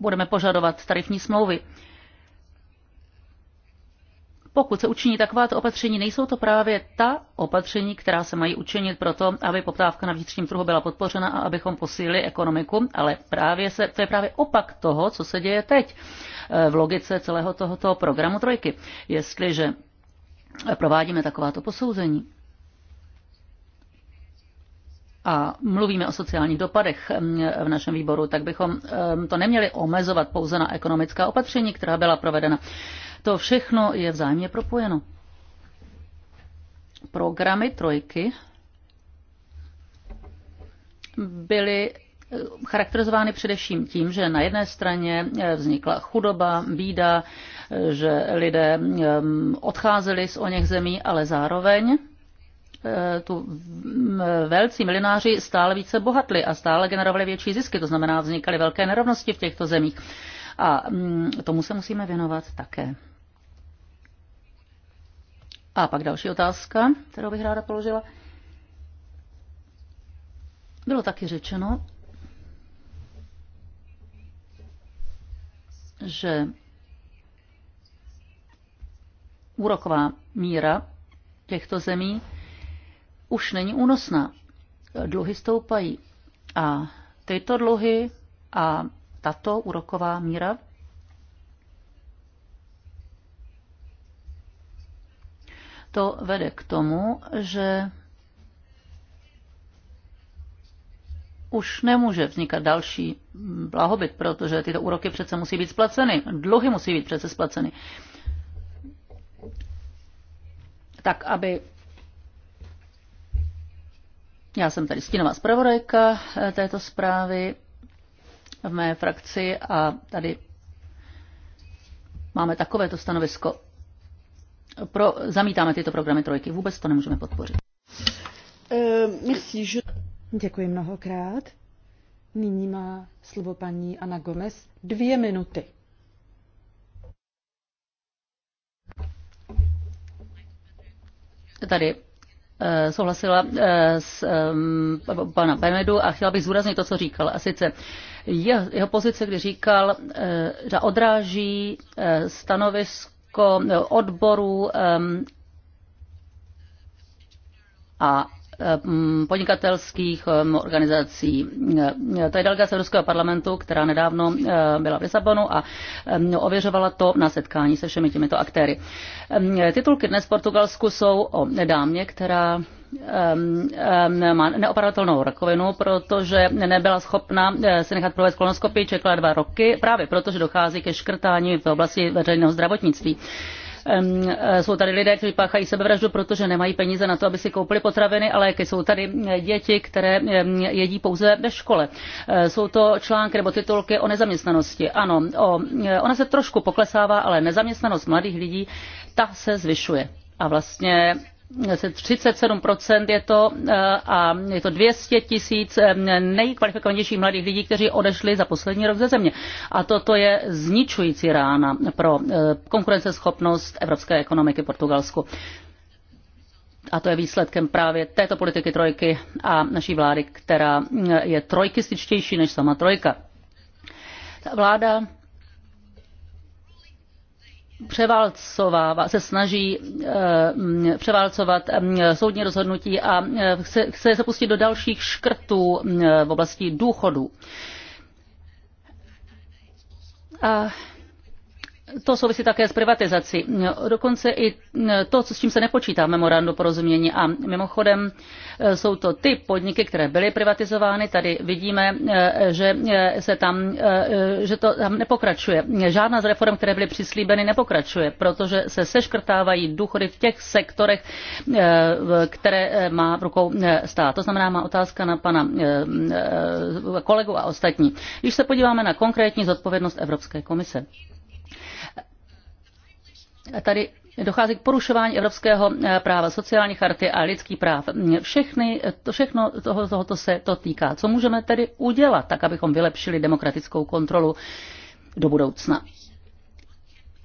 B: budeme požadovat tarifní smlouvy, pokud se učiní takováto opatření, nejsou to právě ta opatření, která se mají učinit proto, aby poptávka na vnitřním trhu byla podpořena a abychom posílili ekonomiku, ale právě se, to je právě opak toho, co se děje teď eh, v logice celého tohoto programu Trojky. Jestliže provádíme takováto posouzení, a mluvíme o sociálních dopadech mm, v našem výboru, tak bychom mm, to neměli omezovat pouze na ekonomická opatření, která byla provedena. To všechno je vzájemně propojeno. Programy trojky byly eh, charakterizovány především tím, že na jedné straně eh, vznikla chudoba, bída, eh, že lidé mm, odcházeli z o něch zemí, ale zároveň tu mm, velcí milionáři stále více bohatli a stále generovali větší zisky, to znamená vznikaly velké nerovnosti v těchto zemích. A mm, tomu se musíme věnovat také. A pak další otázka, kterou bych ráda položila. Bylo taky řečeno, že úroková míra těchto zemí už není únosná. Dluhy stoupají a tyto dluhy a tato úroková míra to vede k tomu, že už nemůže vznikat další blahobyt, protože tyto úroky přece musí být splaceny, dluhy musí být přece splaceny. Tak, aby já jsem tady stínová zpravodajka eh, této zprávy v mé frakci a tady máme takovéto stanovisko pro, zamítáme tyto programy trojky. Vůbec to nemůžeme podpořit.
A: Eh, Děkuji mnohokrát. Nyní má slovo paní Ana Gomez dvě minuty.
B: Tady eh, souhlasila eh, s pana Bemedu a chtěla bych zúraznit to, co říkal. A sice jeho pozice, kdy říkal, že odráží stanovisko jako odborů a podnikatelských organizací. Eh, to je delegace Evropského parlamentu, která nedávno eh, byla v Lisabonu a ověřovala to na setkání se všemi těmito aktéry. Titulky dnes v Portugalsku jsou o dámě, která Ehm, ehm, má neopravatelnou rakovinu, protože nebyla schopna eh, se nechat provést kolonoskopii, čekala dva roky, právě protože dochází ke škrtání v oblasti veřejného zdravotnictví ehm, eh, jsou tady lidé, kteří páchají sebevraždu, protože nemají peníze na to, aby si koupili potraviny, ale jsou tady eh, děti, které jedí pouze ve škole. Jsou to články nebo titulky o nezaměstnanosti. Ano, o, ona se trošku poklesává, ale nezaměstnanost mladých lidí, ta se zvyšuje. A vlastně 37% je to eh, a je to 200 tisíc eh, nejkvalifikovanějších mladých lidí, kteří odešli za poslední rok ze země. A toto je zničující rána pro eh, konkurenceschopnost evropské ekonomiky Portugalsku. A to je výsledkem právě této politiky trojky a naší vlády, která je trojkističtější než sama trojka. Ta vláda převálcovává, se snaží eh, mm, převálcovat mm, soudní rozhodnutí a eh, chce, chce se pustit do dalších škrtů mm, v oblasti důchodů. A to souvisí také s privatizací. Dokonce i to, s čím se nepočítá memorandum porozumění. A mimochodem jsou to ty podniky, které byly privatizovány. Tady vidíme, že se tam, že to tam nepokračuje. Žádná z reform, které byly přislíbeny, nepokračuje, protože se seškrtávají důchody v těch sektorech, které má v rukou stát. To znamená, má otázka na pana kolegu a ostatní. Když se podíváme na konkrétní zodpovědnost Evropské komise tady dochází k porušování evropského eh, práva, sociální charty a lidských práv. Všechny, to, všechno toho, tohoto se to týká. Co můžeme tedy udělat, tak abychom vylepšili demokratickou kontrolu do budoucna?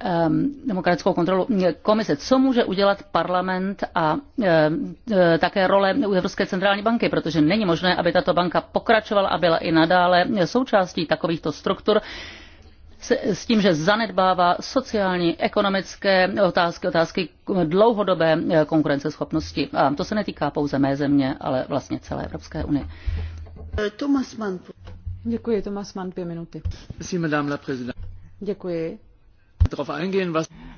B: Ehm, demokratickou kontrolu komise. Co může udělat parlament a eh, eh, také role Evropské centrální banky, protože není možné, aby tato banka pokračovala a byla i nadále součástí takovýchto struktur, s tím, že zanedbává sociální, ekonomické otázky, otázky dlouhodobé eh, konkurenceschopnosti. A to se netýká pouze mé země, ale vlastně celé Evropské unie.
A: Eh, Thomas Mann. Děkuji, Thomas Mann, dvě minuty. Děkuji.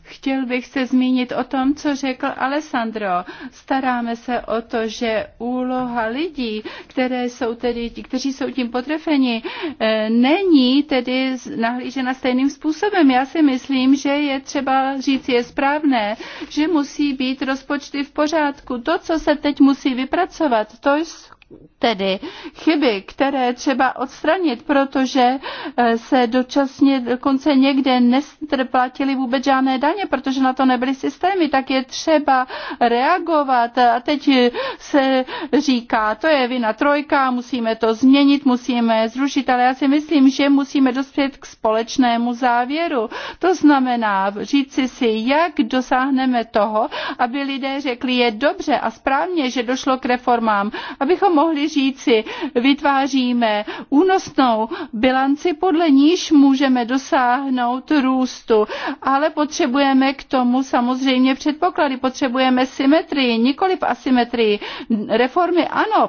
C: Chtěl bych se zmínit o tom, co řekl Alessandro. Staráme se o to, že úloha lidí, které jsou tedy, kteří jsou tím potrefeni, eh, není tedy nahlížena stejným způsobem. Já si myslím, že je třeba říct, je správné, že musí být rozpočty v pořádku. To, co se teď musí vypracovat, to tedy chyby, které třeba odstranit, protože eh, se dočasně dokonce někde neplatili vůbec žádné daně, protože na to nebyly systémy, tak je třeba reagovat. A teď se říká, to je vina trojka, musíme to změnit, musíme zrušit, ale já si myslím, že musíme dospět k společnému závěru. To znamená říci si, jak dosáhneme toho, aby lidé řekli, je dobře a správně, že došlo k reformám, abychom mohli mohli říci, vytváříme únosnou bilanci, podle níž můžeme dosáhnout růstu, ale potřebujeme k tomu samozřejmě předpoklady, potřebujeme symetrii, nikoli asymetrii. Reformy ano,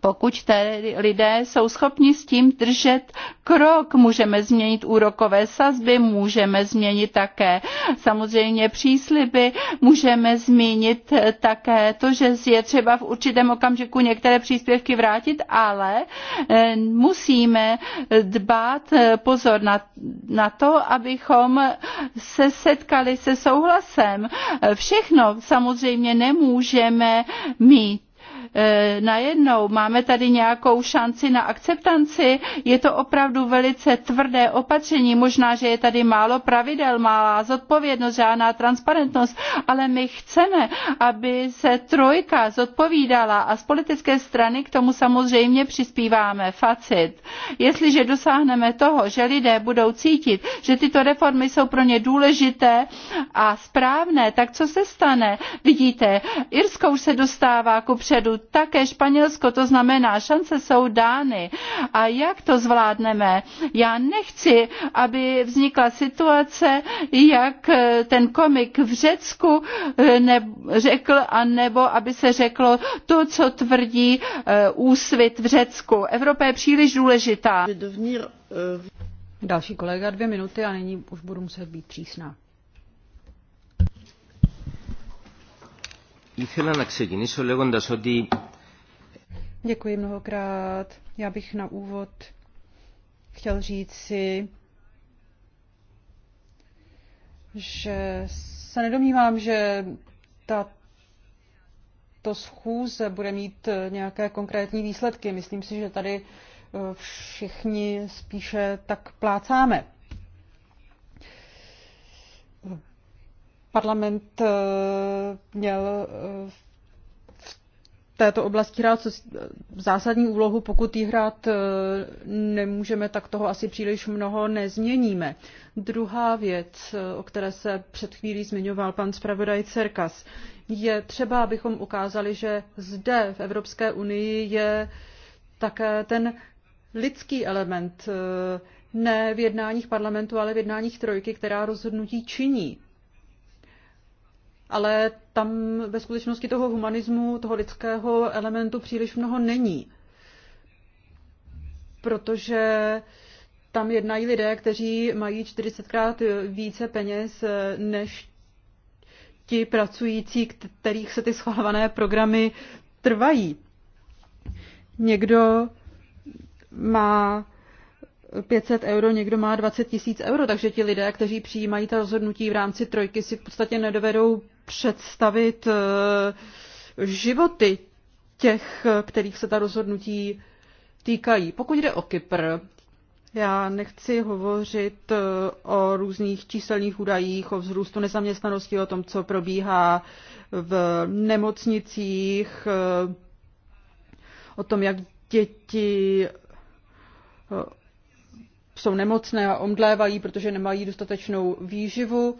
C: pokud tedy lidé jsou schopni s tím držet krok, můžeme změnit úrokové sazby, můžeme změnit také samozřejmě přísliby, můžeme změnit také to, že je třeba v určitém okamžiku některé příspěvky vrátit, ale eh, musíme dbát eh, pozor na, na to, abychom se setkali se souhlasem. Eh, všechno samozřejmě nemůžeme mít Eh, najednou. Máme tady nějakou šanci na akceptanci. Je to opravdu velice tvrdé opatření. Možná, že je tady málo pravidel, malá zodpovědnost, žádná transparentnost, ale my chceme, aby se trojka zodpovídala a z politické strany k tomu samozřejmě přispíváme. Facit. Jestliže dosáhneme toho, že lidé budou cítit, že tyto reformy jsou pro ně důležité a správné, tak co se stane? Vidíte, Irsko už se dostává ku předu, také Španělsko, to znamená, šance jsou dány. A jak to zvládneme? Já nechci, aby vznikla situace, jak eh, ten komik v Řecku eh, ne, řekl, nebo aby se řeklo to, co tvrdí eh, úsvit v Řecku. Evropa je příliš
A: důležitá. Další kolega, dvě minuty a nyní už budu muset být přísná. Děkuji mnohokrát. Já bych na úvod chtěl říci, že se nedomnívám, že ta to schůze bude mít nějaké konkrétní výsledky. Myslím si, že tady eh, všichni spíše tak plácáme. parlament eh, měl eh, v této oblasti hrát zásadní úlohu. Pokud ji hrát eh, nemůžeme, tak toho asi příliš mnoho nezměníme. Druhá věc, o které se před chvílí zmiňoval pan zpravodaj Cerkas, je třeba, abychom ukázali, že zde v Evropské unii je také ten lidský element, ne v jednáních parlamentu, ale v jednáních trojky, která rozhodnutí činí ale tam ve skutečnosti toho humanismu, toho lidského elementu příliš mnoho není. Protože tam jednají lidé, kteří mají 40krát více peněz než ti pracující, kterých se ty schvalované programy trvají. Někdo má 500 euro, někdo má 20 tisíc euro, takže ti lidé, kteří přijímají ta rozhodnutí v rámci trojky, si v podstatě nedovedou představit eh, životy těch, kterých se ta rozhodnutí týkají. Pokud jde o Kypr, já nechci hovořit eh, o různých číselných údajích, o vzrůstu nezaměstnanosti, o tom, co probíhá v nemocnicích, eh, o tom, jak děti jsou nemocné a omdlévají, protože nemají dostatečnou výživu.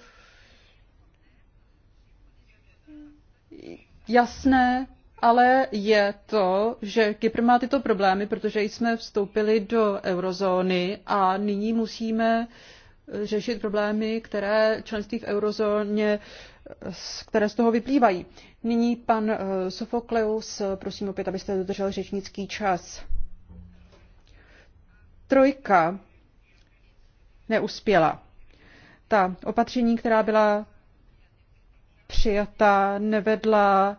A: jasné ale je to, že Kypr má tyto problémy, protože jsme vstoupili do eurozóny a nyní musíme eh, řešit problémy, které členství v eurozóně, které z toho vyplývají. Nyní pan eh, Sofokleus, prosím opět, abyste dodržel řečnický čas. Trojka neuspěla. Ta opatření, která byla přijata nevedla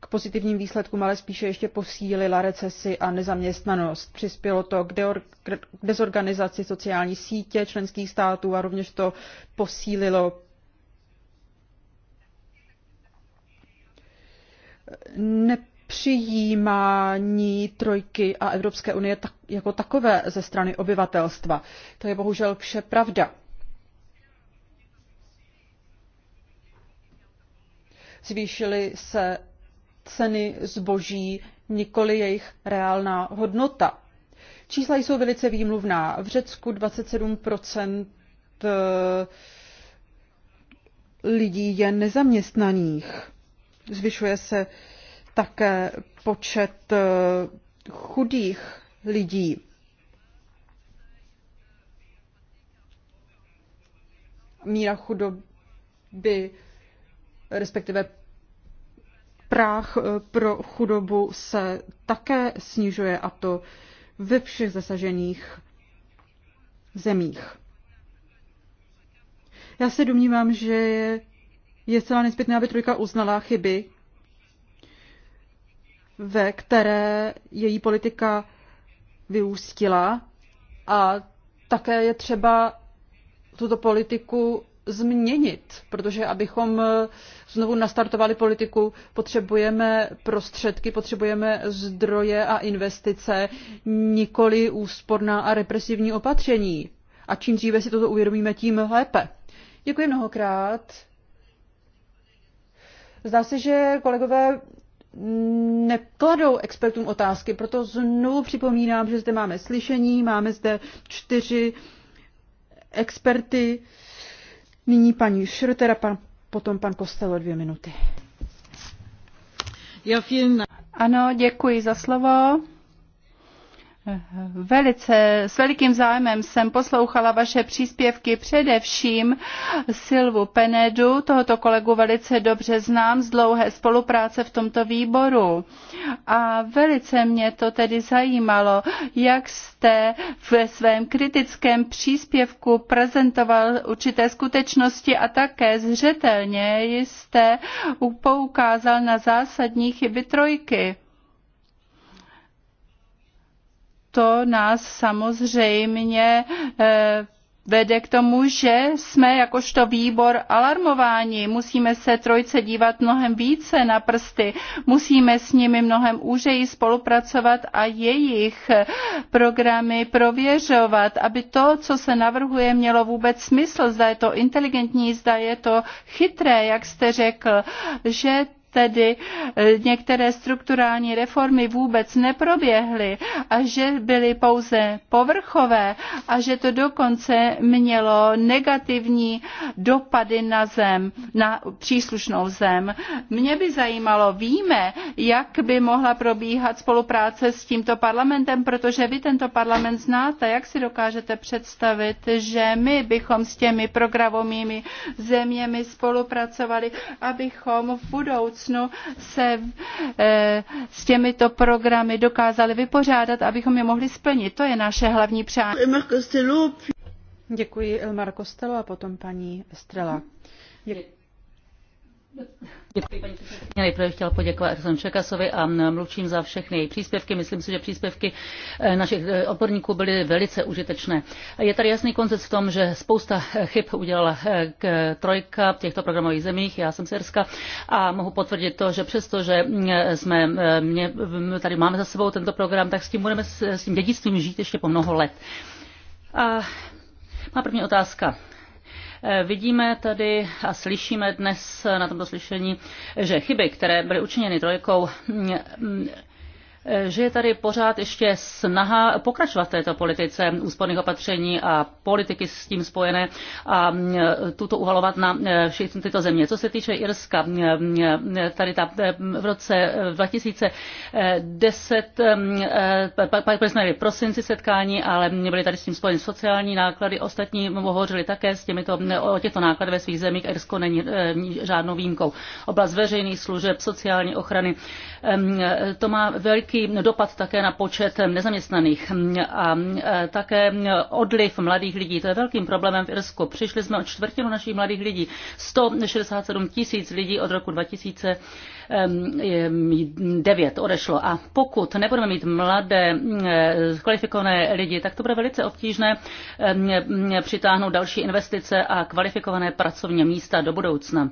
A: k pozitivním výsledkům, ale spíše ještě posílila recesi a nezaměstnanost. Přispělo to k, dezorganizaci sociální sítě členských států a rovněž to posílilo nepřijímání trojky a Evropské unie jako takové ze strany obyvatelstva. To je bohužel vše pravda. zvýšily se ceny zboží, nikoli jejich reálná hodnota. Čísla jsou velice výmluvná. V Řecku 27 eh, lidí je nezaměstnaných. Zvyšuje se také počet eh, chudých lidí. Míra chudoby respektive práh eh, pro chudobu se také snižuje a to ve všech zasažených zemích. Já se domnívám, že je celá nezbytné, aby trojka uznala chyby, ve které její politika vyústila a také je třeba tuto politiku změnit, protože abychom eh, znovu nastartovali politiku, potřebujeme prostředky, potřebujeme zdroje a investice, nikoli úsporná a represivní opatření. A čím dříve si toto uvědomíme, tím lépe. Děkuji mnohokrát. Zdá se, že kolegové nekladou expertům otázky, proto znovu připomínám, že zde máme slyšení, máme zde čtyři experty, Nyní paní Schröter a pan, potom pan Kostelo dvě minuty.
C: Ano, děkuji za slovo.
A: Velice
C: s velikým zájmem jsem poslouchala vaše příspěvky, především Silvu Penedu, tohoto kolegu velice dobře znám z dlouhé spolupráce v tomto výboru. A velice mě to tedy zajímalo, jak jste ve svém kritickém příspěvku prezentoval určité skutečnosti a také zřetelně jste poukázal na zásadní chyby trojky. to nás samozřejmě eh, vede k tomu, že jsme jakožto výbor alarmováni. Musíme se trojce dívat mnohem více na prsty, musíme s nimi mnohem úžeji spolupracovat a jejich eh, programy prověřovat, aby to, co se navrhuje, mělo vůbec smysl, zda je to inteligentní, zda je to chytré, jak jste řekl, že tedy eh, některé strukturální reformy vůbec neproběhly a že byly pouze povrchové a že to dokonce mělo negativní dopady na zem, na příslušnou zem. Mě by zajímalo, víme, jak by mohla probíhat spolupráce s tímto parlamentem, protože vy tento parlament znáte, jak si dokážete představit, že my bychom s těmi programovými zeměmi spolupracovali, abychom v budoucnu budoucnu se eh, s těmito programy dokázali vypořádat, abychom je mohli splnit. To je naše
A: hlavní přání. Děkuji Elmar Costello a potom paní Strela. Děkuji.
B: Děkuji, paní předsedkyně. Nejprve chtěla poděkovat Erson Čekasovi a mluvčím za všechny její příspěvky. Myslím si, že příspěvky eh, našich eh, odborníků byly velice užitečné. Je tady jasný koncept v tom, že spousta chyb udělala eh, trojka v těchto programových zemích. Já jsem Serska a mohu potvrdit to, že přesto, že mm, jsme mě, mm, tady máme za sebou tento program, tak s tím budeme s tím dědictvím žít ještě po mnoho let. A má první otázka Eh, vidíme tady a slyšíme dnes na tomto slyšení, že chyby, které byly učiněny trojkou, mm, že je tady pořád ještě snaha pokračovat v této politice úsporných opatření a politiky s tím spojené a tuto uhalovat na e, všechny tyto země. Co se týče Irska, tady ta, e, v roce 2010 e, pak jsme v prosinci setkání, ale byly tady s tím spojeny sociální náklady. Ostatní hovořili také s těmito, o těchto nákladech ve svých zemích. Irsko není žádnou výjimkou. Oblast veřejných služeb, sociální ochrany, to má velký velký dopad také na počet nezaměstnaných a e, také odliv mladých lidí. To je velkým problémem v Irsku. Přišli jsme o čtvrtinu našich mladých lidí. 167 tisíc lidí od roku 2009 odešlo. A pokud nebudeme mít mladé e, kvalifikované lidi, tak to bude velice obtížné e, přitáhnout další investice a kvalifikované pracovní místa do budoucna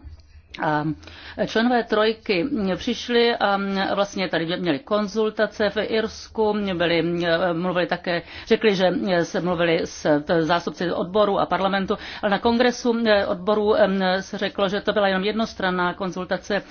B: členové trojky přišli a vlastně tady měli konzultace v Irsku, byli, mluvili také, řekli, že se mluvili s zástupci odboru a parlamentu, ale na kongresu odboru se řeklo, že to byla jenom jednostranná konzultace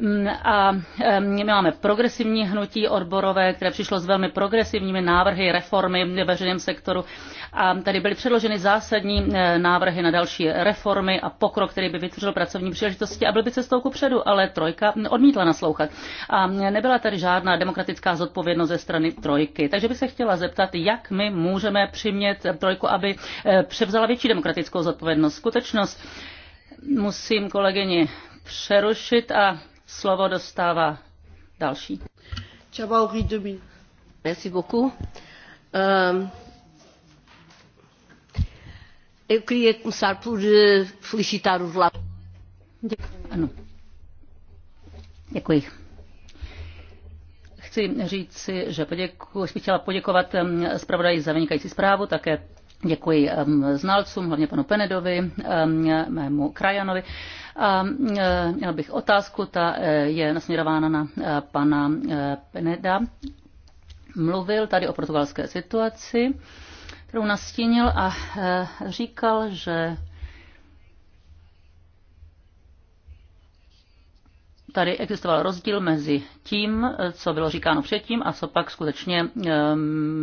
B: Mm, a my máme progresivní hnutí odborové, které přišlo s velmi progresivními návrhy reformy v veřejném sektoru a tady byly předloženy zásadní eh, návrhy na další reformy a pokrok, který by vytvořil pracovní příležitosti a byl by cestou ku předu, ale trojka odmítla naslouchat. A nebyla tady žádná demokratická zodpovědnost ze strany trojky. Takže bych se chtěla zeptat, jak my můžeme přimět trojku, aby eh, převzala větší demokratickou zodpovědnost. Skutečnost musím kolegyni přerušit a Slovo dostává další. Čaba Ory, Merci beaucoup. Um, eu queria começar por eh, felicitar o relator. Ano. Děkuji. Chci říct si, že poděku, chtěla poděkovat um, zpravodaji za vynikající zprávu, také Děkuji znalcům, hlavně panu Penedovi, mému krajanovi. A měla bych otázku, ta e, je nasměrována na e, pana e, Peneda. Mluvil tady o portugalské situaci, kterou nastínil a říkal, že tady existoval rozdíl mezi tím, co bylo říkáno předtím a co pak skutečně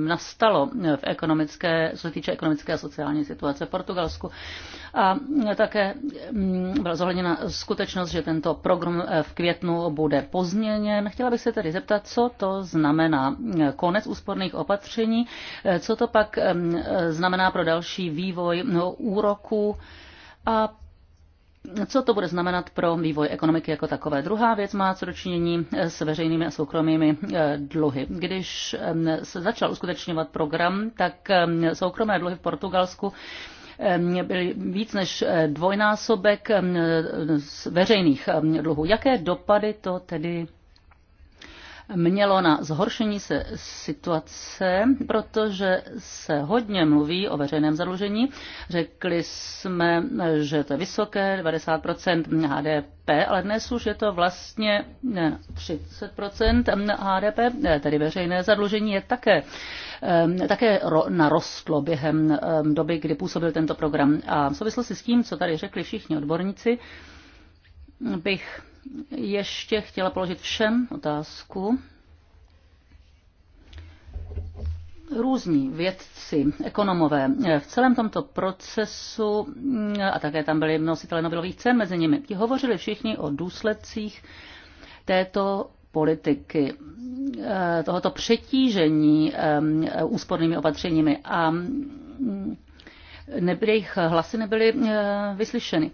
B: nastalo v ekonomické, co se týče ekonomické a sociální situace v Portugalsku. A také byla zohledněna skutečnost, že tento program v květnu bude pozměněn. Chtěla bych se tedy zeptat, co to znamená konec úsporných opatření, e, co to pak znamená pro další vývoj no, úroku a co to bude znamenat pro vývoj ekonomiky jako takové. Druhá věc má co dočinění s veřejnými a soukromými eh, dluhy. Když ehm, se začal uskutečňovat program, tak ehm, soukromé dluhy v Portugalsku ehm, byly víc než eh, dvojnásobek veřejných dluhů. Jaké dopady to tedy mělo na zhoršení se situace, protože se hodně mluví o veřejném zadlužení. Řekli jsme, že to je vysoké, 90% HDP, ale dnes už je to vlastně 30% HDP, tedy veřejné zadlužení je také, také narostlo během doby, kdy působil tento program. A v souvislosti s tím, co tady řekli všichni odborníci, bych ještě chtěla položit všem otázku. Různí vědci, ekonomové v celém tomto procesu, a také tam byli nositelé Nobelových cen mezi nimi, ti hovořili všichni o důsledcích této politiky, eh, tohoto přetížení eh, úspornými opatřeními a mm, jejich hlasy nebyly eh, vyslyšeny.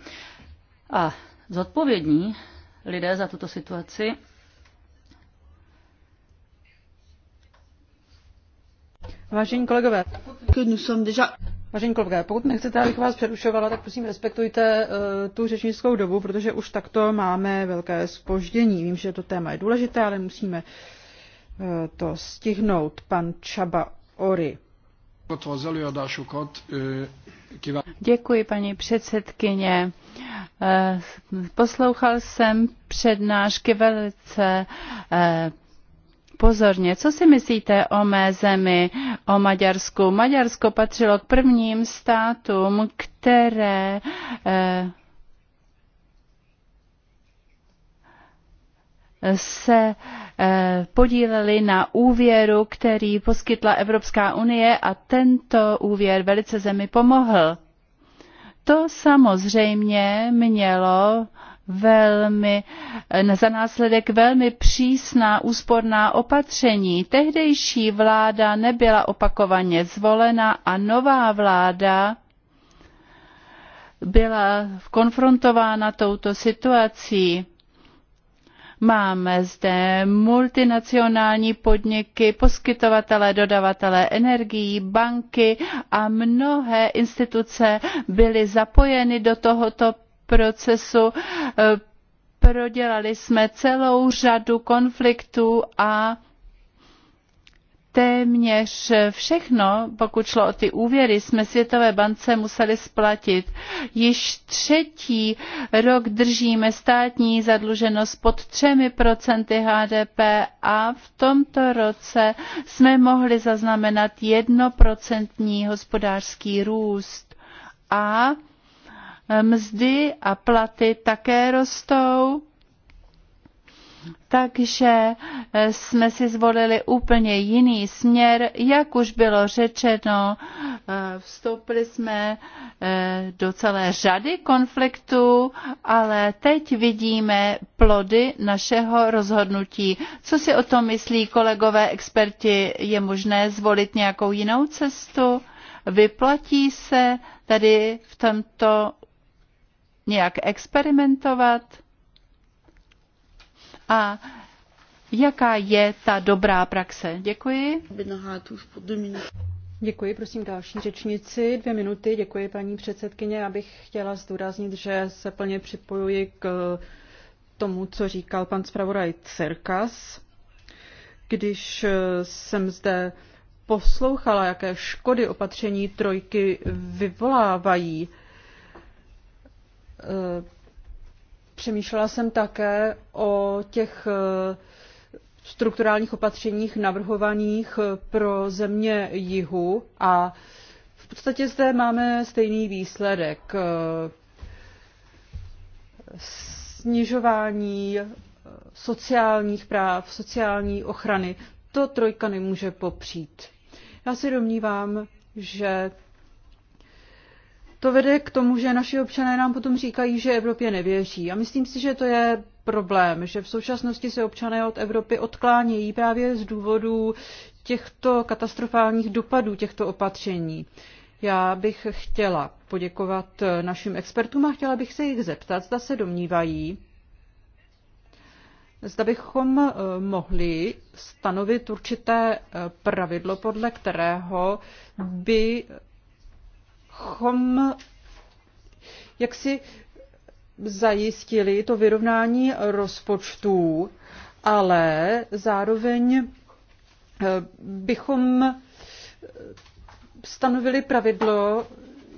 B: A zodpovědní lidé za tuto situaci.
A: Vážení kolegové, Vážení kolegové, pokud nechcete, abych vás přerušovala, tak prosím respektujte uh, tu řečnickou dobu, protože už takto máme velké spoždění. Vím, že to téma je důležité, ale musíme uh, to stihnout. Pan Čaba Ory. Děkuji, paní předsedkyně.
C: Eh, poslouchal jsem přednášky velice eh, pozorně. Co si myslíte o mé zemi, o Maďarsku? Maďarsko patřilo k prvním státům, které eh, se eh, podíleli na úvěru, který poskytla Evropská unie a tento úvěr velice zemi pomohl. To samozřejmě mělo velmi, eh, za následek velmi přísná úsporná opatření. Tehdejší vláda nebyla opakovaně zvolena a nová vláda byla konfrontována touto situací Máme zde multinacionální podniky, poskytovatele, dodavatele energií, banky a mnohé instituce byly zapojeny do tohoto procesu. Eh, prodělali jsme celou řadu konfliktů a téměř všechno, pokud šlo o ty úvěry, jsme Světové bance museli splatit. Již třetí rok držíme státní zadluženost pod třemi procenty HDP a v tomto roce jsme mohli zaznamenat jednoprocentní hospodářský růst. A mzdy a platy také rostou takže eh, jsme si zvolili úplně jiný směr. Jak už bylo řečeno, eh, vstoupili jsme eh, do celé řady konfliktů, ale teď vidíme plody našeho rozhodnutí. Co si o tom myslí kolegové experti? Je možné zvolit nějakou jinou cestu? Vyplatí se tady v tomto nějak experimentovat? a
A: jaká je ta dobrá praxe. Děkuji. Děkuji, prosím další řečnici. Dvě minuty, děkuji paní předsedkyně. Já bych chtěla zdůraznit, že se plně připojuji k tomu, co říkal pan zpravodaj Cerkas. Když jsem zde poslouchala, jaké škody opatření trojky vyvolávají, Přemýšlela jsem také o těch eh, strukturálních opatřeních navrhovaných eh, pro země jihu a v podstatě zde máme stejný výsledek. Eh, snižování sociálních práv, sociální ochrany, to trojka nemůže popřít. Já si domnívám, že to vede k tomu, že naši občané nám potom říkají, že Evropě nevěří. A myslím si, že to je problém, že v současnosti se občané od Evropy odklánějí právě z důvodu těchto katastrofálních dopadů těchto opatření. Já bych chtěla poděkovat našim expertům a chtěla bych se jich zeptat, zda se domnívají, zda bychom eh, mohli stanovit určité eh, pravidlo, podle kterého by abychom jaksi zajistili to vyrovnání rozpočtů, ale zároveň eh, bychom stanovili pravidlo,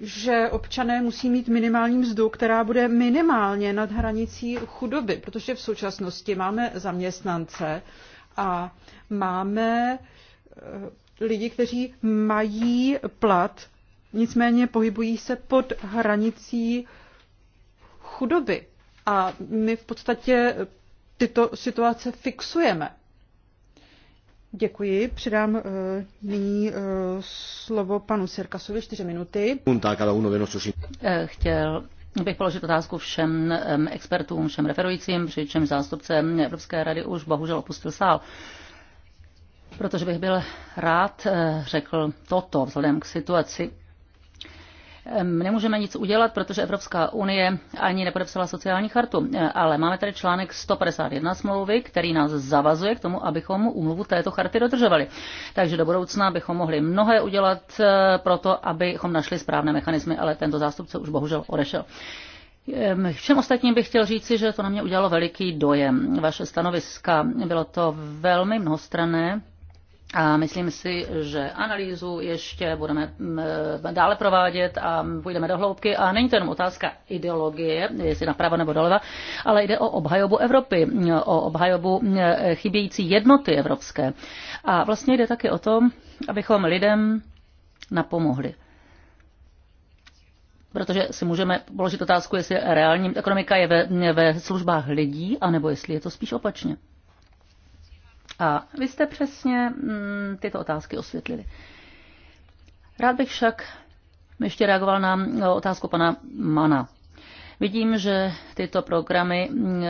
A: že občané musí mít minimální mzdu, která bude minimálně nad hranicí chudoby, protože v současnosti máme zaměstnance a máme eh, lidi, kteří mají plat nicméně pohybují se pod hranicí chudoby. A my v podstatě tyto situace fixujeme. Děkuji. Předám uh, nyní uh, slovo panu Sirkasovi, čtyři minuty.
B: Eh, chtěl
A: bych položit otázku
B: všem expertům, všem referujícím, přičem zástupce Evropské rady už bohužel opustil sál. Protože bych byl rád řekl toto vzhledem k situaci Nemůžeme nic udělat, protože Evropská unie ani nepodepsala sociální chartu, ale máme tady článek 151 smlouvy, který nás zavazuje k tomu, abychom umluvu této charty dodržovali. Takže do budoucna bychom mohli mnohé udělat eh, pro to, abychom našli správné mechanismy, ale tento zástupce už bohužel odešel. Všem ostatním bych chtěl říci, že to na mě udělalo veliký dojem. Vaše stanoviska bylo to velmi mnohostrané, a myslím si, že analýzu ještě budeme mm, eh, dále provádět a půjdeme do hloubky. A není to jenom otázka ideologie, jestli napravo nebo doleva, ale jde o obhajobu Evropy, o obhajobu eh, chybějící jednoty evropské. A vlastně jde taky o tom, abychom lidem napomohli protože si můžeme položit otázku, jestli reální ekonomika je ve, ve službách lidí, anebo jestli je to spíš opačně. A vy jste přesně mm, tyto otázky osvětlili. Rád bych však ještě reagoval na otázku pana Mana. Vidím, že tyto programy mm,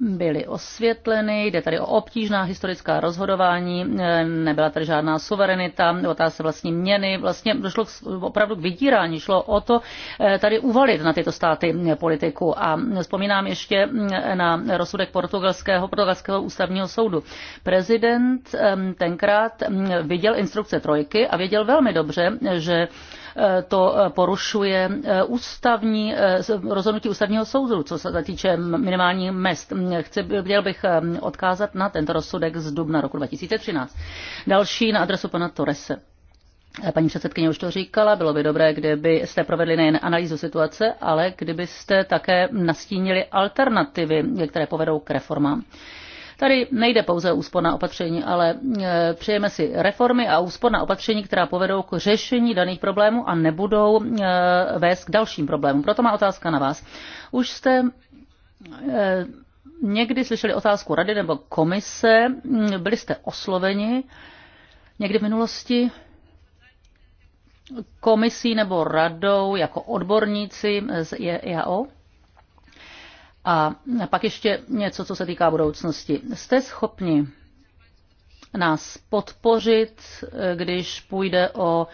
B: byly osvětleny. Jde tady o obtížná historická rozhodování, e, nebyla tady žádná suverenita, otázka vlastní měny. Vlastně došlo k, opravdu k vydírání, šlo o to e, tady uvalit na tyto státy politiku. A vzpomínám ještě na rozsudek portugalského, portugalského ústavního soudu. Prezident tenkrát viděl instrukce trojky a věděl velmi dobře, že to porušuje eh, ústavní, eh, rozhodnutí ústavního soudu, co se týče minimální mest. Chci, chtěl bych eh, odkázat na tento rozsudek z dubna roku 2013. Další na adresu pana Torese. Paní předsedkyně už to říkala, bylo by dobré, kdybyste provedli nejen analýzu situace, ale kdybyste také nastínili alternativy, které povedou k reformám. Tady nejde pouze o úsporná opatření, ale e, přejeme si reformy a úsporná opatření, která povedou k řešení daných problémů a nebudou e, vést k dalším problémům. Proto má otázka na vás. Už jste e, někdy slyšeli otázku rady nebo komise, mm, byli jste osloveni někdy v minulosti komisí nebo radou jako odborníci z IAO? A pak ještě něco, co se týká budoucnosti. Jste schopni nás podpořit, když půjde o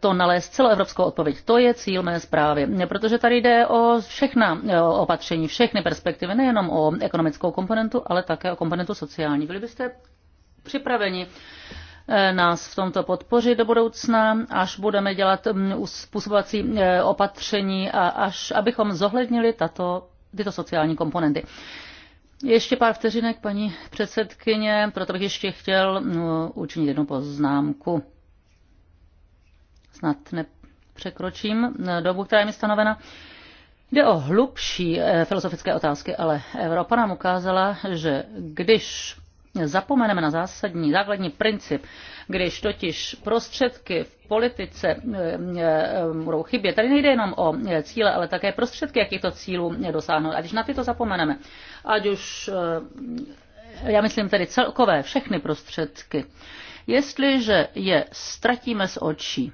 B: to nalézt celoevropskou odpověď. To je cíl mé zprávy, protože tady jde o všechna opatření, všechny perspektivy, nejenom o ekonomickou komponentu, ale také o komponentu sociální. Byli byste připraveni eh, nás v tomto podpořit do budoucna, až budeme dělat mm, způsobovací eh, opatření a až abychom zohlednili tato tyto sociální komponenty. Ještě pár vteřinek, paní předsedkyně, proto bych ještě chtěl no, učinit jednu poznámku. Snad nepřekročím eh, dobu, která je mi stanovena. Jde o hlubší eh, filozofické otázky, ale Evropa nám ukázala, že když zapomeneme na zásadní, základní princip, když totiž prostředky v politice eh, eh, budou chybět. Tady nejde jenom o cíle, ale také prostředky, jak těchto cílů dosáhnout. A když na tyto zapomeneme, ať už, eh, já myslím tedy celkové, všechny prostředky, jestliže je ztratíme z očí,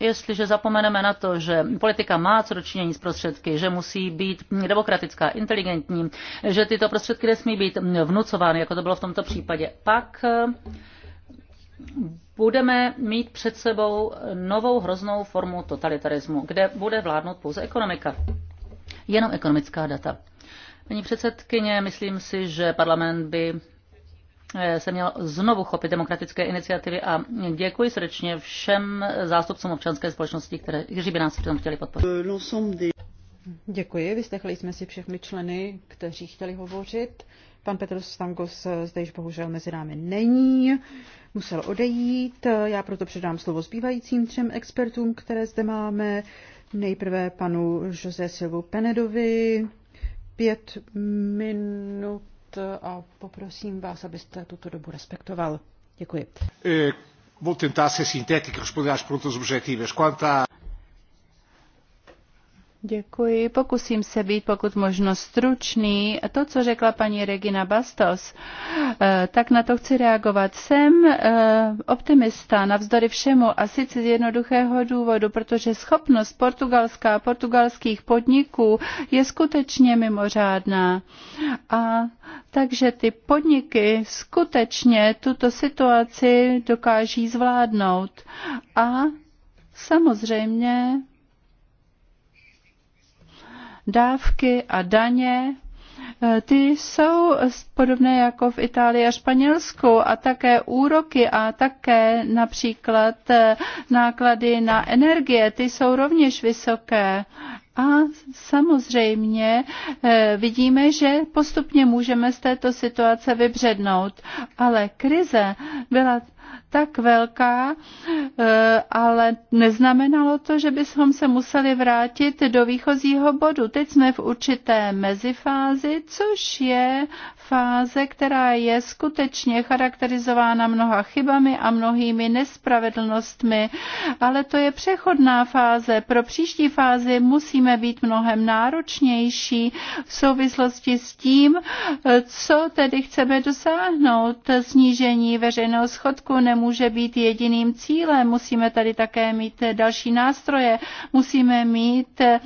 B: Jestliže zapomeneme na to, že politika má co dočinění s prostředky, že musí být demokratická, inteligentní, že tyto prostředky nesmí být vnucovány, jako to bylo v tomto případě, pak eh, budeme mít před sebou novou hroznou formu totalitarismu, kde bude vládnout pouze ekonomika. Jenom ekonomická data. Paní předsedkyně, myslím si, že parlament by se měl znovu chopit demokratické iniciativy a děkuji srdečně všem zástupcům občanské společnosti, které, kteří by nás v tom chtěli podpořit.
A: Děkuji, vyslechli jsme si všechny členy, kteří chtěli hovořit. Pan Petr Stangos zde již bohužel mezi námi není, musel odejít. Já proto předám slovo zbývajícím třem expertům, které zde máme. Nejprve panu José Silvu Penedovi. Pět minut a poprosím vás, abyste tuto dobu respektoval. Děkuji. Eh, vou tentar ser sintético e responder às perguntas objetivas. Quanto à... Děkuji.
C: Pokusím se být pokud možno stručný. To, co řekla paní Regina Bastos, eh, tak na to chci reagovat. Jsem eh, optimista navzdory všemu a sice z jednoduchého důvodu, protože schopnost portugalská a portugalských podniků je skutečně mimořádná. A takže ty podniky skutečně tuto situaci dokáží zvládnout. A samozřejmě dávky a daně, eh, ty jsou podobné jako v Itálii a Španělsku a také úroky a také například eh, náklady na energie, ty jsou rovněž vysoké. A samozřejmě eh, vidíme, že postupně můžeme z této situace vybřednout, ale krize byla tak velká, eh, ale neznamenalo to, že bychom se museli vrátit do výchozího bodu. Teď jsme v určité mezifázi, což je fáze, která je skutečně charakterizována mnoha chybami a mnohými nespravedlnostmi, ale to je přechodná fáze. Pro příští fázi musíme být mnohem náročnější v souvislosti s tím, eh, co tedy chceme dosáhnout. Snížení veřejného schodku nemůže nemůže být jediným cílem. Musíme tady také mít další nástroje. Musíme mít eh,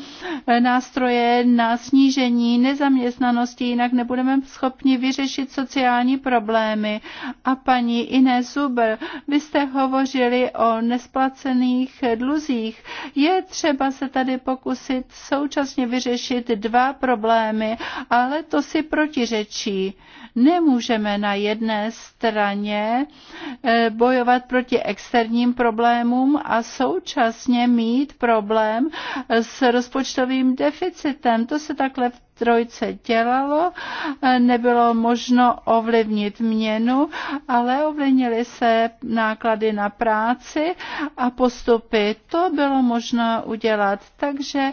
C: nástroje na snížení nezaměstnanosti, jinak nebudeme schopni vyřešit sociální problémy. A paní Iné Zuber, vy jste hovořili o nesplacených dluzích. Je třeba se tady pokusit současně vyřešit dva problémy, ale to si protiřečí. Nemůžeme na jedné straně eh, bojovat proti externím problémům a současně mít problém s rozpočtovým deficitem. To se takhle v trojce dělalo, nebylo možno ovlivnit měnu, ale ovlivnily se náklady na práci a postupy. To bylo možno udělat, takže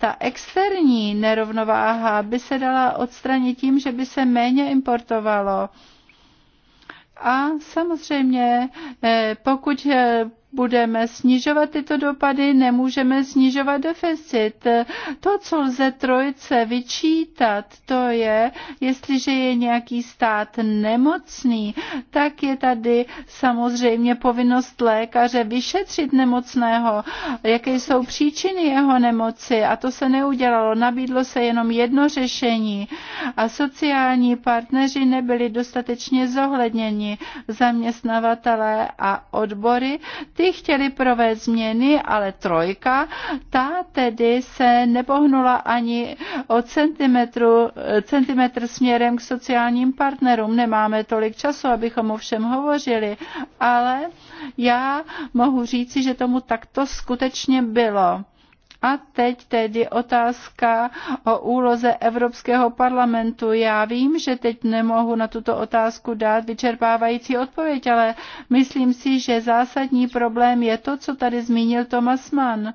C: ta externí nerovnováha by se dala odstranit tím, že by se méně importovalo. A samozřejmě, eh, pokud eh, budeme snižovat tyto dopady, nemůžeme snižovat deficit. To, co lze trojce vyčítat, to je, jestliže je nějaký stát nemocný, tak je tady samozřejmě povinnost lékaře vyšetřit nemocného, jaké jsou příčiny jeho nemoci. A to se neudělalo. Nabídlo se jenom jedno řešení. A sociální partneři nebyli dostatečně zohledněni. Zaměstnavatelé a odbory ty chtěli provést změny, ale trojka, ta tedy se nepohnula ani o centimetru, centimetr směrem k sociálním partnerům. Nemáme tolik času, abychom o všem hovořili, ale já mohu říci, že tomu takto skutečně bylo. A teď tedy otázka o úloze Evropského parlamentu. Já vím, že teď nemohu na tuto otázku dát vyčerpávající odpověď, ale myslím si, že zásadní problém je to, co tady zmínil Thomas Mann.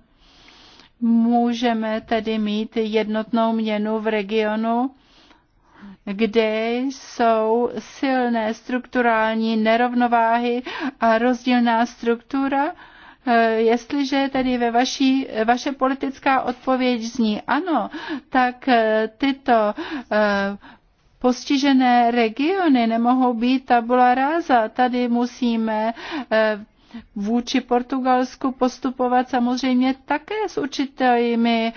C: Můžeme tedy mít jednotnou měnu v regionu, kde jsou silné strukturální nerovnováhy a rozdílná struktura, Eh, jestliže tedy ve vaší, vaše politická odpověď zní ano, tak eh, tyto eh, postižené regiony nemohou být tabula ráza. Tady musíme vůči Portugalsku postupovat samozřejmě také s určitými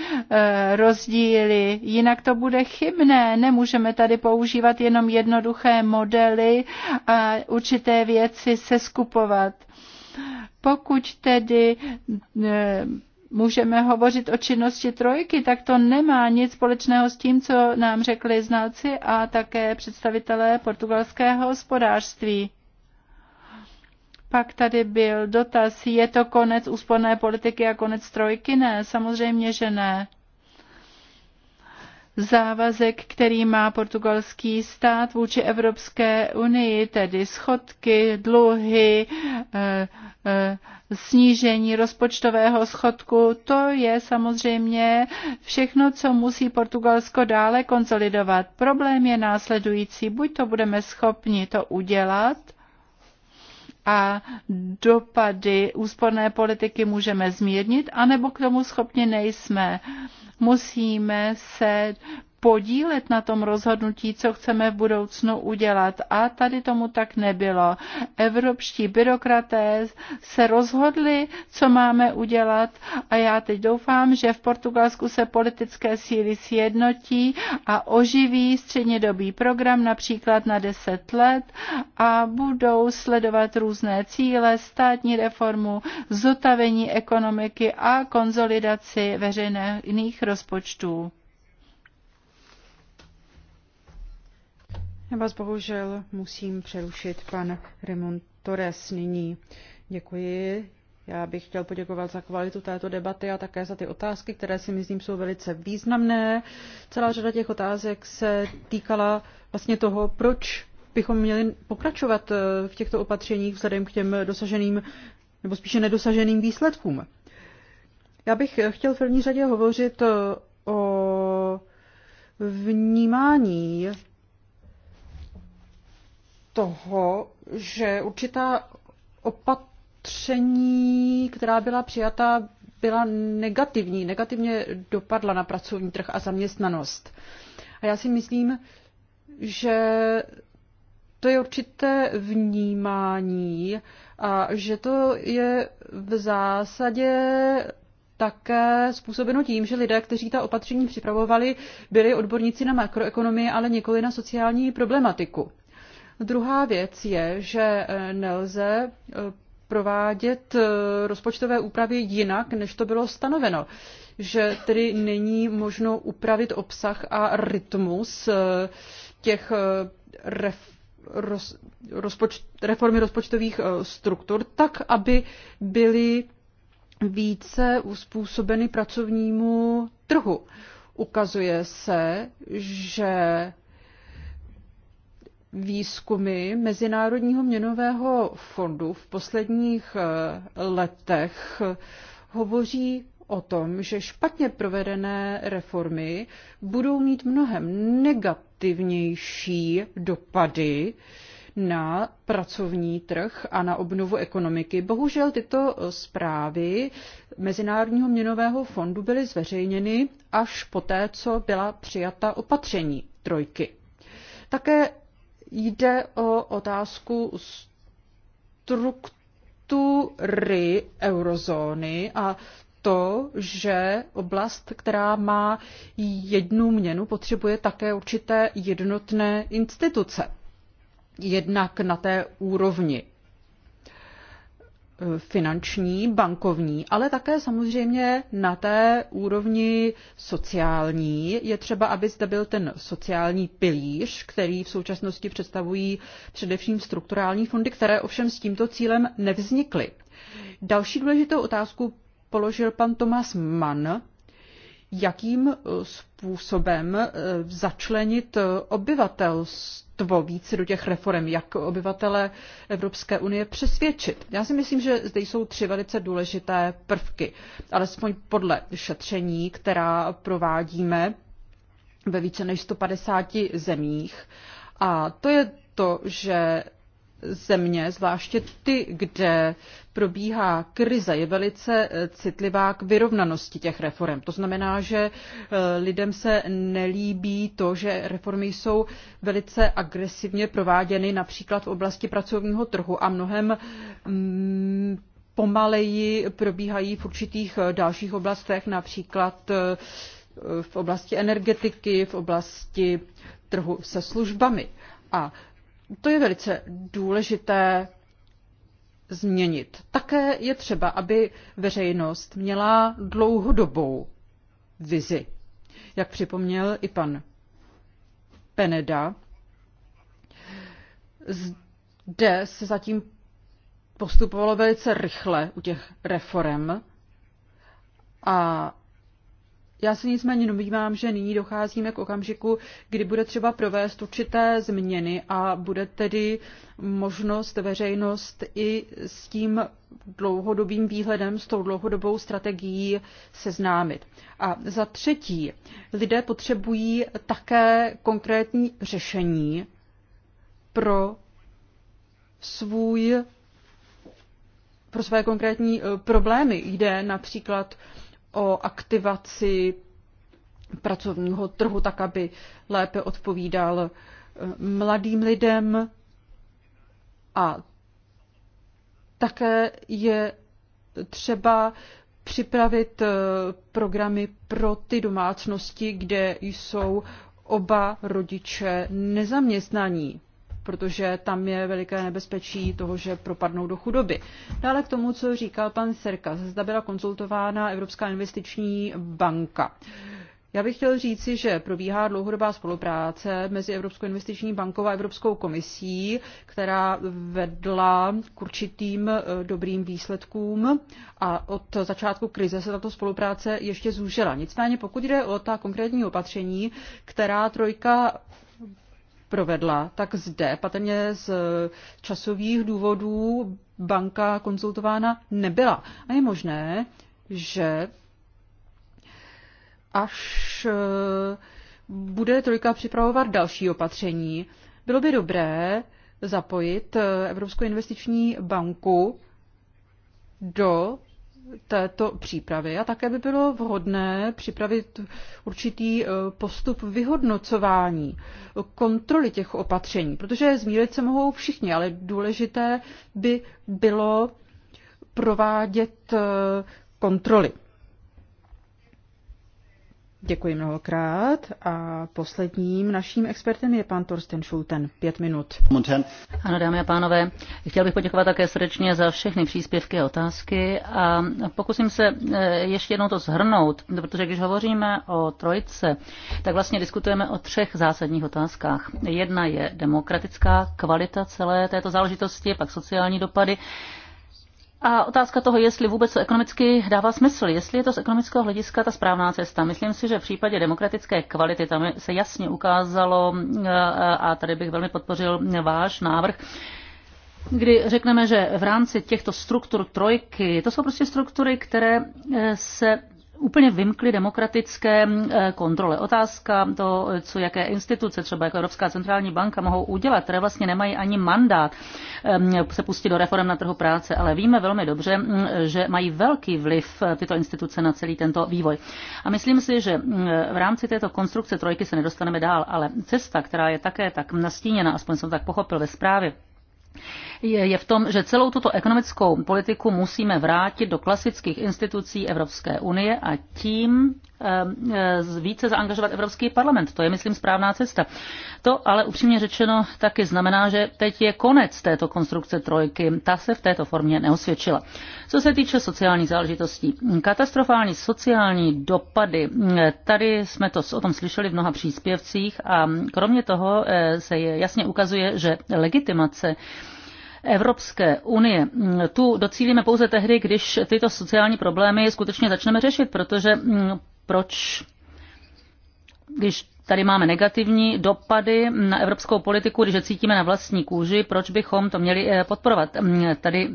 C: rozdíly. Jinak to bude chybné. Nemůžeme tady používat jenom jednoduché modely a určité věci se skupovat. Pokud tedy eh, můžeme hovořit o činnosti trojky, tak to nemá nic společného s tím, co nám řekli znáci a také představitelé portugalského hospodářství. Pak tady byl dotaz, je to konec úsporné politiky a konec trojky? Ne, samozřejmě, že ne závazek, který má portugalský stát vůči Evropské unii, tedy schodky, dluhy, eh, eh, snížení rozpočtového schodku, to je samozřejmě všechno, co musí Portugalsko dále konsolidovat. Problém je následující, buď to budeme schopni to udělat, a dopady úsporné politiky můžeme zmírnit, anebo k tomu schopni nejsme. Musíme se podílet na tom rozhodnutí, co chceme v budoucnu udělat. A tady tomu tak nebylo. Evropští byrokraté se rozhodli, co máme udělat a já teď doufám, že v Portugalsku se politické síly sjednotí a oživí střednědobý program například na 10 let a budou sledovat různé cíle, státní reformu, zotavení ekonomiky a konzolidaci veřejných rozpočtů.
A: Já vás bohužel musím přerušit pan Raymond Torres nyní. Děkuji. Já bych chtěl poděkovat za kvalitu této debaty a také za ty otázky, které si myslím jsou velice významné. Celá řada těch otázek se týkala vlastně toho, proč bychom měli pokračovat eh, v těchto opatřeních vzhledem k těm dosaženým nebo spíše nedosaženým výsledkům. Já bych chtěl v první řadě hovořit eh, o vnímání toho, že určitá opatření, která byla přijata, byla negativní, negativně dopadla na pracovní trh a zaměstnanost. A já si myslím, že to je určité vnímání a že to je v zásadě také způsobeno tím, že lidé, kteří ta opatření připravovali, byli odborníci na makroekonomii, ale nikoli na sociální problematiku. Druhá věc je, že eh, nelze eh, provádět eh, rozpočtové úpravy jinak, než to bylo stanoveno. Že tedy není možno upravit obsah a rytmus těch ref, roz, rozpoč, reformy rozpočtových struktur tak, aby byly více uspůsobeny pracovnímu trhu. Ukazuje se, že výzkumy Mezinárodního měnového fondu v posledních eh, letech hovoří o tom, že špatně provedené reformy budou mít mnohem negativnější dopady na pracovní trh a na obnovu ekonomiky. Bohužel tyto eh, zprávy Mezinárodního měnového fondu byly zveřejněny až poté, co byla přijata opatření trojky. Také Jde o otázku struktury eurozóny a to, že oblast, která má jednu měnu, potřebuje také určité jednotné instituce. Jednak na té úrovni finanční, bankovní, ale také samozřejmě na té úrovni sociální. Je třeba, aby zde byl ten sociální pilíř, který v současnosti představují především strukturální fondy, které ovšem s tímto cílem nevznikly. Další důležitou otázku položil pan Tomas Mann, jakým eh, způsobem eh, začlenit eh, obyvatelstvo stvo více do těch reform, jak obyvatele Evropské unie přesvědčit. Já si myslím, že zde jsou tři velice důležité prvky, alespoň podle šetření, která provádíme ve více než 150 zemích. A to je to, že země, zvláště ty, kde probíhá krize, je velice eh, citlivá k vyrovnanosti těch reform. To znamená, že eh, lidem se nelíbí to, že reformy jsou velice agresivně prováděny například v oblasti pracovního trhu a mnohem mm, pomaleji probíhají v určitých eh, dalších oblastech, například v oblasti energetiky, v oblasti trhu se službami. A to je velice důležité změnit. Také je třeba, aby veřejnost měla dlouhodobou vizi. Jak připomněl i pan Peneda, zde se zatím postupovalo velice rychle u těch reform a já se nicméně domnívám, že nyní docházíme k okamžiku, kdy bude třeba provést určité změny a bude tedy možnost veřejnost i s tím dlouhodobým výhledem, s tou dlouhodobou strategií seznámit. A za třetí, lidé potřebují také konkrétní řešení pro svůj pro své konkrétní eh, problémy. Jde například o aktivaci pracovního trhu, tak aby lépe odpovídal eh, mladým lidem. A také je třeba připravit eh, programy pro ty domácnosti, kde jsou oba rodiče nezaměstnaní protože tam je veliké nebezpečí toho, že propadnou do chudoby. Dále k tomu, co říkal pan Serka, zda byla konzultována Evropská investiční banka. Já bych chtěl říci, že probíhá dlouhodobá spolupráce mezi Evropskou investiční bankou a Evropskou komisí, která vedla k určitým eh, dobrým výsledkům a od začátku krize se tato spolupráce ještě zúžila. Nicméně pokud jde o ta konkrétní opatření, která trojka provedla, tak zde patrně z časových důvodů banka konzultována nebyla. A je možné, že až eh, bude trojka připravovat další opatření, bylo by dobré zapojit eh, Evropskou investiční banku do této přípravy a také by bylo vhodné připravit určitý e, postup vyhodnocování, kontroly těch opatření, protože zmílit se mohou všichni, ale důležité by bylo provádět e, kontroly. Děkuji mnohokrát a posledním naším expertem je pan Torsten Schulten. Pět minut.
B: Ano, dámy a pánové, chtěl bych poděkovat také srdečně za všechny příspěvky a otázky a pokusím se eh, ještě jednou to zhrnout, protože když hovoříme o trojce, tak vlastně diskutujeme o třech zásadních otázkách. Jedna je demokratická kvalita celé této záležitosti, pak sociální dopady a otázka toho, jestli vůbec to ekonomicky dává smysl, jestli je to z ekonomického hlediska ta správná cesta. Myslím si, že v případě demokratické kvality tam se jasně ukázalo, a tady bych velmi podpořil váš návrh, kdy řekneme, že v rámci těchto struktur trojky, to jsou prostě struktury, které se úplně vymkly demokratické eh, kontrole. Otázka to, co jaké instituce, třeba jako Evropská centrální banka, mohou udělat, které vlastně nemají ani mandát eh, se pustit do reform na trhu práce, ale víme velmi dobře, mm, že mají velký vliv eh, tyto instituce na celý tento vývoj. A myslím si, že mm, v rámci této konstrukce trojky se nedostaneme dál, ale cesta, která je také tak nastíněna, aspoň jsem tak pochopil ve zprávě, je v tom, že celou tuto ekonomickou politiku musíme vrátit do klasických institucí Evropské unie a tím eh, více zaangažovat Evropský parlament. To je, myslím, správná cesta. To ale upřímně řečeno taky znamená, že teď je konec této konstrukce trojky. Ta se v této formě neosvědčila. Co se týče sociálních záležitostí, katastrofální sociální dopady, tady jsme to o tom slyšeli v mnoha příspěvcích a kromě toho eh, se jasně ukazuje, že legitimace Evropské unie. Tu docílíme pouze tehdy, když tyto sociální problémy skutečně začneme řešit, protože mm, proč, když tady máme negativní dopady na evropskou politiku, když je cítíme na vlastní kůži, proč bychom to měli eh, podporovat? Mm, tady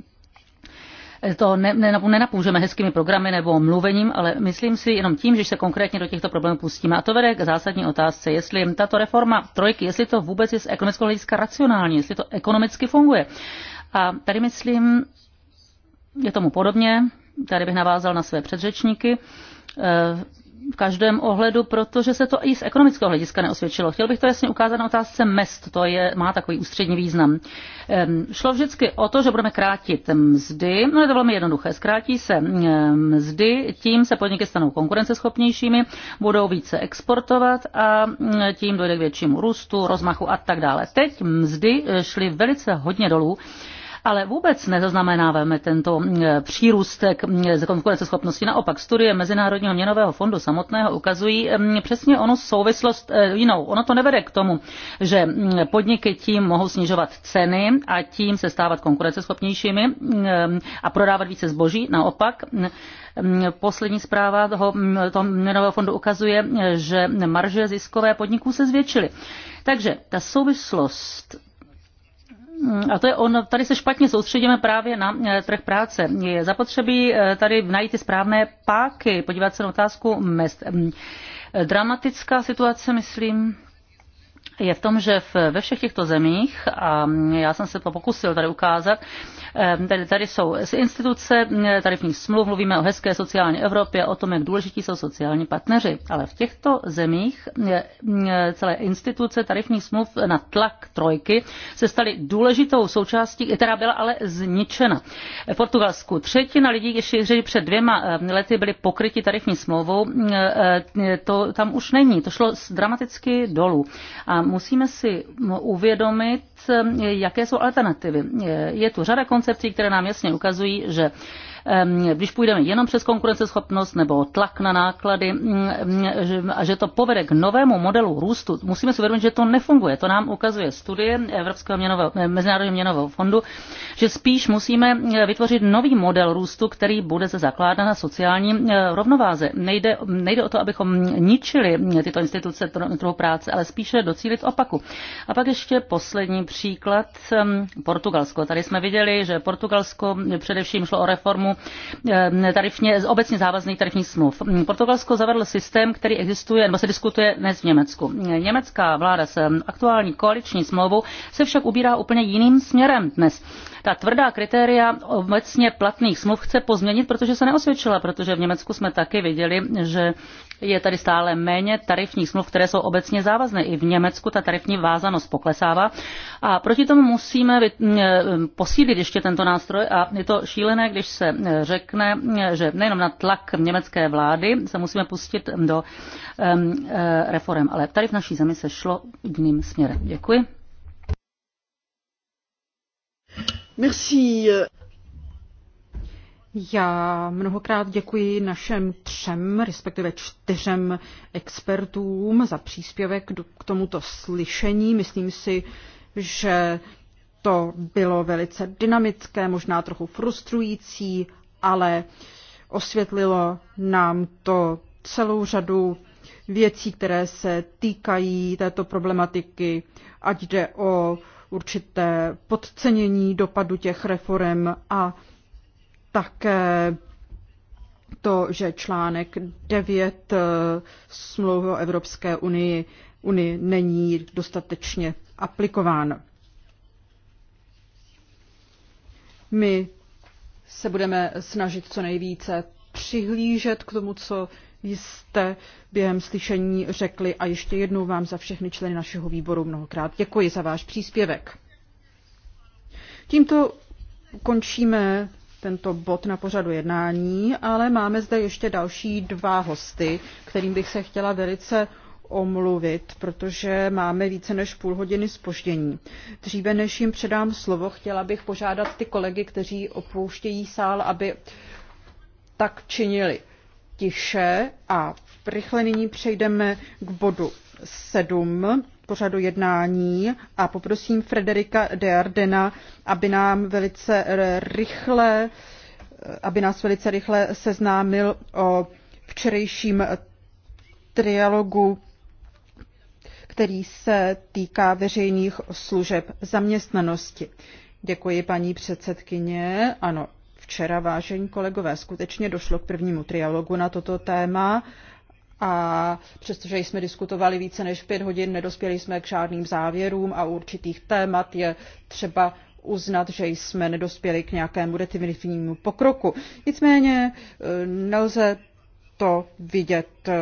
B: to ne, ne, nenapůžeme hezkými programy nebo mluvením, ale myslím si jenom tím, že se konkrétně do těchto problémů pustíme. A to vede k zásadní otázce, jestli tato reforma trojky, jestli to vůbec je z ekonomického hlediska racionální, jestli to ekonomicky funguje. A tady myslím, je tomu podobně, tady bych navázal na své předřečníky, eh, v každém ohledu, protože se to i z ekonomického hlediska neosvědčilo. Chtěl bych to jasně ukázat na otázce mest, to je, má takový ústřední význam. Ehm, šlo vždycky o to, že budeme krátit mzdy, no je to velmi jednoduché, zkrátí se mzdy, tím se podniky stanou konkurenceschopnějšími, budou více exportovat a tím dojde k většímu růstu, rozmachu a tak dále. Teď mzdy eh, šly velice hodně dolů ale vůbec nezaznamenáváme tento mm, eh, přírůstek mm, eh, z konkurenceschopnosti. Naopak studie Mezinárodního měnového fondu samotného ukazují mm, přesně onu souvislost eh, jinou. Ono to nevede k tomu, že podniky tím mohou snižovat ceny a tím se stávat konkurenceschopnějšími a prodávat více zboží. Naopak poslední zpráva toho, toho měnového fondu ukazuje, že marže ziskové podniků se zvětšily. Takže ta souvislost a to je ono, tady se špatně soustředíme právě na eh, trh práce. Je zapotřebí eh, tady najít ty správné páky, podívat se na otázku mest. Hm, eh, dramatická situace, myslím, je v tom, že ve všech těchto zemích, a já jsem se to pokusil tady ukázat, eh, tady, tady jsou z instituce, eh, tady v nich smluv, mluvíme o hezké sociální Evropě, o tom, jak důležití jsou sociální partneři, ale v těchto zemích eh, celé instituce tarifních smluv na tlak trojky se staly důležitou součástí, která byla ale zničena. V Portugalsku třetina lidí, kteří před dvěma lety byli pokryti tarifní smlouvou, to tam už není. To šlo dramaticky dolů. A musíme si uvědomit, eh, jaké jsou alternativy. Je tu řada koncepcí, které nám jasně ukazují, že když půjdeme jenom přes konkurenceschopnost nebo tlak na náklady a že to povede k novému modelu růstu, musíme si uvědomit, že to nefunguje. To nám ukazuje studie Evropského měnového, Mezinárodního měnového fondu, že spíš musíme eh, vytvořit nový model růstu, který bude se zakládat na sociální eh, rovnováze. Nejde, nejde o to, abychom ničili tyto instituce trhu práce, ale spíše docílit opaku. A pak ještě poslední příklad Portugalsko. Tady jsme viděli, že Portugalsko především šlo o reformu Eh, tarifně, obecně závazných tarifních smluv. Mm, Portugalsko zavedl systém, který existuje, nebo se diskutuje dnes v Německu. Mm, Německá vláda se eh, aktuální koaliční smlouvou se však ubírá úplně jiným směrem dnes. Ta tvrdá kritéria obecně platných smluv chce pozměnit, protože se neosvědčila, protože v Německu jsme taky viděli, že je tady stále méně tarifních smluv, které jsou obecně závazné. I v Německu ta tarifní vázanost poklesává a proti tomu musíme e, posílit ještě tento nástroj a je to šílené, když se e, řekne, e, že nejenom na tlak německé vlády se musíme pustit do um, reform, ale tady v naší zemi se šlo jiným směrem. Děkuji.
A: Merci. Já mnohokrát děkuji našem třem, respektive čtyřem expertům za příspěvek k tomuto slyšení. Myslím si, že to bylo velice dynamické, možná trochu frustrující, ale osvětlilo nám to celou řadu věcí, které se týkají této problematiky, ať jde o určité podcenění dopadu těch reform a také to, že článek 9 eh, smlouvy o Evropské unii, unii není dostatečně aplikován. My se budeme snažit co nejvíce přihlížet k tomu, co jste během slyšení řekli a ještě jednou vám za všechny členy našeho výboru mnohokrát děkuji za váš příspěvek. Tímto končíme tento bod na pořadu jednání, ale máme zde ještě další dva hosty, kterým bych se chtěla velice omluvit, protože máme více než půl hodiny spoždění. Dříve než jim předám slovo, chtěla bych požádat ty kolegy, kteří opouštějí sál, aby tak činili tiše a rychle nyní přejdeme k bodu 7 pořadu jednání a poprosím Frederika de Ardena, aby nám velice rychle, aby nás velice rychle seznámil o včerejším trialogu, který se týká veřejných služeb zaměstnanosti. Děkuji, paní předsedkyně. Ano, včera, vážení kolegové, skutečně došlo k prvnímu trialogu na toto téma a přestože jsme diskutovali více než pět hodin, nedospěli jsme k žádným závěrům a určitých témat je třeba uznat, že jsme nedospěli k nějakému definitivnímu pokroku. Nicméně e, nelze to vidět e,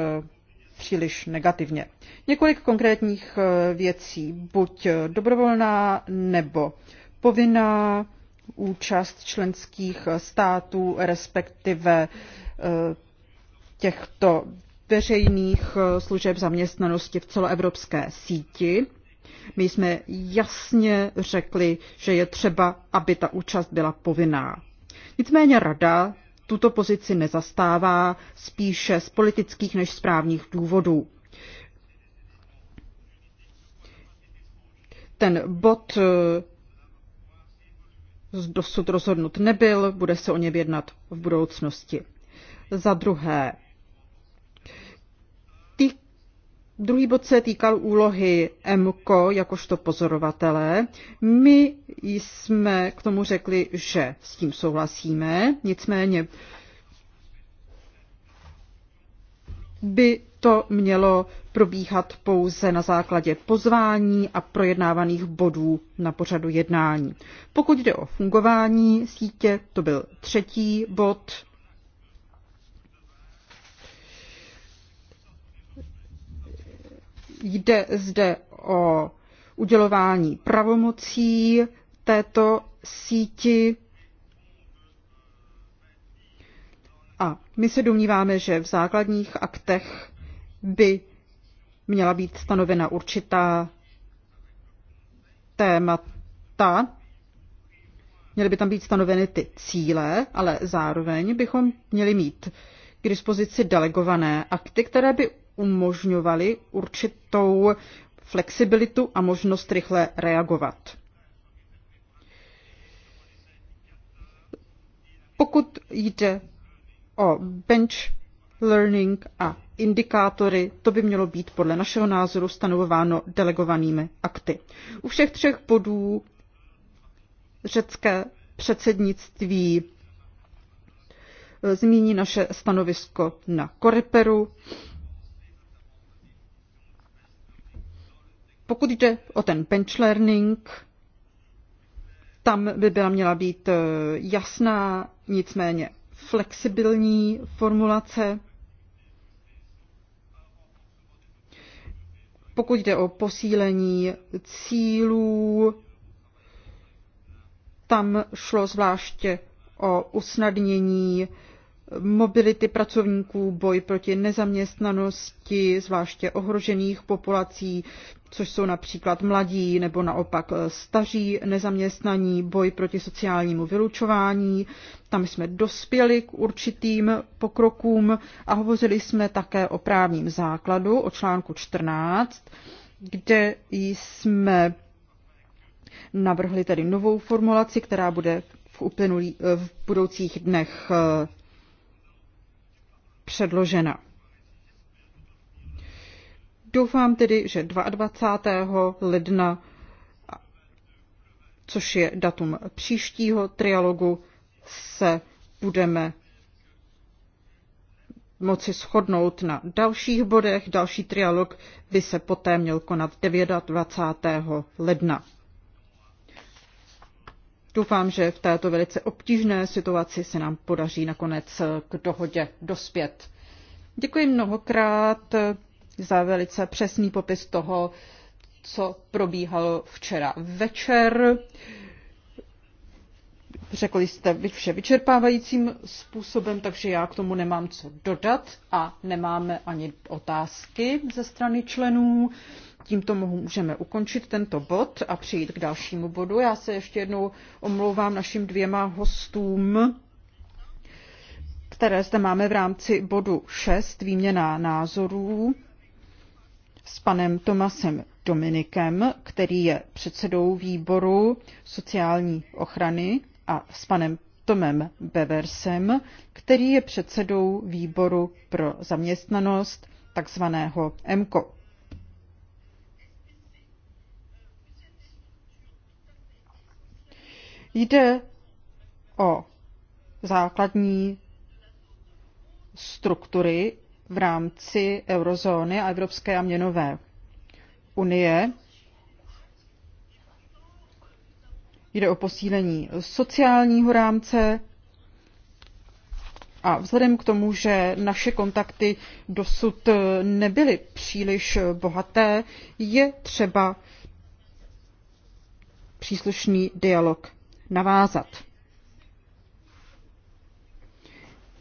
A: příliš negativně. Několik konkrétních e, věcí, buď dobrovolná nebo povinná účast členských států, respektive těchto veřejných eh, služeb zaměstnanosti v celoevropské síti. My jsme jasně řekli, že je třeba, aby ta účast byla povinná. Nicméně rada tuto pozici nezastává spíše z politických než z důvodů. Ten bod eh, dosud rozhodnut nebyl, bude se o něm jednat v budoucnosti. Za druhé, Druhý bod se týkal úlohy MKO jakožto pozorovatele. My jsme k tomu řekli, že s tím souhlasíme, nicméně by to mělo probíhat pouze na základě pozvání a projednávaných bodů na pořadu jednání. Pokud jde o fungování sítě, to byl třetí bod Jde zde o udělování pravomocí této síti. A my se domníváme, že v základních aktech by měla být stanovena určitá témata, měly by tam být stanoveny ty cíle, ale zároveň bychom měli mít k dispozici delegované akty, které by umožňovaly určitou flexibilitu a možnost rychle reagovat. Pokud jde o bench learning a indikátory, to by mělo být podle našeho názoru stanovováno delegovanými akty. U všech třech bodů řecké předsednictví eh, zmíní naše stanovisko na Koreperu Pokud jde o ten bench learning, tam by byla měla být eh, jasná, nicméně flexibilní formulace. Pokud jde o posílení cílů, tam šlo zvláště o usnadnění mobility pracovníků, boj proti nezaměstnanosti, zvláště ohrožených populací, což jsou například mladí nebo naopak eh, staří nezaměstnaní, boj proti sociálnímu vylučování. Tam jsme dospěli k určitým pokrokům a hovořili jsme také o právním základu, o článku 14, kde jsme navrhli tedy novou formulaci, která bude v, uplynulý, eh, v budoucích dnech eh, předložena. Doufám tedy, že 22. ledna, což je datum příštího trialogu, se budeme moci shodnout na dalších bodech. Další trialog by se poté měl konat 29. ledna. Doufám, že v této velice obtížné situaci se nám podaří nakonec k dohodě dospět. Děkuji mnohokrát za velice přesný popis toho, co probíhalo včera večer. Řekli jste vše vyčerpávajícím způsobem, takže já k tomu nemám co dodat a nemáme ani otázky ze strany členů tímto můžeme ukončit tento bod a přejít k dalšímu bodu. Já se ještě jednou omlouvám našim dvěma hostům, které zde máme v rámci bodu 6, výměna názorů s panem Tomasem Dominikem, který je předsedou výboru sociální ochrany a s panem Tomem Beversem, který je předsedou výboru pro zaměstnanost takzvaného MKO. Jde o základní struktury v rámci eurozóny a Evropské a měnové unie. Jde o posílení sociálního rámce a vzhledem k tomu, že naše kontakty dosud nebyly příliš bohaté, je třeba příslušný dialog navázat.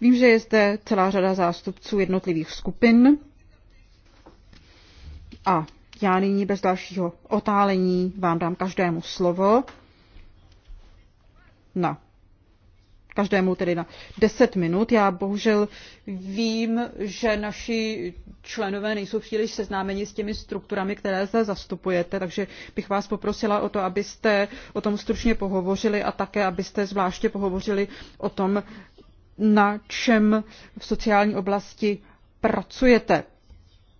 A: Vím, že je zde celá řada zástupců jednotlivých skupin a já nyní bez dalšího otálení vám dám každému slovo na každému tedy na 10 minut. Já bohužel vím, že naši členové nejsou příliš seznámeni s těmi strukturami, které zde zastupujete, takže bych vás poprosila o to, abyste o tom stručně pohovořili a také, abyste zvláště pohovořili o tom, na čem v sociální oblasti pracujete,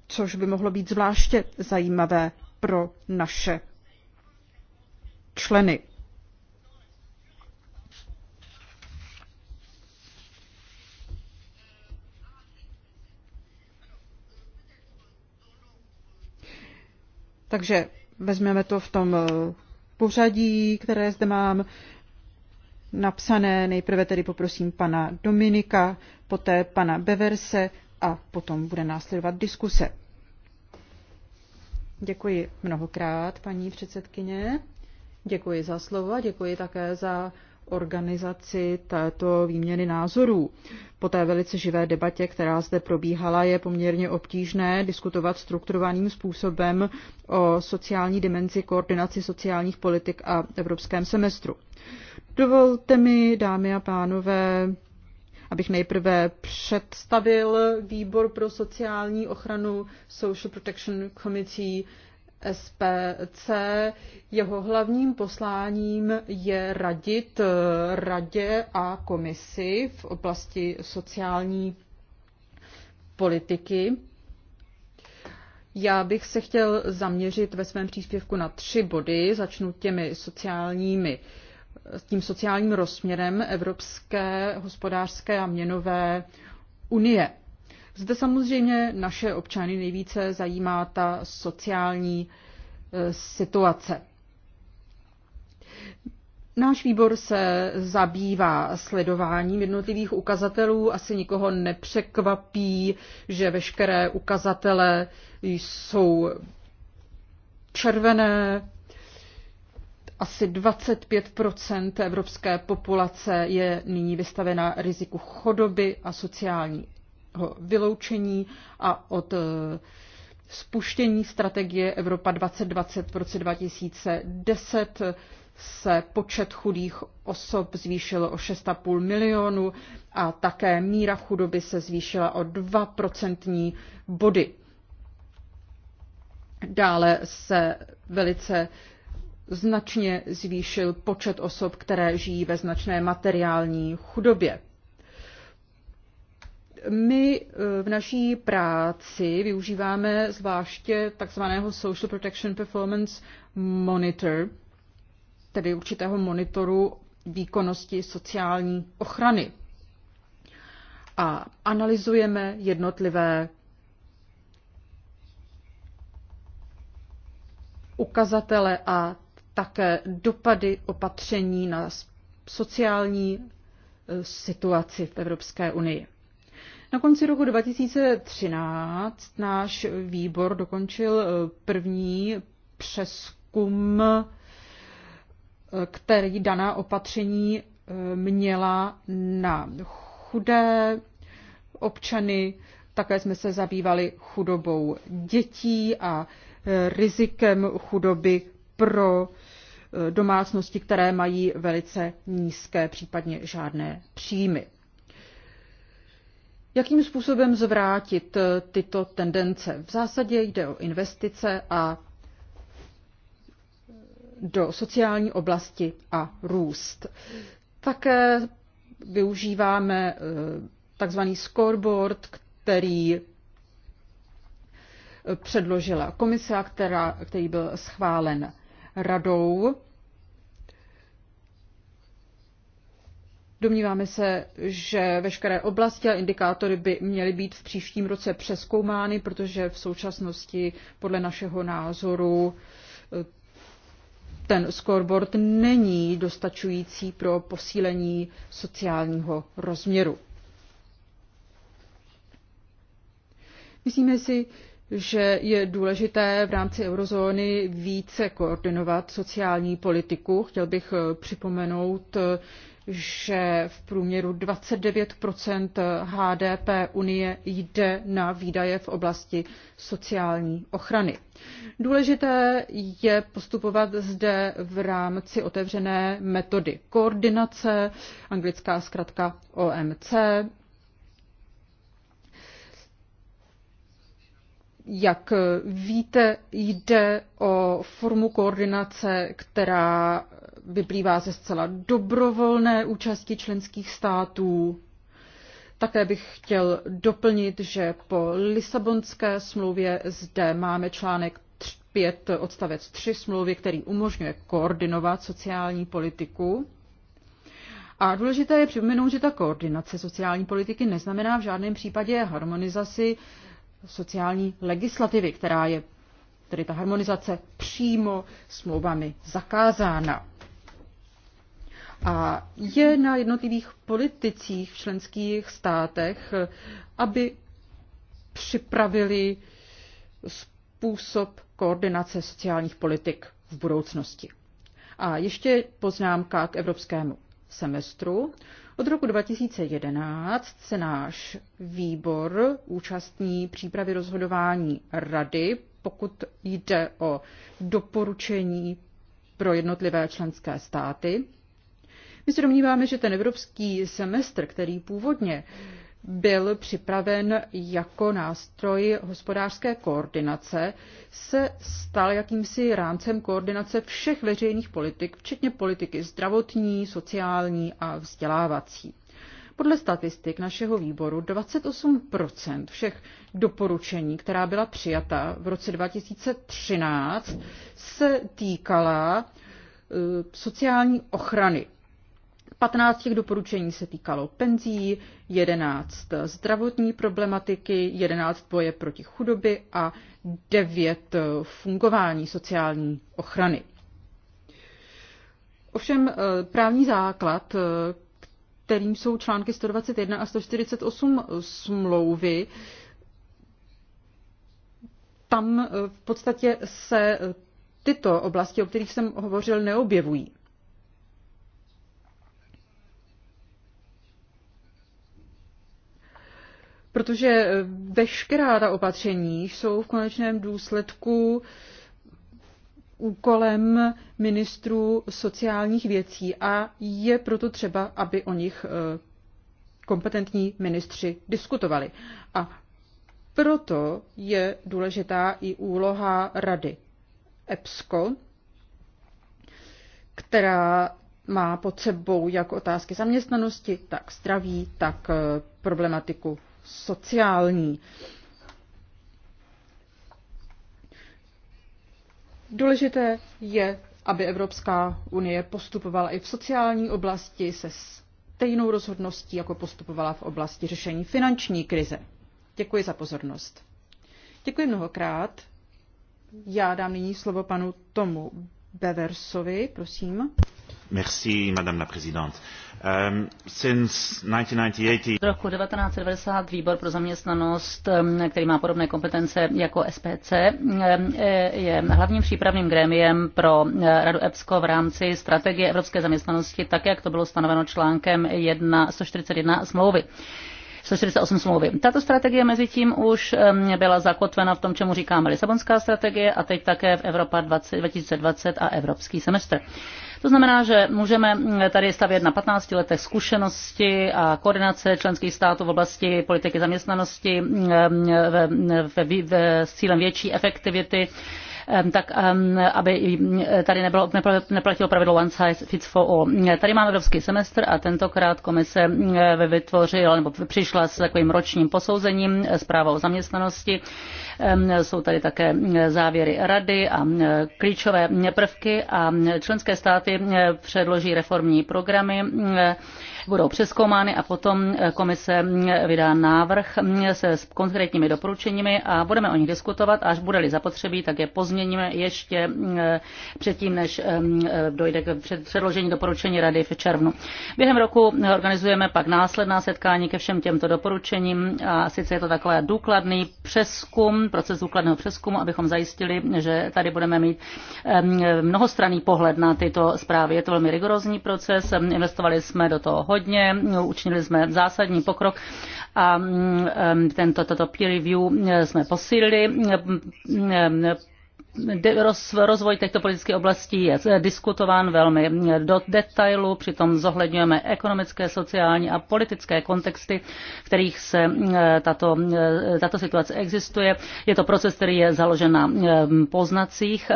A: což by mohlo být zvláště zajímavé pro naše členy. Takže vezmeme to v tom eh, pořadí, které zde mám napsané. Nejprve tedy poprosím pana Dominika, poté pana Beverse a potom bude následovat diskuse. Děkuji mnohokrát, paní předsedkyně. Děkuji za slovo a děkuji také za organizaci této výměny názorů. Po té velice živé debatě, která zde probíhala, je poměrně obtížné diskutovat strukturovaným způsobem o sociální dimenzi koordinaci sociálních politik a evropském semestru. Dovolte mi, dámy a pánové, abych nejprve představil výbor pro sociální ochranu Social Protection Committee SPC. Jeho hlavním posláním je radit eh, radě a komisi v oblasti sociální politiky. Já bych se chtěl zaměřit ve svém příspěvku na tři body. Začnu těmi sociálními, tím sociálním rozměrem Evropské hospodářské a měnové unie. Zde samozřejmě naše občany nejvíce zajímá ta sociální e, situace. Náš výbor se zabývá sledováním jednotlivých ukazatelů. Asi nikoho nepřekvapí, že veškeré ukazatele jsou červené. Asi 25 evropské populace je nyní vystavena riziku chodoby a sociální vyloučení a od eh, spuštění strategie Evropa 2020 v roce 2010 se počet chudých osob zvýšil o 6,5 milionu a také míra chudoby se zvýšila o 2 procentní body. Dále se velice značně zvýšil počet osob, které žijí ve značné materiální chudobě my eh, v naší práci využíváme zvláště takzvaného Social Protection Performance Monitor, tedy určitého monitoru výkonnosti sociální ochrany. A analyzujeme jednotlivé ukazatele a také dopady opatření na sociální eh, situaci v Evropské unii. Na konci roku 2013 náš výbor dokončil eh, první přeskum, eh, který daná opatření eh, měla na chudé občany. Také jsme se zabývali chudobou dětí a rizikem chudoby pro domácnosti, které mají velice nízké, případně žádné příjmy. Jakým způsobem zvrátit eh, tyto tendence? V zásadě jde o investice a eh, do sociální oblasti a růst. Také využíváme eh, takzvaný scoreboard, který předložila komise, která, který byl schválen radou. Domníváme se, že veškeré oblasti a indikátory by měly být v příštím roce přeskoumány, protože v současnosti podle našeho názoru eh, ten scoreboard není dostačující pro posílení sociálního rozměru. Myslíme si, že je důležité v rámci eurozóny více koordinovat sociální politiku. Chtěl bych eh, připomenout že v průměru 29 HDP Unie jde na výdaje v oblasti sociální ochrany. Důležité je postupovat zde v rámci otevřené metody koordinace, anglická zkratka OMC, Jak víte, jde o formu koordinace, která vyplývá ze zcela dobrovolné účasti členských států. Také bych chtěl doplnit, že po Lisabonské smlouvě zde máme článek 5 odstavec 3 smlouvy, který umožňuje koordinovat sociální politiku. A důležité je připomenout, že ta koordinace sociální politiky neznamená v žádném případě harmonizaci sociální legislativy, která je tedy ta harmonizace přímo smlouvami zakázána. A je na jednotlivých politicích v členských státech, aby připravili způsob koordinace sociálních politik v budoucnosti. A ještě poznámka k evropskému semestru. Od roku 2011 se náš výbor účastní přípravy rozhodování rady, pokud jde o doporučení pro jednotlivé členské státy. My se domníváme, že ten evropský semestr, který původně byl připraven jako nástroj hospodářské koordinace, se stal jakýmsi rámcem koordinace všech veřejných politik, včetně politiky zdravotní, sociální a vzdělávací. Podle statistik našeho výboru 28% všech doporučení, která byla přijata v roce 2013, se týkala eh, sociální ochrany 15 těch doporučení se týkalo penzí, 11 zdravotní problematiky, 11 boje proti chudoby a 9 fungování sociální ochrany. Ovšem eh, právní základ, eh, kterým jsou články 121 a 148 smlouvy, tam eh, v podstatě se tyto oblasti, o kterých jsem hovořil, neobjevují. protože eh, veškerá ta opatření jsou v konečném důsledku úkolem ministrů sociálních věcí a je proto třeba, aby o nich eh, kompetentní ministři diskutovali. A proto je důležitá i úloha rady EPSCO, která má pod sebou jak otázky zaměstnanosti, tak zdraví, tak eh, problematiku sociální. Důležité je, aby Evropská unie postupovala i v sociální oblasti se stejnou rozhodností, jako postupovala v oblasti řešení finanční krize. Děkuji za pozornost. Děkuji mnohokrát. Já dám nyní slovo panu Tomu Beversovi, prosím. Merci, la Um, since roku 1990
B: výbor pro zaměstnanost, um, který má podobné kompetence jako SPC, um, e, je hlavním přípravným grémiem pro uh, Radu EPSCO v rámci strategie evropské zaměstnanosti, tak jak to bylo stanoveno článkem 1, 141 smlouvy. 148 smlouvy. Tato strategie mezi tím už um, byla zakotvena v tom, čemu říkáme Lisabonská strategie a teď také v Evropa 20, 2020 a Evropský semestr. To znamená, že můžeme tady stavět na 15 letech zkušenosti a koordinace členských států v oblasti politiky zaměstnanosti mm, s cílem větší efektivity tak aby mm, tady nebylo, neplatilo pravidlo one size fits for all. Tady máme evropský semestr a tentokrát komise mm, vytvořila nebo přišla s takovým ročním posouzením zprávou e, o zaměstnanosti jsou tady také závěry rady a klíčové prvky a členské státy předloží reformní programy budou přeskoumány a potom komise vydá návrh se s konkrétními doporučeními a budeme o nich diskutovat. Až bude-li zapotřebí, tak je pozměníme ještě předtím, než dojde k předložení doporučení Rady v červnu. Během roku organizujeme pak následná setkání ke všem těmto doporučením a sice je to takový důkladný přeskum proces důkladného přeskumu, abychom zajistili, že tady budeme mít mnohostranný pohled na tyto zprávy. Je to velmi rigorózní proces, investovali jsme do toho hodně, učinili jsme zásadní pokrok a tento, toto peer review eh, jsme posílili rozvoj těchto politických oblastí je eh, diskutován velmi mm, do detailu, přitom zohledňujeme ekonomické, sociální a politické kontexty, v kterých se mm, eh, tato, mm, eh, tato situace existuje. Je to proces, který je založen na poznacích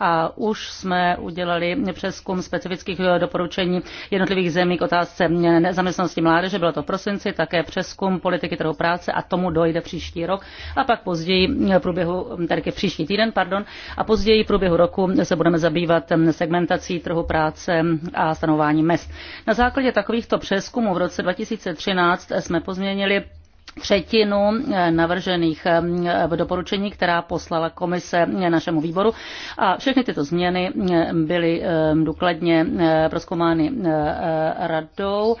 B: a už jsme udělali přeskum specifických doporučení jednotlivých zemí k otázce nezaměstnanosti mládeže. Bylo to v prosinci, také přeskum politiky trhu práce a tomu dojde příští rok a pak později v průběhu, tedy příští týden, pardon, a později v průběhu roku se budeme zabývat segmentací trhu práce a stanování mest. Na základě takovýchto přeskumů v roce 2013 jsme pozměnili třetinu navržených v doporučení, která poslala komise našemu výboru. A všechny tyto změny byly důkladně proskoumány radou.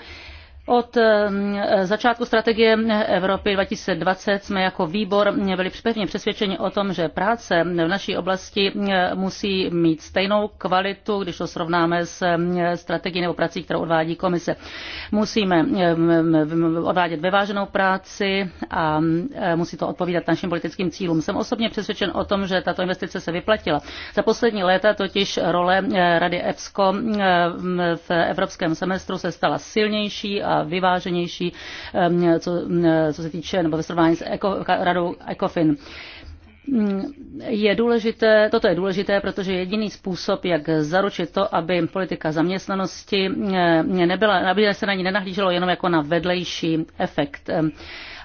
B: Od eh, eh, začátku strategie Evropy 2020 jsme jako výbor byli pevně přesvědčeni o tom, že práce v naší oblasti eh, musí mít stejnou kvalitu, když to srovnáme s strategií nebo prací, kterou odvádí komise. Musíme odvádět vyváženou práci a musí to odpovídat našim politickým cílům. Jsem osobně přesvědčen o tom, že tato investice se vyplatila. Za poslední léta totiž role Rady EPSCO v evropském semestru se stala silnější a a vyváženější, co, co se týče, nebo ve srovnání s Eko, radou ECOFIN mm, je důležité, toto je důležité, protože jediný způsob, jak zaručit to, aby politika zaměstnanosti nebyla, aby se na ní nenahlíželo jenom jako na vedlejší efekt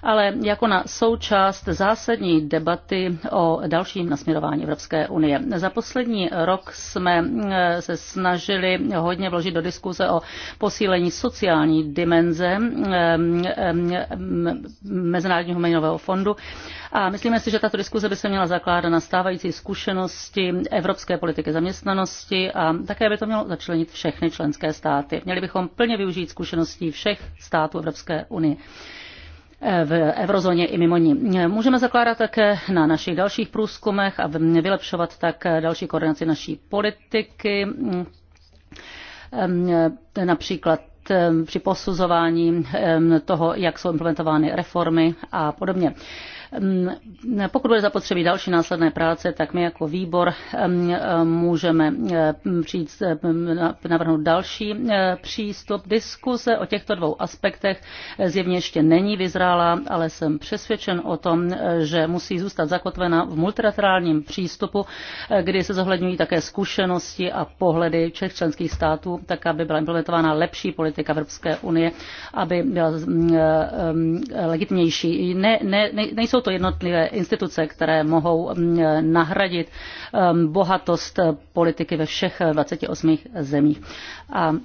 B: ale jako na součást zásadní debaty o dalším nasměrování Evropské unie. Za poslední rok jsme eh, se snažili hodně vložit do diskuze o posílení sociální dimenze eh, eh, Mezinárodního měnového fondu a myslíme si, že tato diskuze by se měla zakládat na stávající zkušenosti evropské politiky zaměstnanosti a také by to mělo začlenit všechny členské státy. Měli bychom plně využít zkušeností všech států Evropské unie v eurozóně i mimo ní. Můžeme zakládat také na našich dalších průzkumech a vylepšovat tak další koordinaci naší politiky, například eh, při posuzování eh, toho, jak jsou implementovány reformy a podobně. Pokud bude zapotřebí další následné práce, tak my jako výbor můžeme přijít, navrhnout další e, přístup. Diskuse o těchto dvou aspektech zjevně ještě není vyzrála, ale jsem přesvědčen o tom, e, že musí zůstat zakotvena v multilaterálním přístupu, e, kdy se zohledňují také zkušenosti a pohledy všech členských států, tak aby byla implementována lepší politika Evropské unie, aby byla mm, legitimnější. Ne, ne, nejsou jsou to jednotlivé instituce, které mohou mm, nahradit mm, bohatost eh, politiky ve všech 28 eh, zemích. A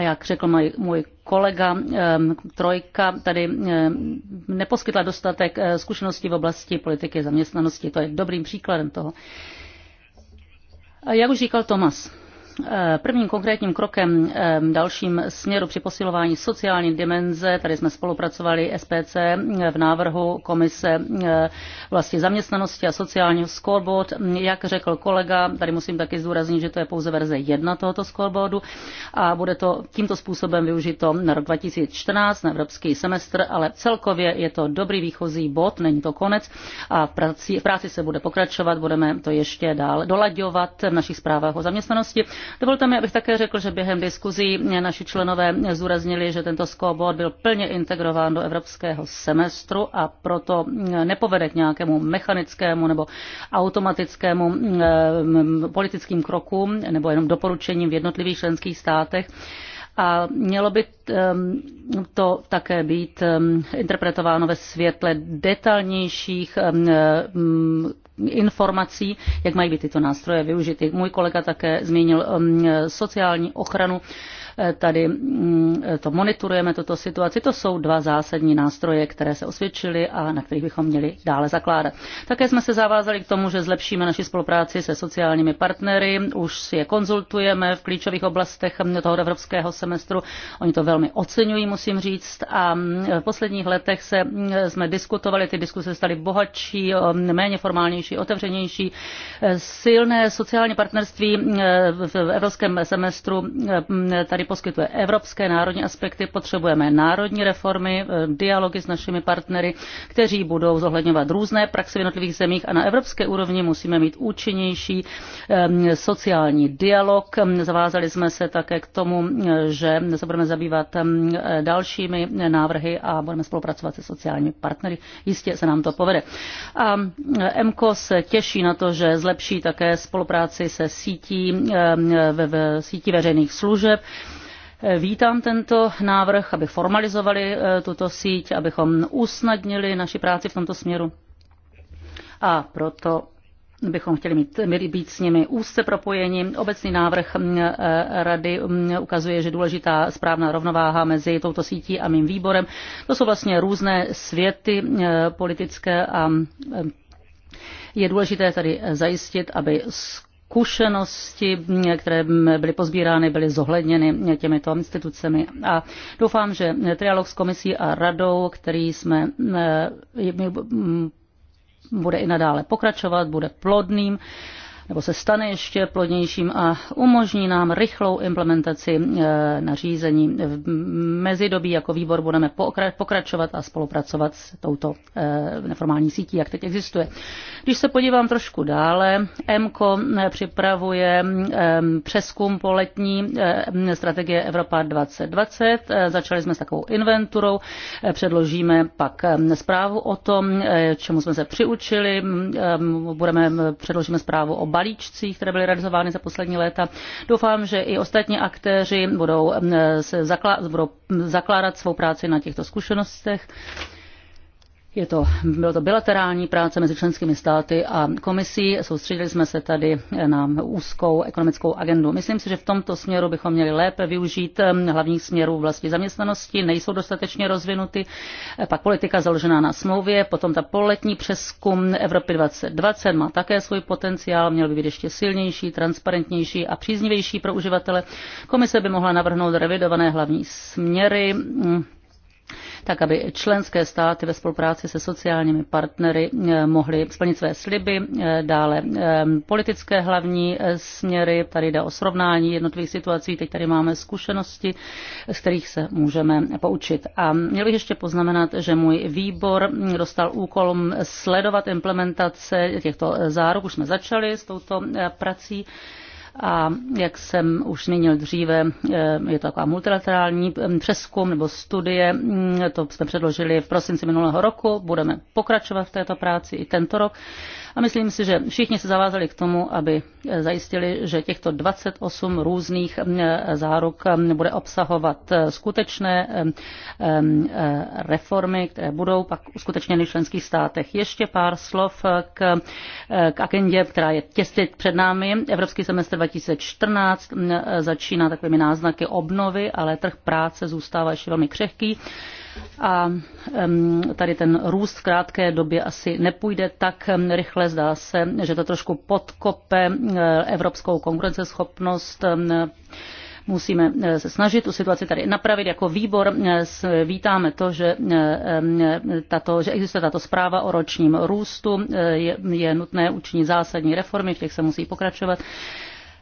B: jak řekl můj, můj kolega, eh, trojka tady neposkytla dostatek zkušeností v oblasti politiky zaměstnanosti. To je dobrým příkladem toho. Jak už říkal Tomas, Eh, prvním konkrétním krokem eh, dalším směru při posilování sociální dimenze, tady jsme spolupracovali SPC eh, v návrhu Komise vlastně zaměstnanosti a sociálního scoreboard. Jak řekl kolega, tady musím taky zdůraznit, že to je pouze verze jedna tohoto scoreboardu a bude to tímto způsobem využito na rok 2014, na evropský semestr, ale celkově je to dobrý výchozí bod, není to konec a v práci, v práci se bude pokračovat, budeme to ještě dál dolaďovat v našich zprávách o zaměstnanosti. Dovolte mi, abych také řekl, že během diskuzí naši členové zúraznili, že tento scoreboard byl plně integrován do evropského semestru a proto nepovede k nějakému mechanickému nebo automatickému eh, politickým krokům nebo jenom doporučením v jednotlivých členských státech a mělo by eh, to také být eh, interpretováno ve světle detailnějších informací, jak mají být tyto nástroje využity. Můj kolega také zmínil um, sociální ochranu Eh, tady mm, eh, to monitorujeme, toto situaci. To jsou dva zásadní nástroje, které se osvědčily a na kterých bychom měli dále zakládat. Také jsme se zavázali k tomu, že zlepšíme naši spolupráci se sociálními partnery. Už si je konzultujeme v klíčových oblastech mm, toho evropského semestru. Oni to velmi oceňují, musím říct. A mm, v posledních letech se, jsme diskutovali, ty diskuse staly bohatší, méně formálnější, otevřenější. Eh, silné sociální partnerství v evropském semestru tady poskytuje evropské národní aspekty, potřebujeme národní reformy, eh, dialogy s našimi partnery, kteří budou zohledňovat různé praxe v jednotlivých zemích a na evropské úrovni musíme mít účinnější ehm, sociální dialog. Zavázali jsme se také k tomu, eh, že se budeme zabývat ehm, dalšími návrhy a budeme spolupracovat se sociálními partnery. Jistě se nám to povede. A eh, MKO se těší na to, že zlepší také spolupráci se sítí, ehm, ve, ve sítí veřejných služeb Vítám tento návrh, aby formalizovali eh, tuto síť, abychom usnadnili naši práci v tomto směru. A proto bychom chtěli mít, měli být s nimi úzce propojeni. Obecný návrh mm, eh, rady mm, ukazuje, že důležitá správná rovnováha mezi touto sítí a mým výborem. To jsou vlastně různé světy eh, politické a mm, je důležité tady zajistit, aby zkušenosti, které byly pozbírány, byly zohledněny těmito institucemi. A doufám, že trialog s komisí a radou, který jsme eh, bude i nadále pokračovat, bude plodným nebo se stane ještě plodnějším a umožní nám rychlou implementaci eh, nařízení. V mezidobí jako výbor budeme pokračovat a spolupracovat s touto eh, neformální sítí, jak teď existuje. Když se podívám trošku dále, MKO připravuje eh, přeskum poletní strategie Evropa 2020. Začali jsme s takovou inventurou, předložíme pak zprávu o tom, čemu jsme se přiučili, budeme, předložíme zprávu o balíčcích, které byly realizovány za poslední léta. Doufám, že i ostatní aktéři budou, eh, se zakla- budou zakládat svou práci na těchto zkušenostech. Je to, bylo to bilaterální práce mezi členskými státy a komisí. Soustředili jsme se tady na úzkou ekonomickou agendu. Myslím si, že v tomto směru bychom měli lépe využít ehm, hlavních směrů vlastně zaměstnanosti, nejsou dostatečně rozvinuty. E, pak politika založená na smlouvě, potom ta poletní přeskum Evropy 2020 má také svůj potenciál, měl by být ještě silnější, transparentnější a příznivější pro uživatele. Komise by mohla navrhnout revidované hlavní směry mm, tak aby členské státy ve spolupráci se sociálními partnery eh, mohly splnit své sliby. Eh, dále ehm, politické hlavní eh, směry, tady jde o srovnání jednotlivých situací, teď tady máme zkušenosti, z kterých se můžeme poučit. A měl bych ještě poznamenat, že můj výbor hm, dostal úkol sledovat implementace těchto záruk. Už jsme začali s touto prací. A jak jsem už zmínil dříve, eh, je to taková multilaterální eh, přeskum nebo studie, mm, to jsme předložili v prosinci minulého roku, budeme pokračovat v této práci i tento rok. A myslím si, že všichni se zavázali k tomu, aby eh, zajistili, že těchto 28 různých eh, záruk eh, bude obsahovat skutečné reformy, které budou pak uskutečněny v členských státech. Ještě pár slov k, k agendě, která je těsně před námi. Evropský semestr 2014 mm, začíná takovými náznaky obnovy, ale trh práce zůstává ještě velmi křehký a tady ten růst v krátké době asi nepůjde tak rychle. Zdá se, že to trošku podkope evropskou konkurenceschopnost musíme e, se snažit tu situaci tady napravit. Jako výbor e, vítáme to, že, e, tato, že existuje tato zpráva o ročním růstu. Je, je nutné učinit zásadní reformy, v těch se musí pokračovat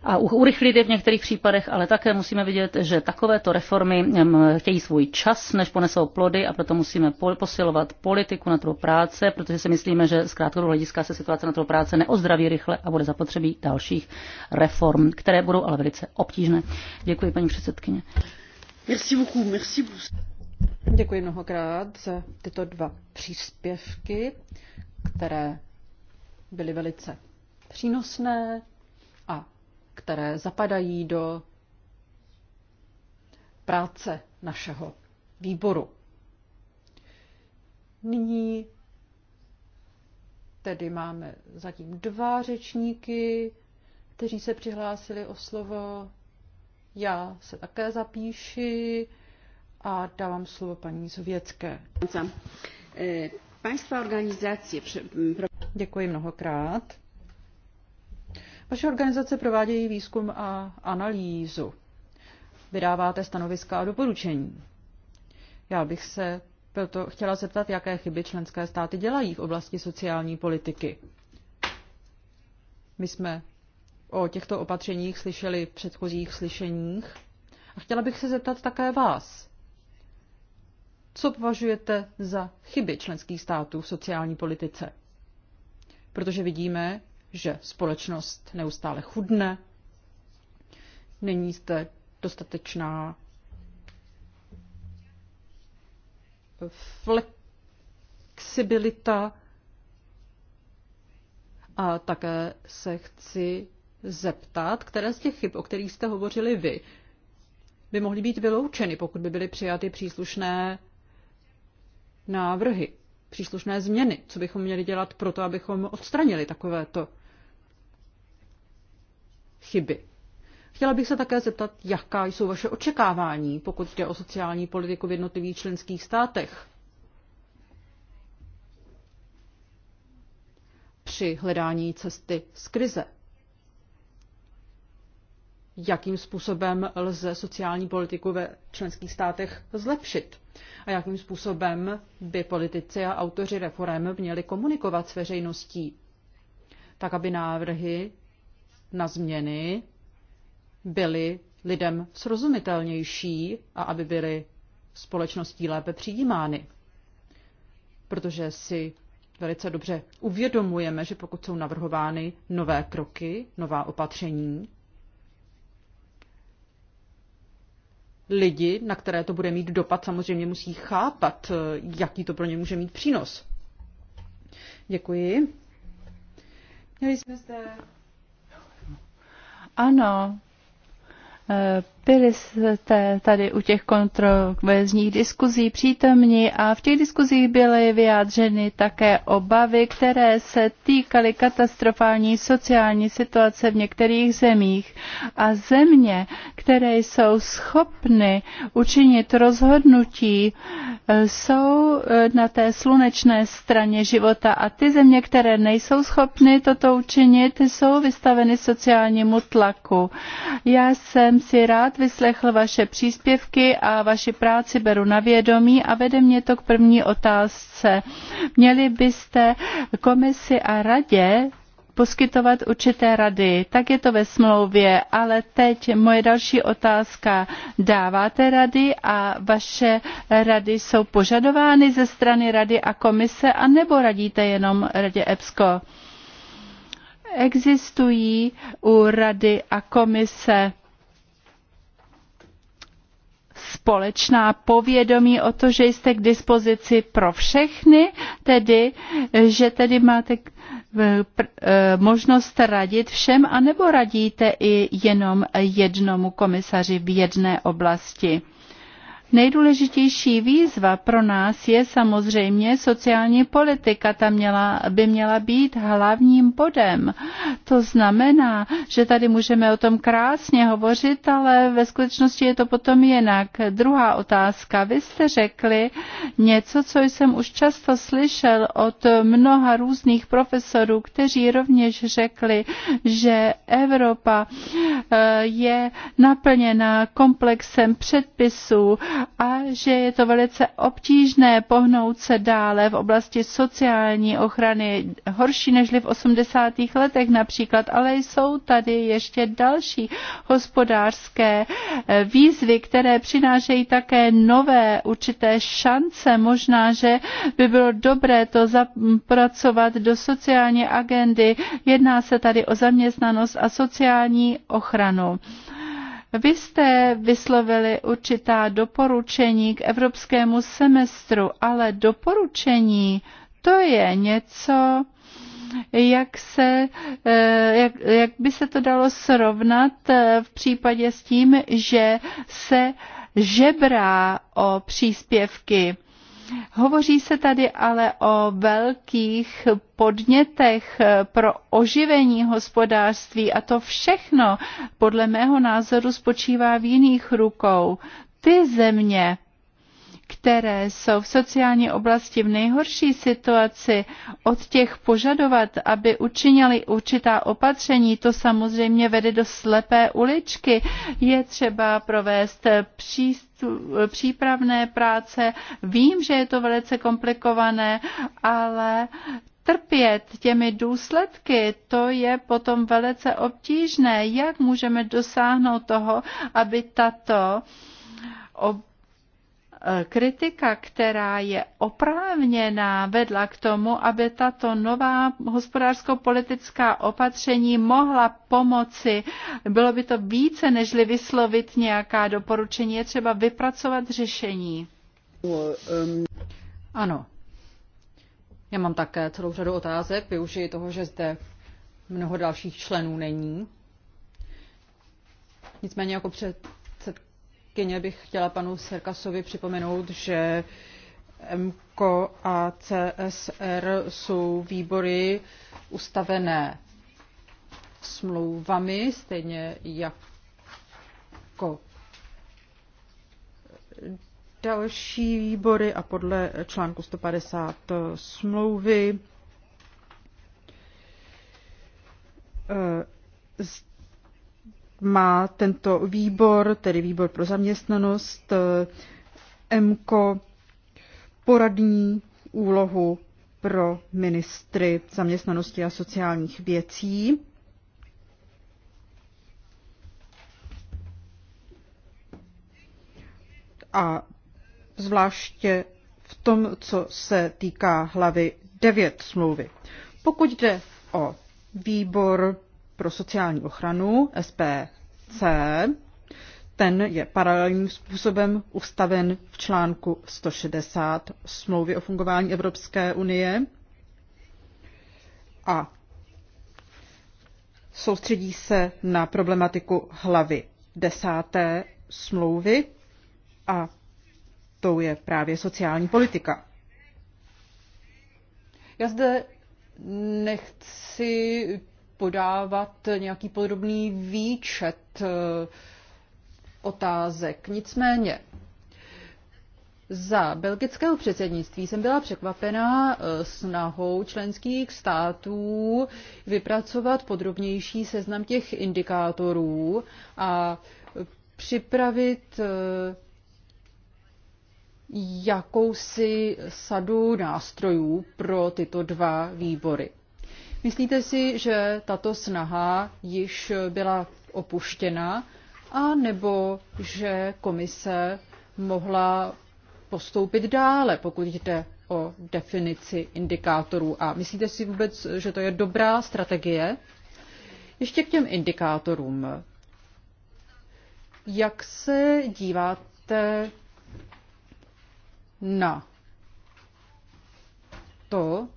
B: a urychlit je v některých případech, ale také musíme vidět, že takovéto reformy chtějí svůj čas, než ponesou plody a proto musíme posilovat politiku na trhu práce, protože si myslíme, že z krátkodobého hlediska se situace na trhu práce neozdraví rychle a bude zapotřebí dalších reform, které budou ale velice obtížné. Děkuji, paní předsedkyně.
A: Merci beaucoup, merci beaucoup. Děkuji mnohokrát za tyto dva příspěvky, které byly velice přínosné které zapadají do práce našeho výboru. Nyní tedy máme zatím dva řečníky, kteří se přihlásili o slovo. Já se také zapíši a dávám slovo paní Sovětské. Państwa organizacje. Děkuji mnohokrát. Vaše organizace provádějí výzkum a analýzu. Vydáváte stanoviska a doporučení. Já bych se proto chtěla zeptat, jaké chyby členské státy dělají v oblasti sociální politiky. My jsme o těchto opatřeních slyšeli v předchozích slyšeních a chtěla bych se zeptat také vás. Co považujete za chyby členských států v sociální politice? Protože vidíme, že společnost neustále chudne, není zde dostatečná flexibilita a také se chci zeptat, které z těch chyb, o kterých jste hovořili vy, by mohly být vyloučeny, pokud by byly přijaty příslušné návrhy příslušné změny, co bychom měli dělat pro to, abychom odstranili takovéto chyby. Chtěla bych se také zeptat, jaká jsou vaše očekávání, pokud jde o sociální politiku v jednotlivých členských státech. Při hledání cesty z krize jakým způsobem lze sociální politiku ve členských státech zlepšit a jakým způsobem by politici a autoři reform měli komunikovat s veřejností, tak aby návrhy na změny byly lidem srozumitelnější a aby byly společností lépe přijímány. Protože si velice dobře uvědomujeme, že pokud jsou navrhovány nové kroky, nová opatření, lidi, na které to bude mít dopad, samozřejmě musí chápat, eh, jaký to pro ně může mít přínos. Děkuji. Měli jsme zde...
C: Ano, byli jste tady u těch kontroverzních diskuzí přítomní a v těch diskuzích byly vyjádřeny také obavy, které se týkaly katastrofální sociální situace v některých zemích. A země, které jsou schopny učinit rozhodnutí, jsou na té slunečné straně života a ty země, které nejsou schopny toto učinit, jsou vystaveny sociálnímu tlaku. Já jsem jsem si rád vyslechl vaše příspěvky a vaši práci beru na vědomí a vede mě to k první otázce. Měli byste komisi a radě poskytovat určité rady. Tak je to ve smlouvě, ale teď moje další otázka. Dáváte rady a vaše rady jsou požadovány ze strany rady a komise, a nebo radíte jenom radě EBSCO? Existují u rady a komise společná povědomí o to, že jste k dispozici pro všechny, tedy, že tedy máte eh, eh, možnost radit všem, anebo radíte i jenom jednomu komisaři v jedné oblasti. Nejdůležitější výzva pro nás je samozřejmě sociální politika. Ta měla, by měla být hlavním bodem. To znamená, že tady můžeme o tom krásně hovořit, ale ve skutečnosti je to potom jinak. Druhá otázka. Vy jste řekli něco, co jsem už často slyšel od mnoha různých profesorů, kteří rovněž řekli, že Evropa eh, je naplněna komplexem předpisů, a že je to velice obtížné pohnout se dále v oblasti sociální ochrany, horší než v 80. letech například, ale jsou tady ještě další hospodářské eh, výzvy, které přinášejí také nové určité šance. Možná, že by bylo dobré to zapracovat do sociální agendy. Jedná se tady o zaměstnanost a sociální ochranu. Vy jste vyslovili určitá doporučení k evropskému semestru, ale doporučení to je něco, jak, se, eh, jak, jak by se to dalo srovnat eh, v případě s tím, že se žebrá o příspěvky. Hovoří se tady ale o velkých podnětech eh, pro oživení hospodářství a to všechno podle mého názoru spočívá v jiných rukou. Ty země, které jsou v sociální oblasti v nejhorší situaci, od těch požadovat, aby učinili určitá opatření, to samozřejmě vede do slepé uličky. Je třeba provést příst Eh, přípravné práce. Vím, že je to velice komplikované, ale trpět těmi důsledky, to je potom velice obtížné. Jak můžeme dosáhnout toho, aby tato ob kritika, která je oprávněná, vedla k tomu, aby tato nová hospodářsko-politická opatření mohla pomoci. Bylo by to více, nežli vyslovit nějaká doporučení. Je třeba
A: vypracovat řešení. Ano. Já mám také celou řadu otázek. Využiji toho, že zde mnoho dalších členů není. Nicméně jako před předsedkyně, bych chtěla panu Serkasovi připomenout, že emco a CSR jsou výbory ustavené smlouvami, stejně jako další výbory a podle článku 150 smlouvy eh, má tento výbor, tedy výbor pro zaměstnanost, eh, MKO, poradní úlohu pro ministry zaměstnanosti a sociálních věcí. A zvláště v tom, co se týká hlavy 9 smlouvy. Pokud jde o výbor pro sociální ochranu, SPC, ten je paralelním způsobem ustaven v článku 160 smlouvy o fungování Evropské unie a soustředí se na problematiku hlavy desáté smlouvy a tou je právě sociální politika. Já zde nechci podávat nějaký podrobný výčet eh, otázek. Nicméně za belgického předsednictví jsem byla překvapena eh, snahou členských států vypracovat podrobnější seznam těch indikátorů a připravit eh, jakousi sadu nástrojů pro tyto dva výbory. Myslíte si, že tato snaha již byla opuštěna, a nebo že komise mohla postoupit dále, pokud jde o definici indikátorů? A myslíte si vůbec, že to je dobrá strategie? Ještě k těm indikátorům. Jak se díváte na to,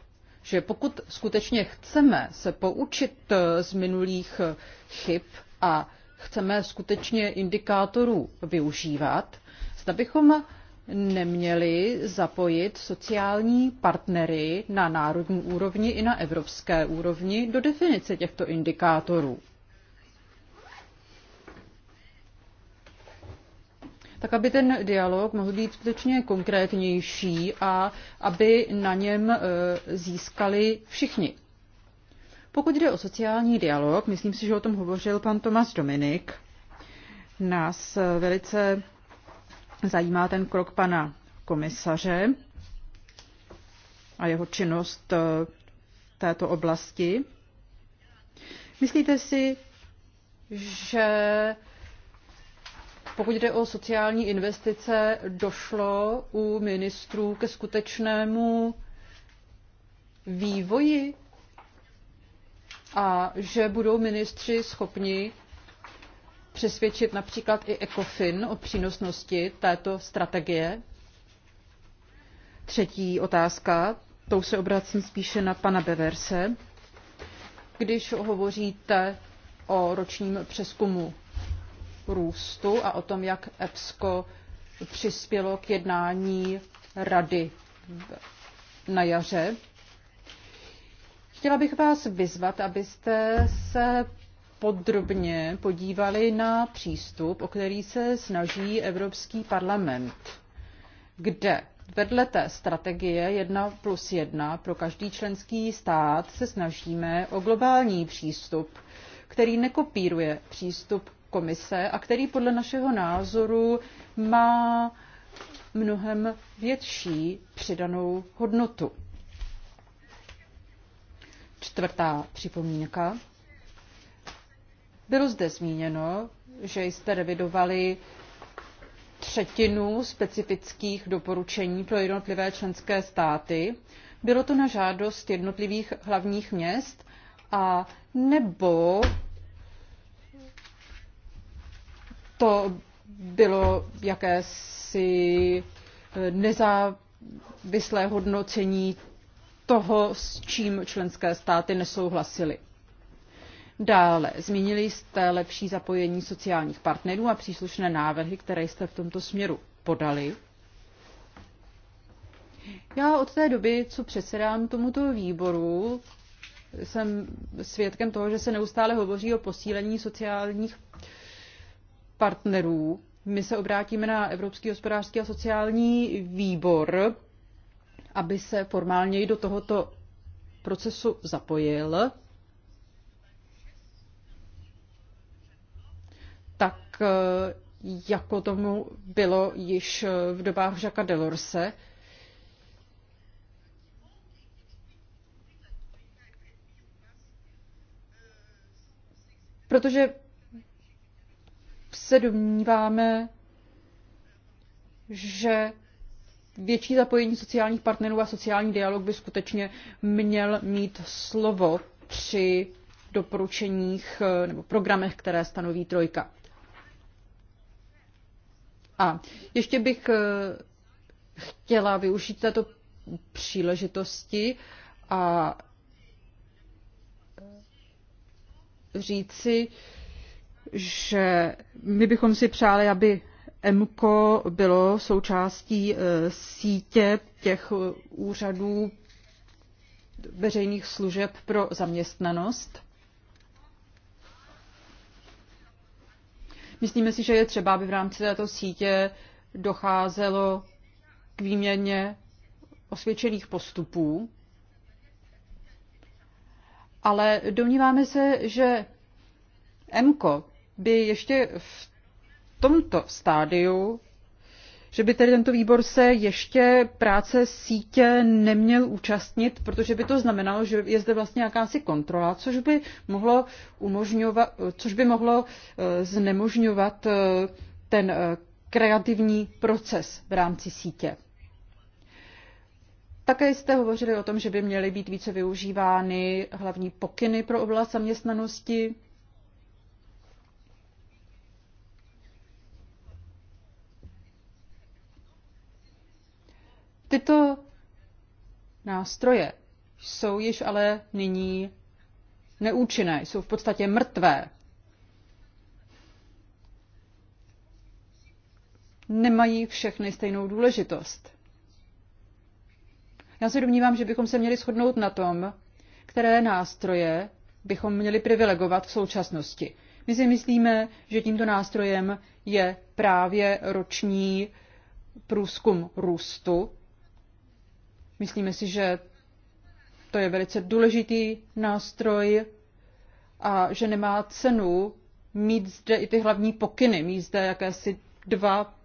A: že pokud skutečně chceme se poučit eh, z minulých eh, chyb a chceme skutečně indikátorů využívat, zda bychom neměli zapojit sociální partnery na národní úrovni i na evropské úrovni do definice těchto indikátorů. tak aby ten dialog mohl být skutečně konkrétnější a aby na něm e, získali všichni. Pokud jde o sociální dialog, myslím si, že o tom hovořil pan Tomas Dominik, nás e, velice zajímá ten krok pana komisaře a jeho činnost e, v této oblasti. Myslíte si, že pokud jde o sociální investice, došlo u ministrů ke skutečnému vývoji a že budou ministři schopni přesvědčit například i ECOFIN o přínosnosti této strategie? Třetí otázka, tou se obracím spíše na pana Beverse. Když hovoříte o ročním přeskumu růstu a o tom, jak EPSCO přispělo k jednání rady na jaře. Chtěla bych vás vyzvat, abyste se podrobně podívali na přístup, o který se snaží Evropský parlament, kde vedle té strategie 1 plus 1 pro každý členský stát se snažíme o globální přístup, který nekopíruje přístup komise a který podle našeho názoru má mnohem větší přidanou hodnotu. Čtvrtá připomínka. Bylo zde zmíněno, že jste revidovali třetinu specifických doporučení pro jednotlivé členské státy. Bylo to na žádost jednotlivých hlavních měst a nebo to bylo jakési eh, nezávislé hodnocení toho, s čím členské státy nesouhlasily. Dále zmínili jste lepší zapojení sociálních partnerů a příslušné návrhy, které jste v tomto směru podali. Já od té doby, co předsedám tomuto výboru, jsem svědkem toho, že se neustále hovoří o posílení sociálních partnerů. My se obrátíme na Evropský hospodářský a sociální výbor, aby se formálněji do tohoto procesu zapojil. Tak eh, jako tomu bylo již eh, v dobách Žaka Delorse, protože se domníváme, že větší zapojení sociálních partnerů a sociální dialog by skutečně měl mít slovo při doporučeních eh, nebo programech, které stanoví trojka. A ještě bych eh, chtěla využít této příležitosti a říci, že my bychom si přáli, aby EMKO bylo součástí e, sítě těch e, úřadů veřejných služeb pro zaměstnanost. Myslíme si, že je třeba, aby v rámci této sítě docházelo k výměně osvědčených postupů, ale domníváme se, že EMKO by ještě v tomto stádiu, že by tedy tento výbor se ještě práce sítě neměl účastnit, protože by to znamenalo, že je zde vlastně jakási kontrola, což by mohlo, umožňovat, což by mohlo eh, znemožňovat eh, ten eh, kreativní proces v rámci sítě. Také jste hovořili o tom, že by měly být více využívány hlavní pokyny pro oblast zaměstnanosti. Tyto nástroje jsou již ale nyní neúčinné, jsou v podstatě mrtvé. Nemají všechny stejnou důležitost. Já se domnívám, že bychom se měli shodnout na tom, které nástroje bychom měli privilegovat v současnosti. My si myslíme, že tímto nástrojem je právě roční průzkum růstu, Myslíme si, že to je velice důležitý nástroj a že nemá cenu mít zde i ty hlavní pokyny, mít zde jakési dva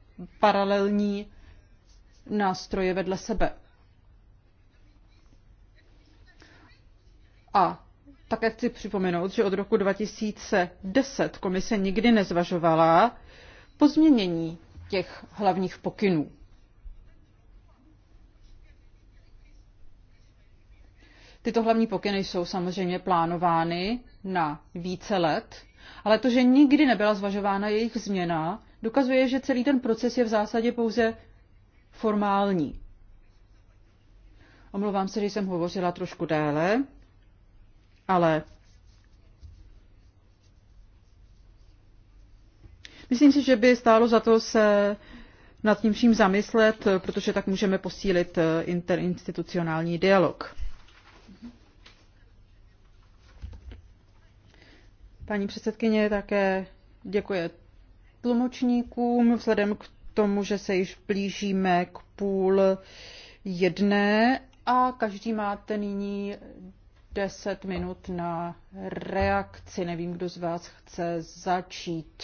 A: paralelní nástroje vedle sebe. A také chci připomenout, že od roku 2010 komise nikdy nezvažovala pozměnění těch hlavních pokynů. Tyto hlavní pokyny jsou samozřejmě plánovány na více let, ale to, že nikdy nebyla zvažována jejich změna, dokazuje, že celý ten proces je v zásadě pouze formální. Omlouvám se, že jsem hovořila trošku déle, ale myslím si, že by stálo za to se nad tím vším zamyslet, protože tak můžeme posílit eh, interinstitucionální dialog. Paní předsedkyně také děkuje tlumočníkům vzhledem k tomu, že se již blížíme k půl jedné a každý máte nyní 10 minut na reakci. Nevím, kdo z vás chce začít.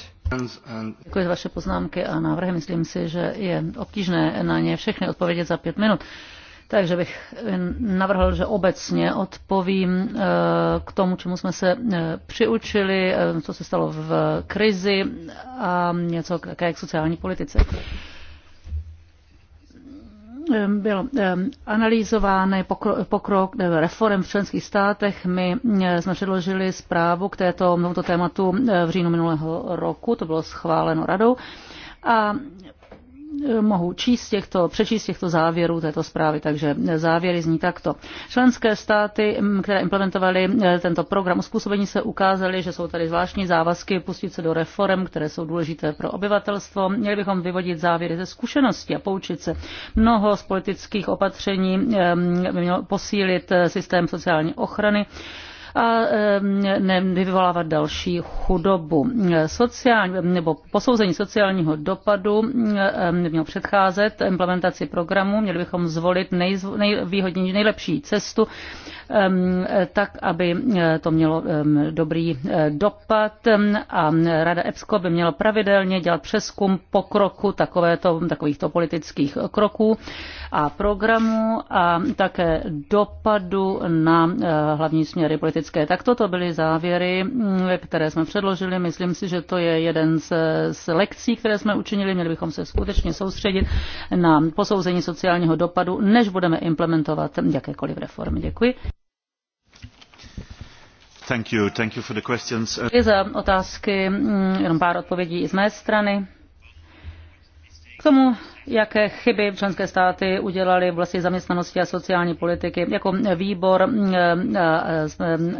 B: Děkuji za vaše poznámky a návrhy. Myslím si, že je obtížné na ně všechny odpovědět za pět minut. Takže bych navrhl, že obecně odpovím eh, k tomu, čemu jsme se eh, přiučili, eh, co se stalo v krizi a něco také k sociální politice ehm, byl ehm, analyzovány pokrok reform v členských státech. My jsme předložili zprávu k této, tomuto tématu v říjnu minulého roku, to bylo schváleno radou. A mohu číst těchto, přečíst těchto závěrů této zprávy, takže závěry zní takto. Členské státy, které implementovaly e, tento program způsobení, se ukázaly, že jsou tady zvláštní závazky pustit se do reform, které jsou důležité pro obyvatelstvo. Měli bychom vyvodit závěry ze zkušenosti a poučit se. Mnoho z politických opatření by mělo posílit e, systém sociální ochrany a nevyvolávat další chudobu. Sociální, nebo posouzení sociálního dopadu mělo předcházet implementaci programu. Měli bychom zvolit nejvýhodnější, nejlepší cestu, tak, aby e, to mělo dobrý e, dopad a Rada EPSCO by měla pravidelně dělat přeskum pokroku takovéto, takovýchto politických kroků a programu a také dopadu na eh, hlavní směry politické. Tak toto byly závěry, mm, které jsme předložili. Myslím si, že to je jeden z, z lekcí, které jsme učinili. Měli bychom se skutečně soustředit na posouzení sociálního dopadu, než budeme implementovat jakékoliv reformy. Děkuji.
A: Thank you. Thank you for the questions. za
B: otázky, mm, jenom pár odpovědí i z mé strany. K tomu jaké chyby členské státy udělaly v oblasti zaměstnanosti a sociální politiky. Jako výbor, mm, e, e,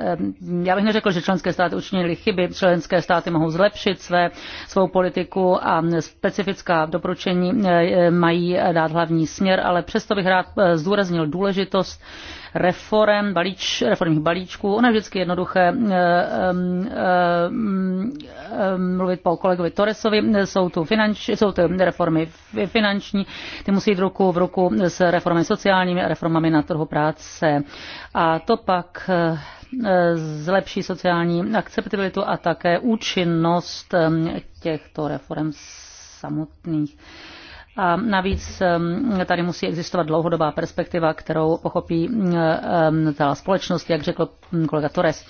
B: e, já bych neřekl, že členské státy učinily chyby, členské státy mohou zlepšit své, svou politiku a specifická doporučení mají dát hlavní směr, ale přesto bych rád zdůraznil důležitost reform, balíč, reformních balíčků. Ono je vždycky jednoduché eh, eh, eh, mluvit po kolegovi Torresovi. Jsou tu, finanč, jsou tu reformy finanční, ty musí jít ruku v ruku s reformy sociálními a reformami na trhu práce. A to pak zlepší sociální akceptabilitu a také účinnost těchto reform samotných. A navíc um, tady musí existovat dlouhodobá perspektiva, kterou pochopí ta um, společnost, jak řekl um, kolega Torres.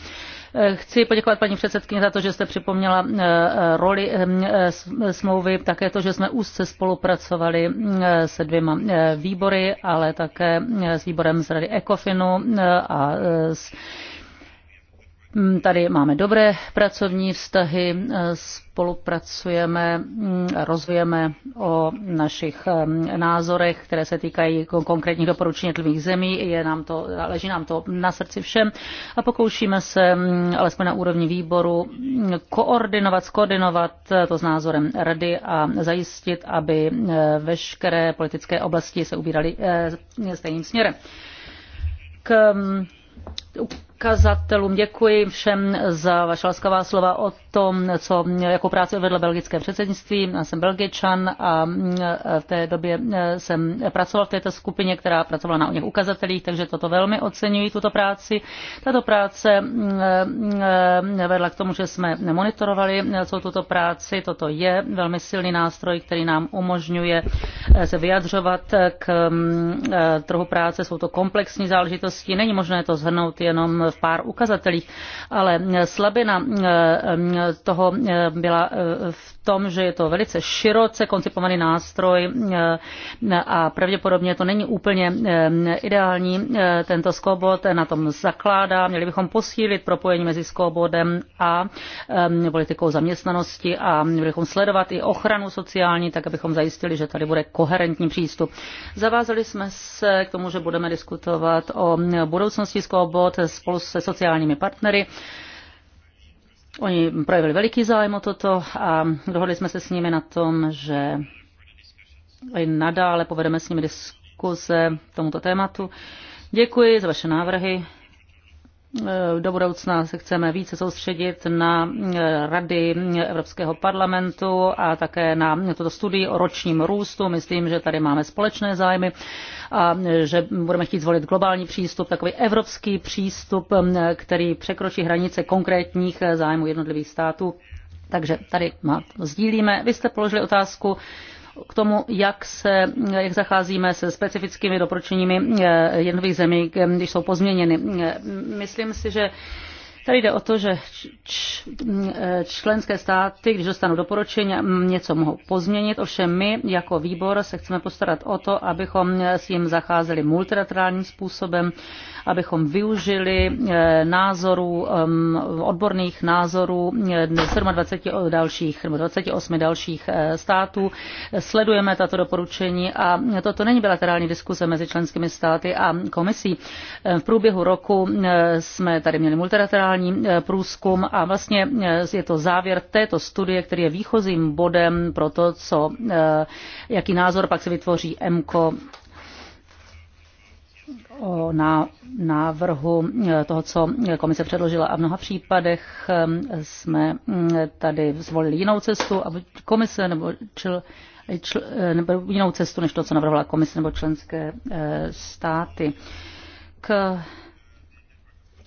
B: Eh, chci poděkovat paní předsedkyně za to, že jste připomněla eh, roli eh, smlouvy, také to, že jsme úzce spolupracovali se dvěma výbory, ale také s výborem z Rady Ekofinu a s Mm, tady máme dobré pracovní vztahy, eh, spolupracujeme, mm, rozvíjeme o našich mm, názorech, které se týkají konkrétních doporučení jednotlivých zemí. Je nám to, leží nám to na srdci všem a pokoušíme se alespoň na úrovni výboru koordinovat, skoordinovat eh, to s názorem rady a zajistit, aby eh, veškeré politické oblasti se ubíraly stejným směrem. K ukazatelům. Děkuji všem za vaše laskavá slova o tom, co jako práci vedlo belgické předsednictví. Já jsem belgičan a v té době e, jsem pracoval v této skupině, která pracovala na o něch ukazatelích, takže toto velmi oceňuji, tuto práci. Tato práce e, e, vedla k tomu, že jsme nemonitorovali co tuto práci. Toto je velmi silný nástroj, který nám umožňuje se vyjadřovat k trhu práce. Jsou to komplexní záležitosti, není možné to zhrnout jenom v pár ukazatelích, ale slabina eh, eh, toho eh, byla v tom, že je to velice široce koncipovaný nástroj eh, a pravděpodobně to není úplně eh, ideální. Eh, tento skobot na tom zakládá. Měli bychom posílit propojení mezi skobodem a politikou zaměstnanosti a měli bychom sledovat i ochranu sociální, tak abychom zajistili, že tady bude koherentní přístup. Zavázali jsme se k tomu, že budeme diskutovat o budoucnosti skobot spolu se sociálními partnery. Oni projevili veliký zájem o toto a dohodli jsme se s nimi na tom, že i nadále povedeme s nimi diskuze k tomuto tématu. Děkuji za vaše návrhy. Eh, do budoucna se chceme více soustředit na eh, rady Evropského parlamentu a také na toto studii o ročním růstu. Myslím, že tady máme společné zájmy a eh, že budeme chtít zvolit globální přístup, takový evropský přístup, který překročí hranice konkrétních zájmů jednotlivých států. Takže tady sdílíme. Vy jste položili otázku, k tomu, jak, se, jak zacházíme se specifickými doporučeními eh, jednotlivých zemí, eh, když jsou pozměněny. Eh, myslím si, že Tady jde o to, že e, členské státy, když dostanou doporučení, něco mohou pozměnit, ovšem my jako výbor se chceme postarat o to, abychom s jim zacházeli multilaterálním způsobem, abychom využili e, názorů, odborných názorů 27 e, dalších, nebo 28 dalších států. Sledujeme tato doporučení a toto není bilaterální diskuse mezi členskými státy a komisí. V průběhu roku jsme tady měli multilaterální globální eh, průzkum a vlastně eh, je to závěr této studie, který je výchozím bodem pro to, co, eh, jaký názor pak se vytvoří MKO o návrhu toho, co komise předložila. A v mnoha případech jsme mm, tady zvolili jinou cestu, aby komise nebo, čl, čl, nebo jinou cestu, než to, co navrhla komise nebo členské státy. K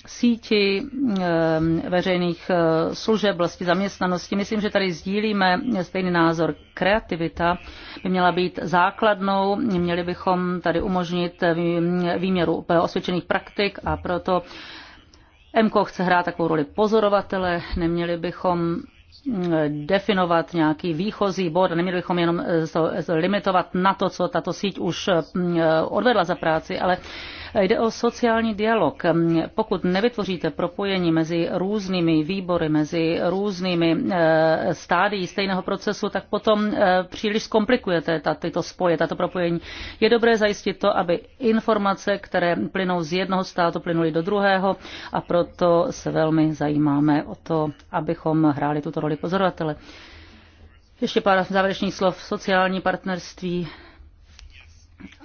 B: síti ehm, veřejných eh, služeb, vlastně zaměstnanosti. Myslím, že tady sdílíme stejný názor. Kreativita by měla být základnou, měli bychom tady umožnit eh, výměru eh, osvědčených praktik a proto MKO chce hrát takovou roli pozorovatele, neměli bychom definovat nějaký výchozí bod, neměli bychom jenom limitovat na to, co tato síť už odvedla za práci, ale Jde o sociální dialog. Pokud nevytvoříte propojení mezi různými výbory, mezi různými eh, stádií stejného procesu, tak potom eh, příliš zkomplikujete tyto spoje, tato propojení. Je dobré zajistit to, aby informace, které plynou z jednoho státu, plynuly do druhého a proto se velmi zajímáme o to, abychom hráli tuto roli pozorovatele. Ještě pár závěrečných slov. Sociální partnerství.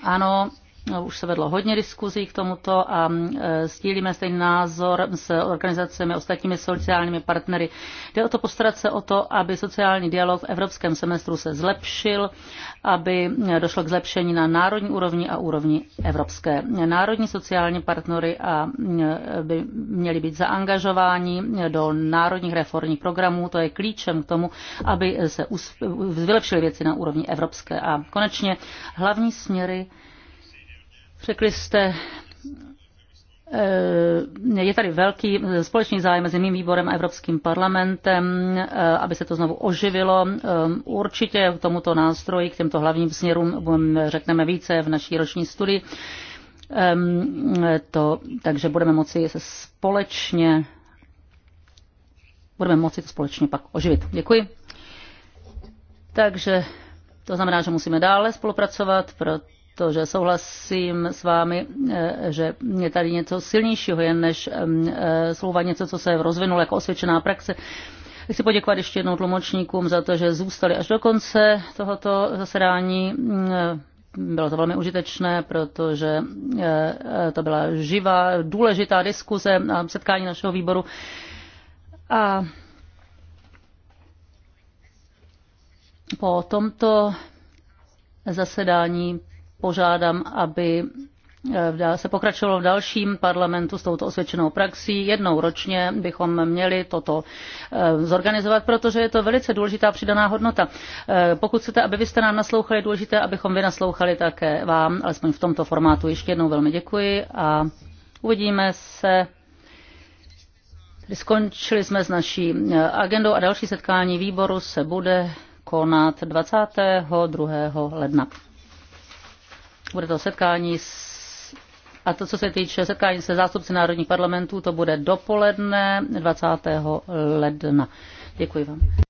B: Ano, No, už se vedlo hodně diskuzí k tomuto a e, sdílíme stejný názor s organizacemi, ostatními sociálními partnery. Jde o to postarat se o to, aby sociální dialog v evropském semestru se zlepšil, aby e, došlo k zlepšení na národní úrovni a úrovni evropské. Národní sociální partnery a e, by měli být zaangažováni do národních reformních programů. To je klíčem k tomu, aby se vylepšily věci na úrovni evropské. A konečně hlavní směry Řekli jste, eh, je tady velký eh, společný zájem mezi mým výborem a Evropským parlamentem, eh, aby se to znovu oživilo. Určitě k tomuto nástroji, k těmto hlavním směrům řekneme více v naší roční studii. To, takže budeme moci se společně budeme moci to společně pak oživit. Děkuji. Takže to znamená, že musíme dále spolupracovat, protože to, že souhlasím s vámi, eh, že je tady něco silnějšího, jen než eh, eh, slova něco, co se rozvinulo jako osvědčená praxe. Chci poděkovat ještě jednou tlumočníkům za to, že zůstali až do konce tohoto zasedání. Mm, bylo to velmi užitečné, protože to byla živá, důležitá diskuze a setkání našeho výboru. A po tomto zasedání požádám, aby eh, se pokračovalo v dalším parlamentu s touto osvědčenou praxí. Jednou ročně bychom měli toto eh, zorganizovat, protože je to velice důležitá přidaná hodnota. Eh, pokud chcete, aby vy jste nám naslouchali, důležité, abychom vy naslouchali také vám, alespoň v tomto formátu. Ještě jednou velmi děkuji a uvidíme se. Skončili jsme s naší agendou a další setkání výboru se bude konat 22. ledna. Bude to setkání s a to, co se týče setkání se zástupci národních parlamentů, to bude dopoledne 20. ledna. Děkuji vám.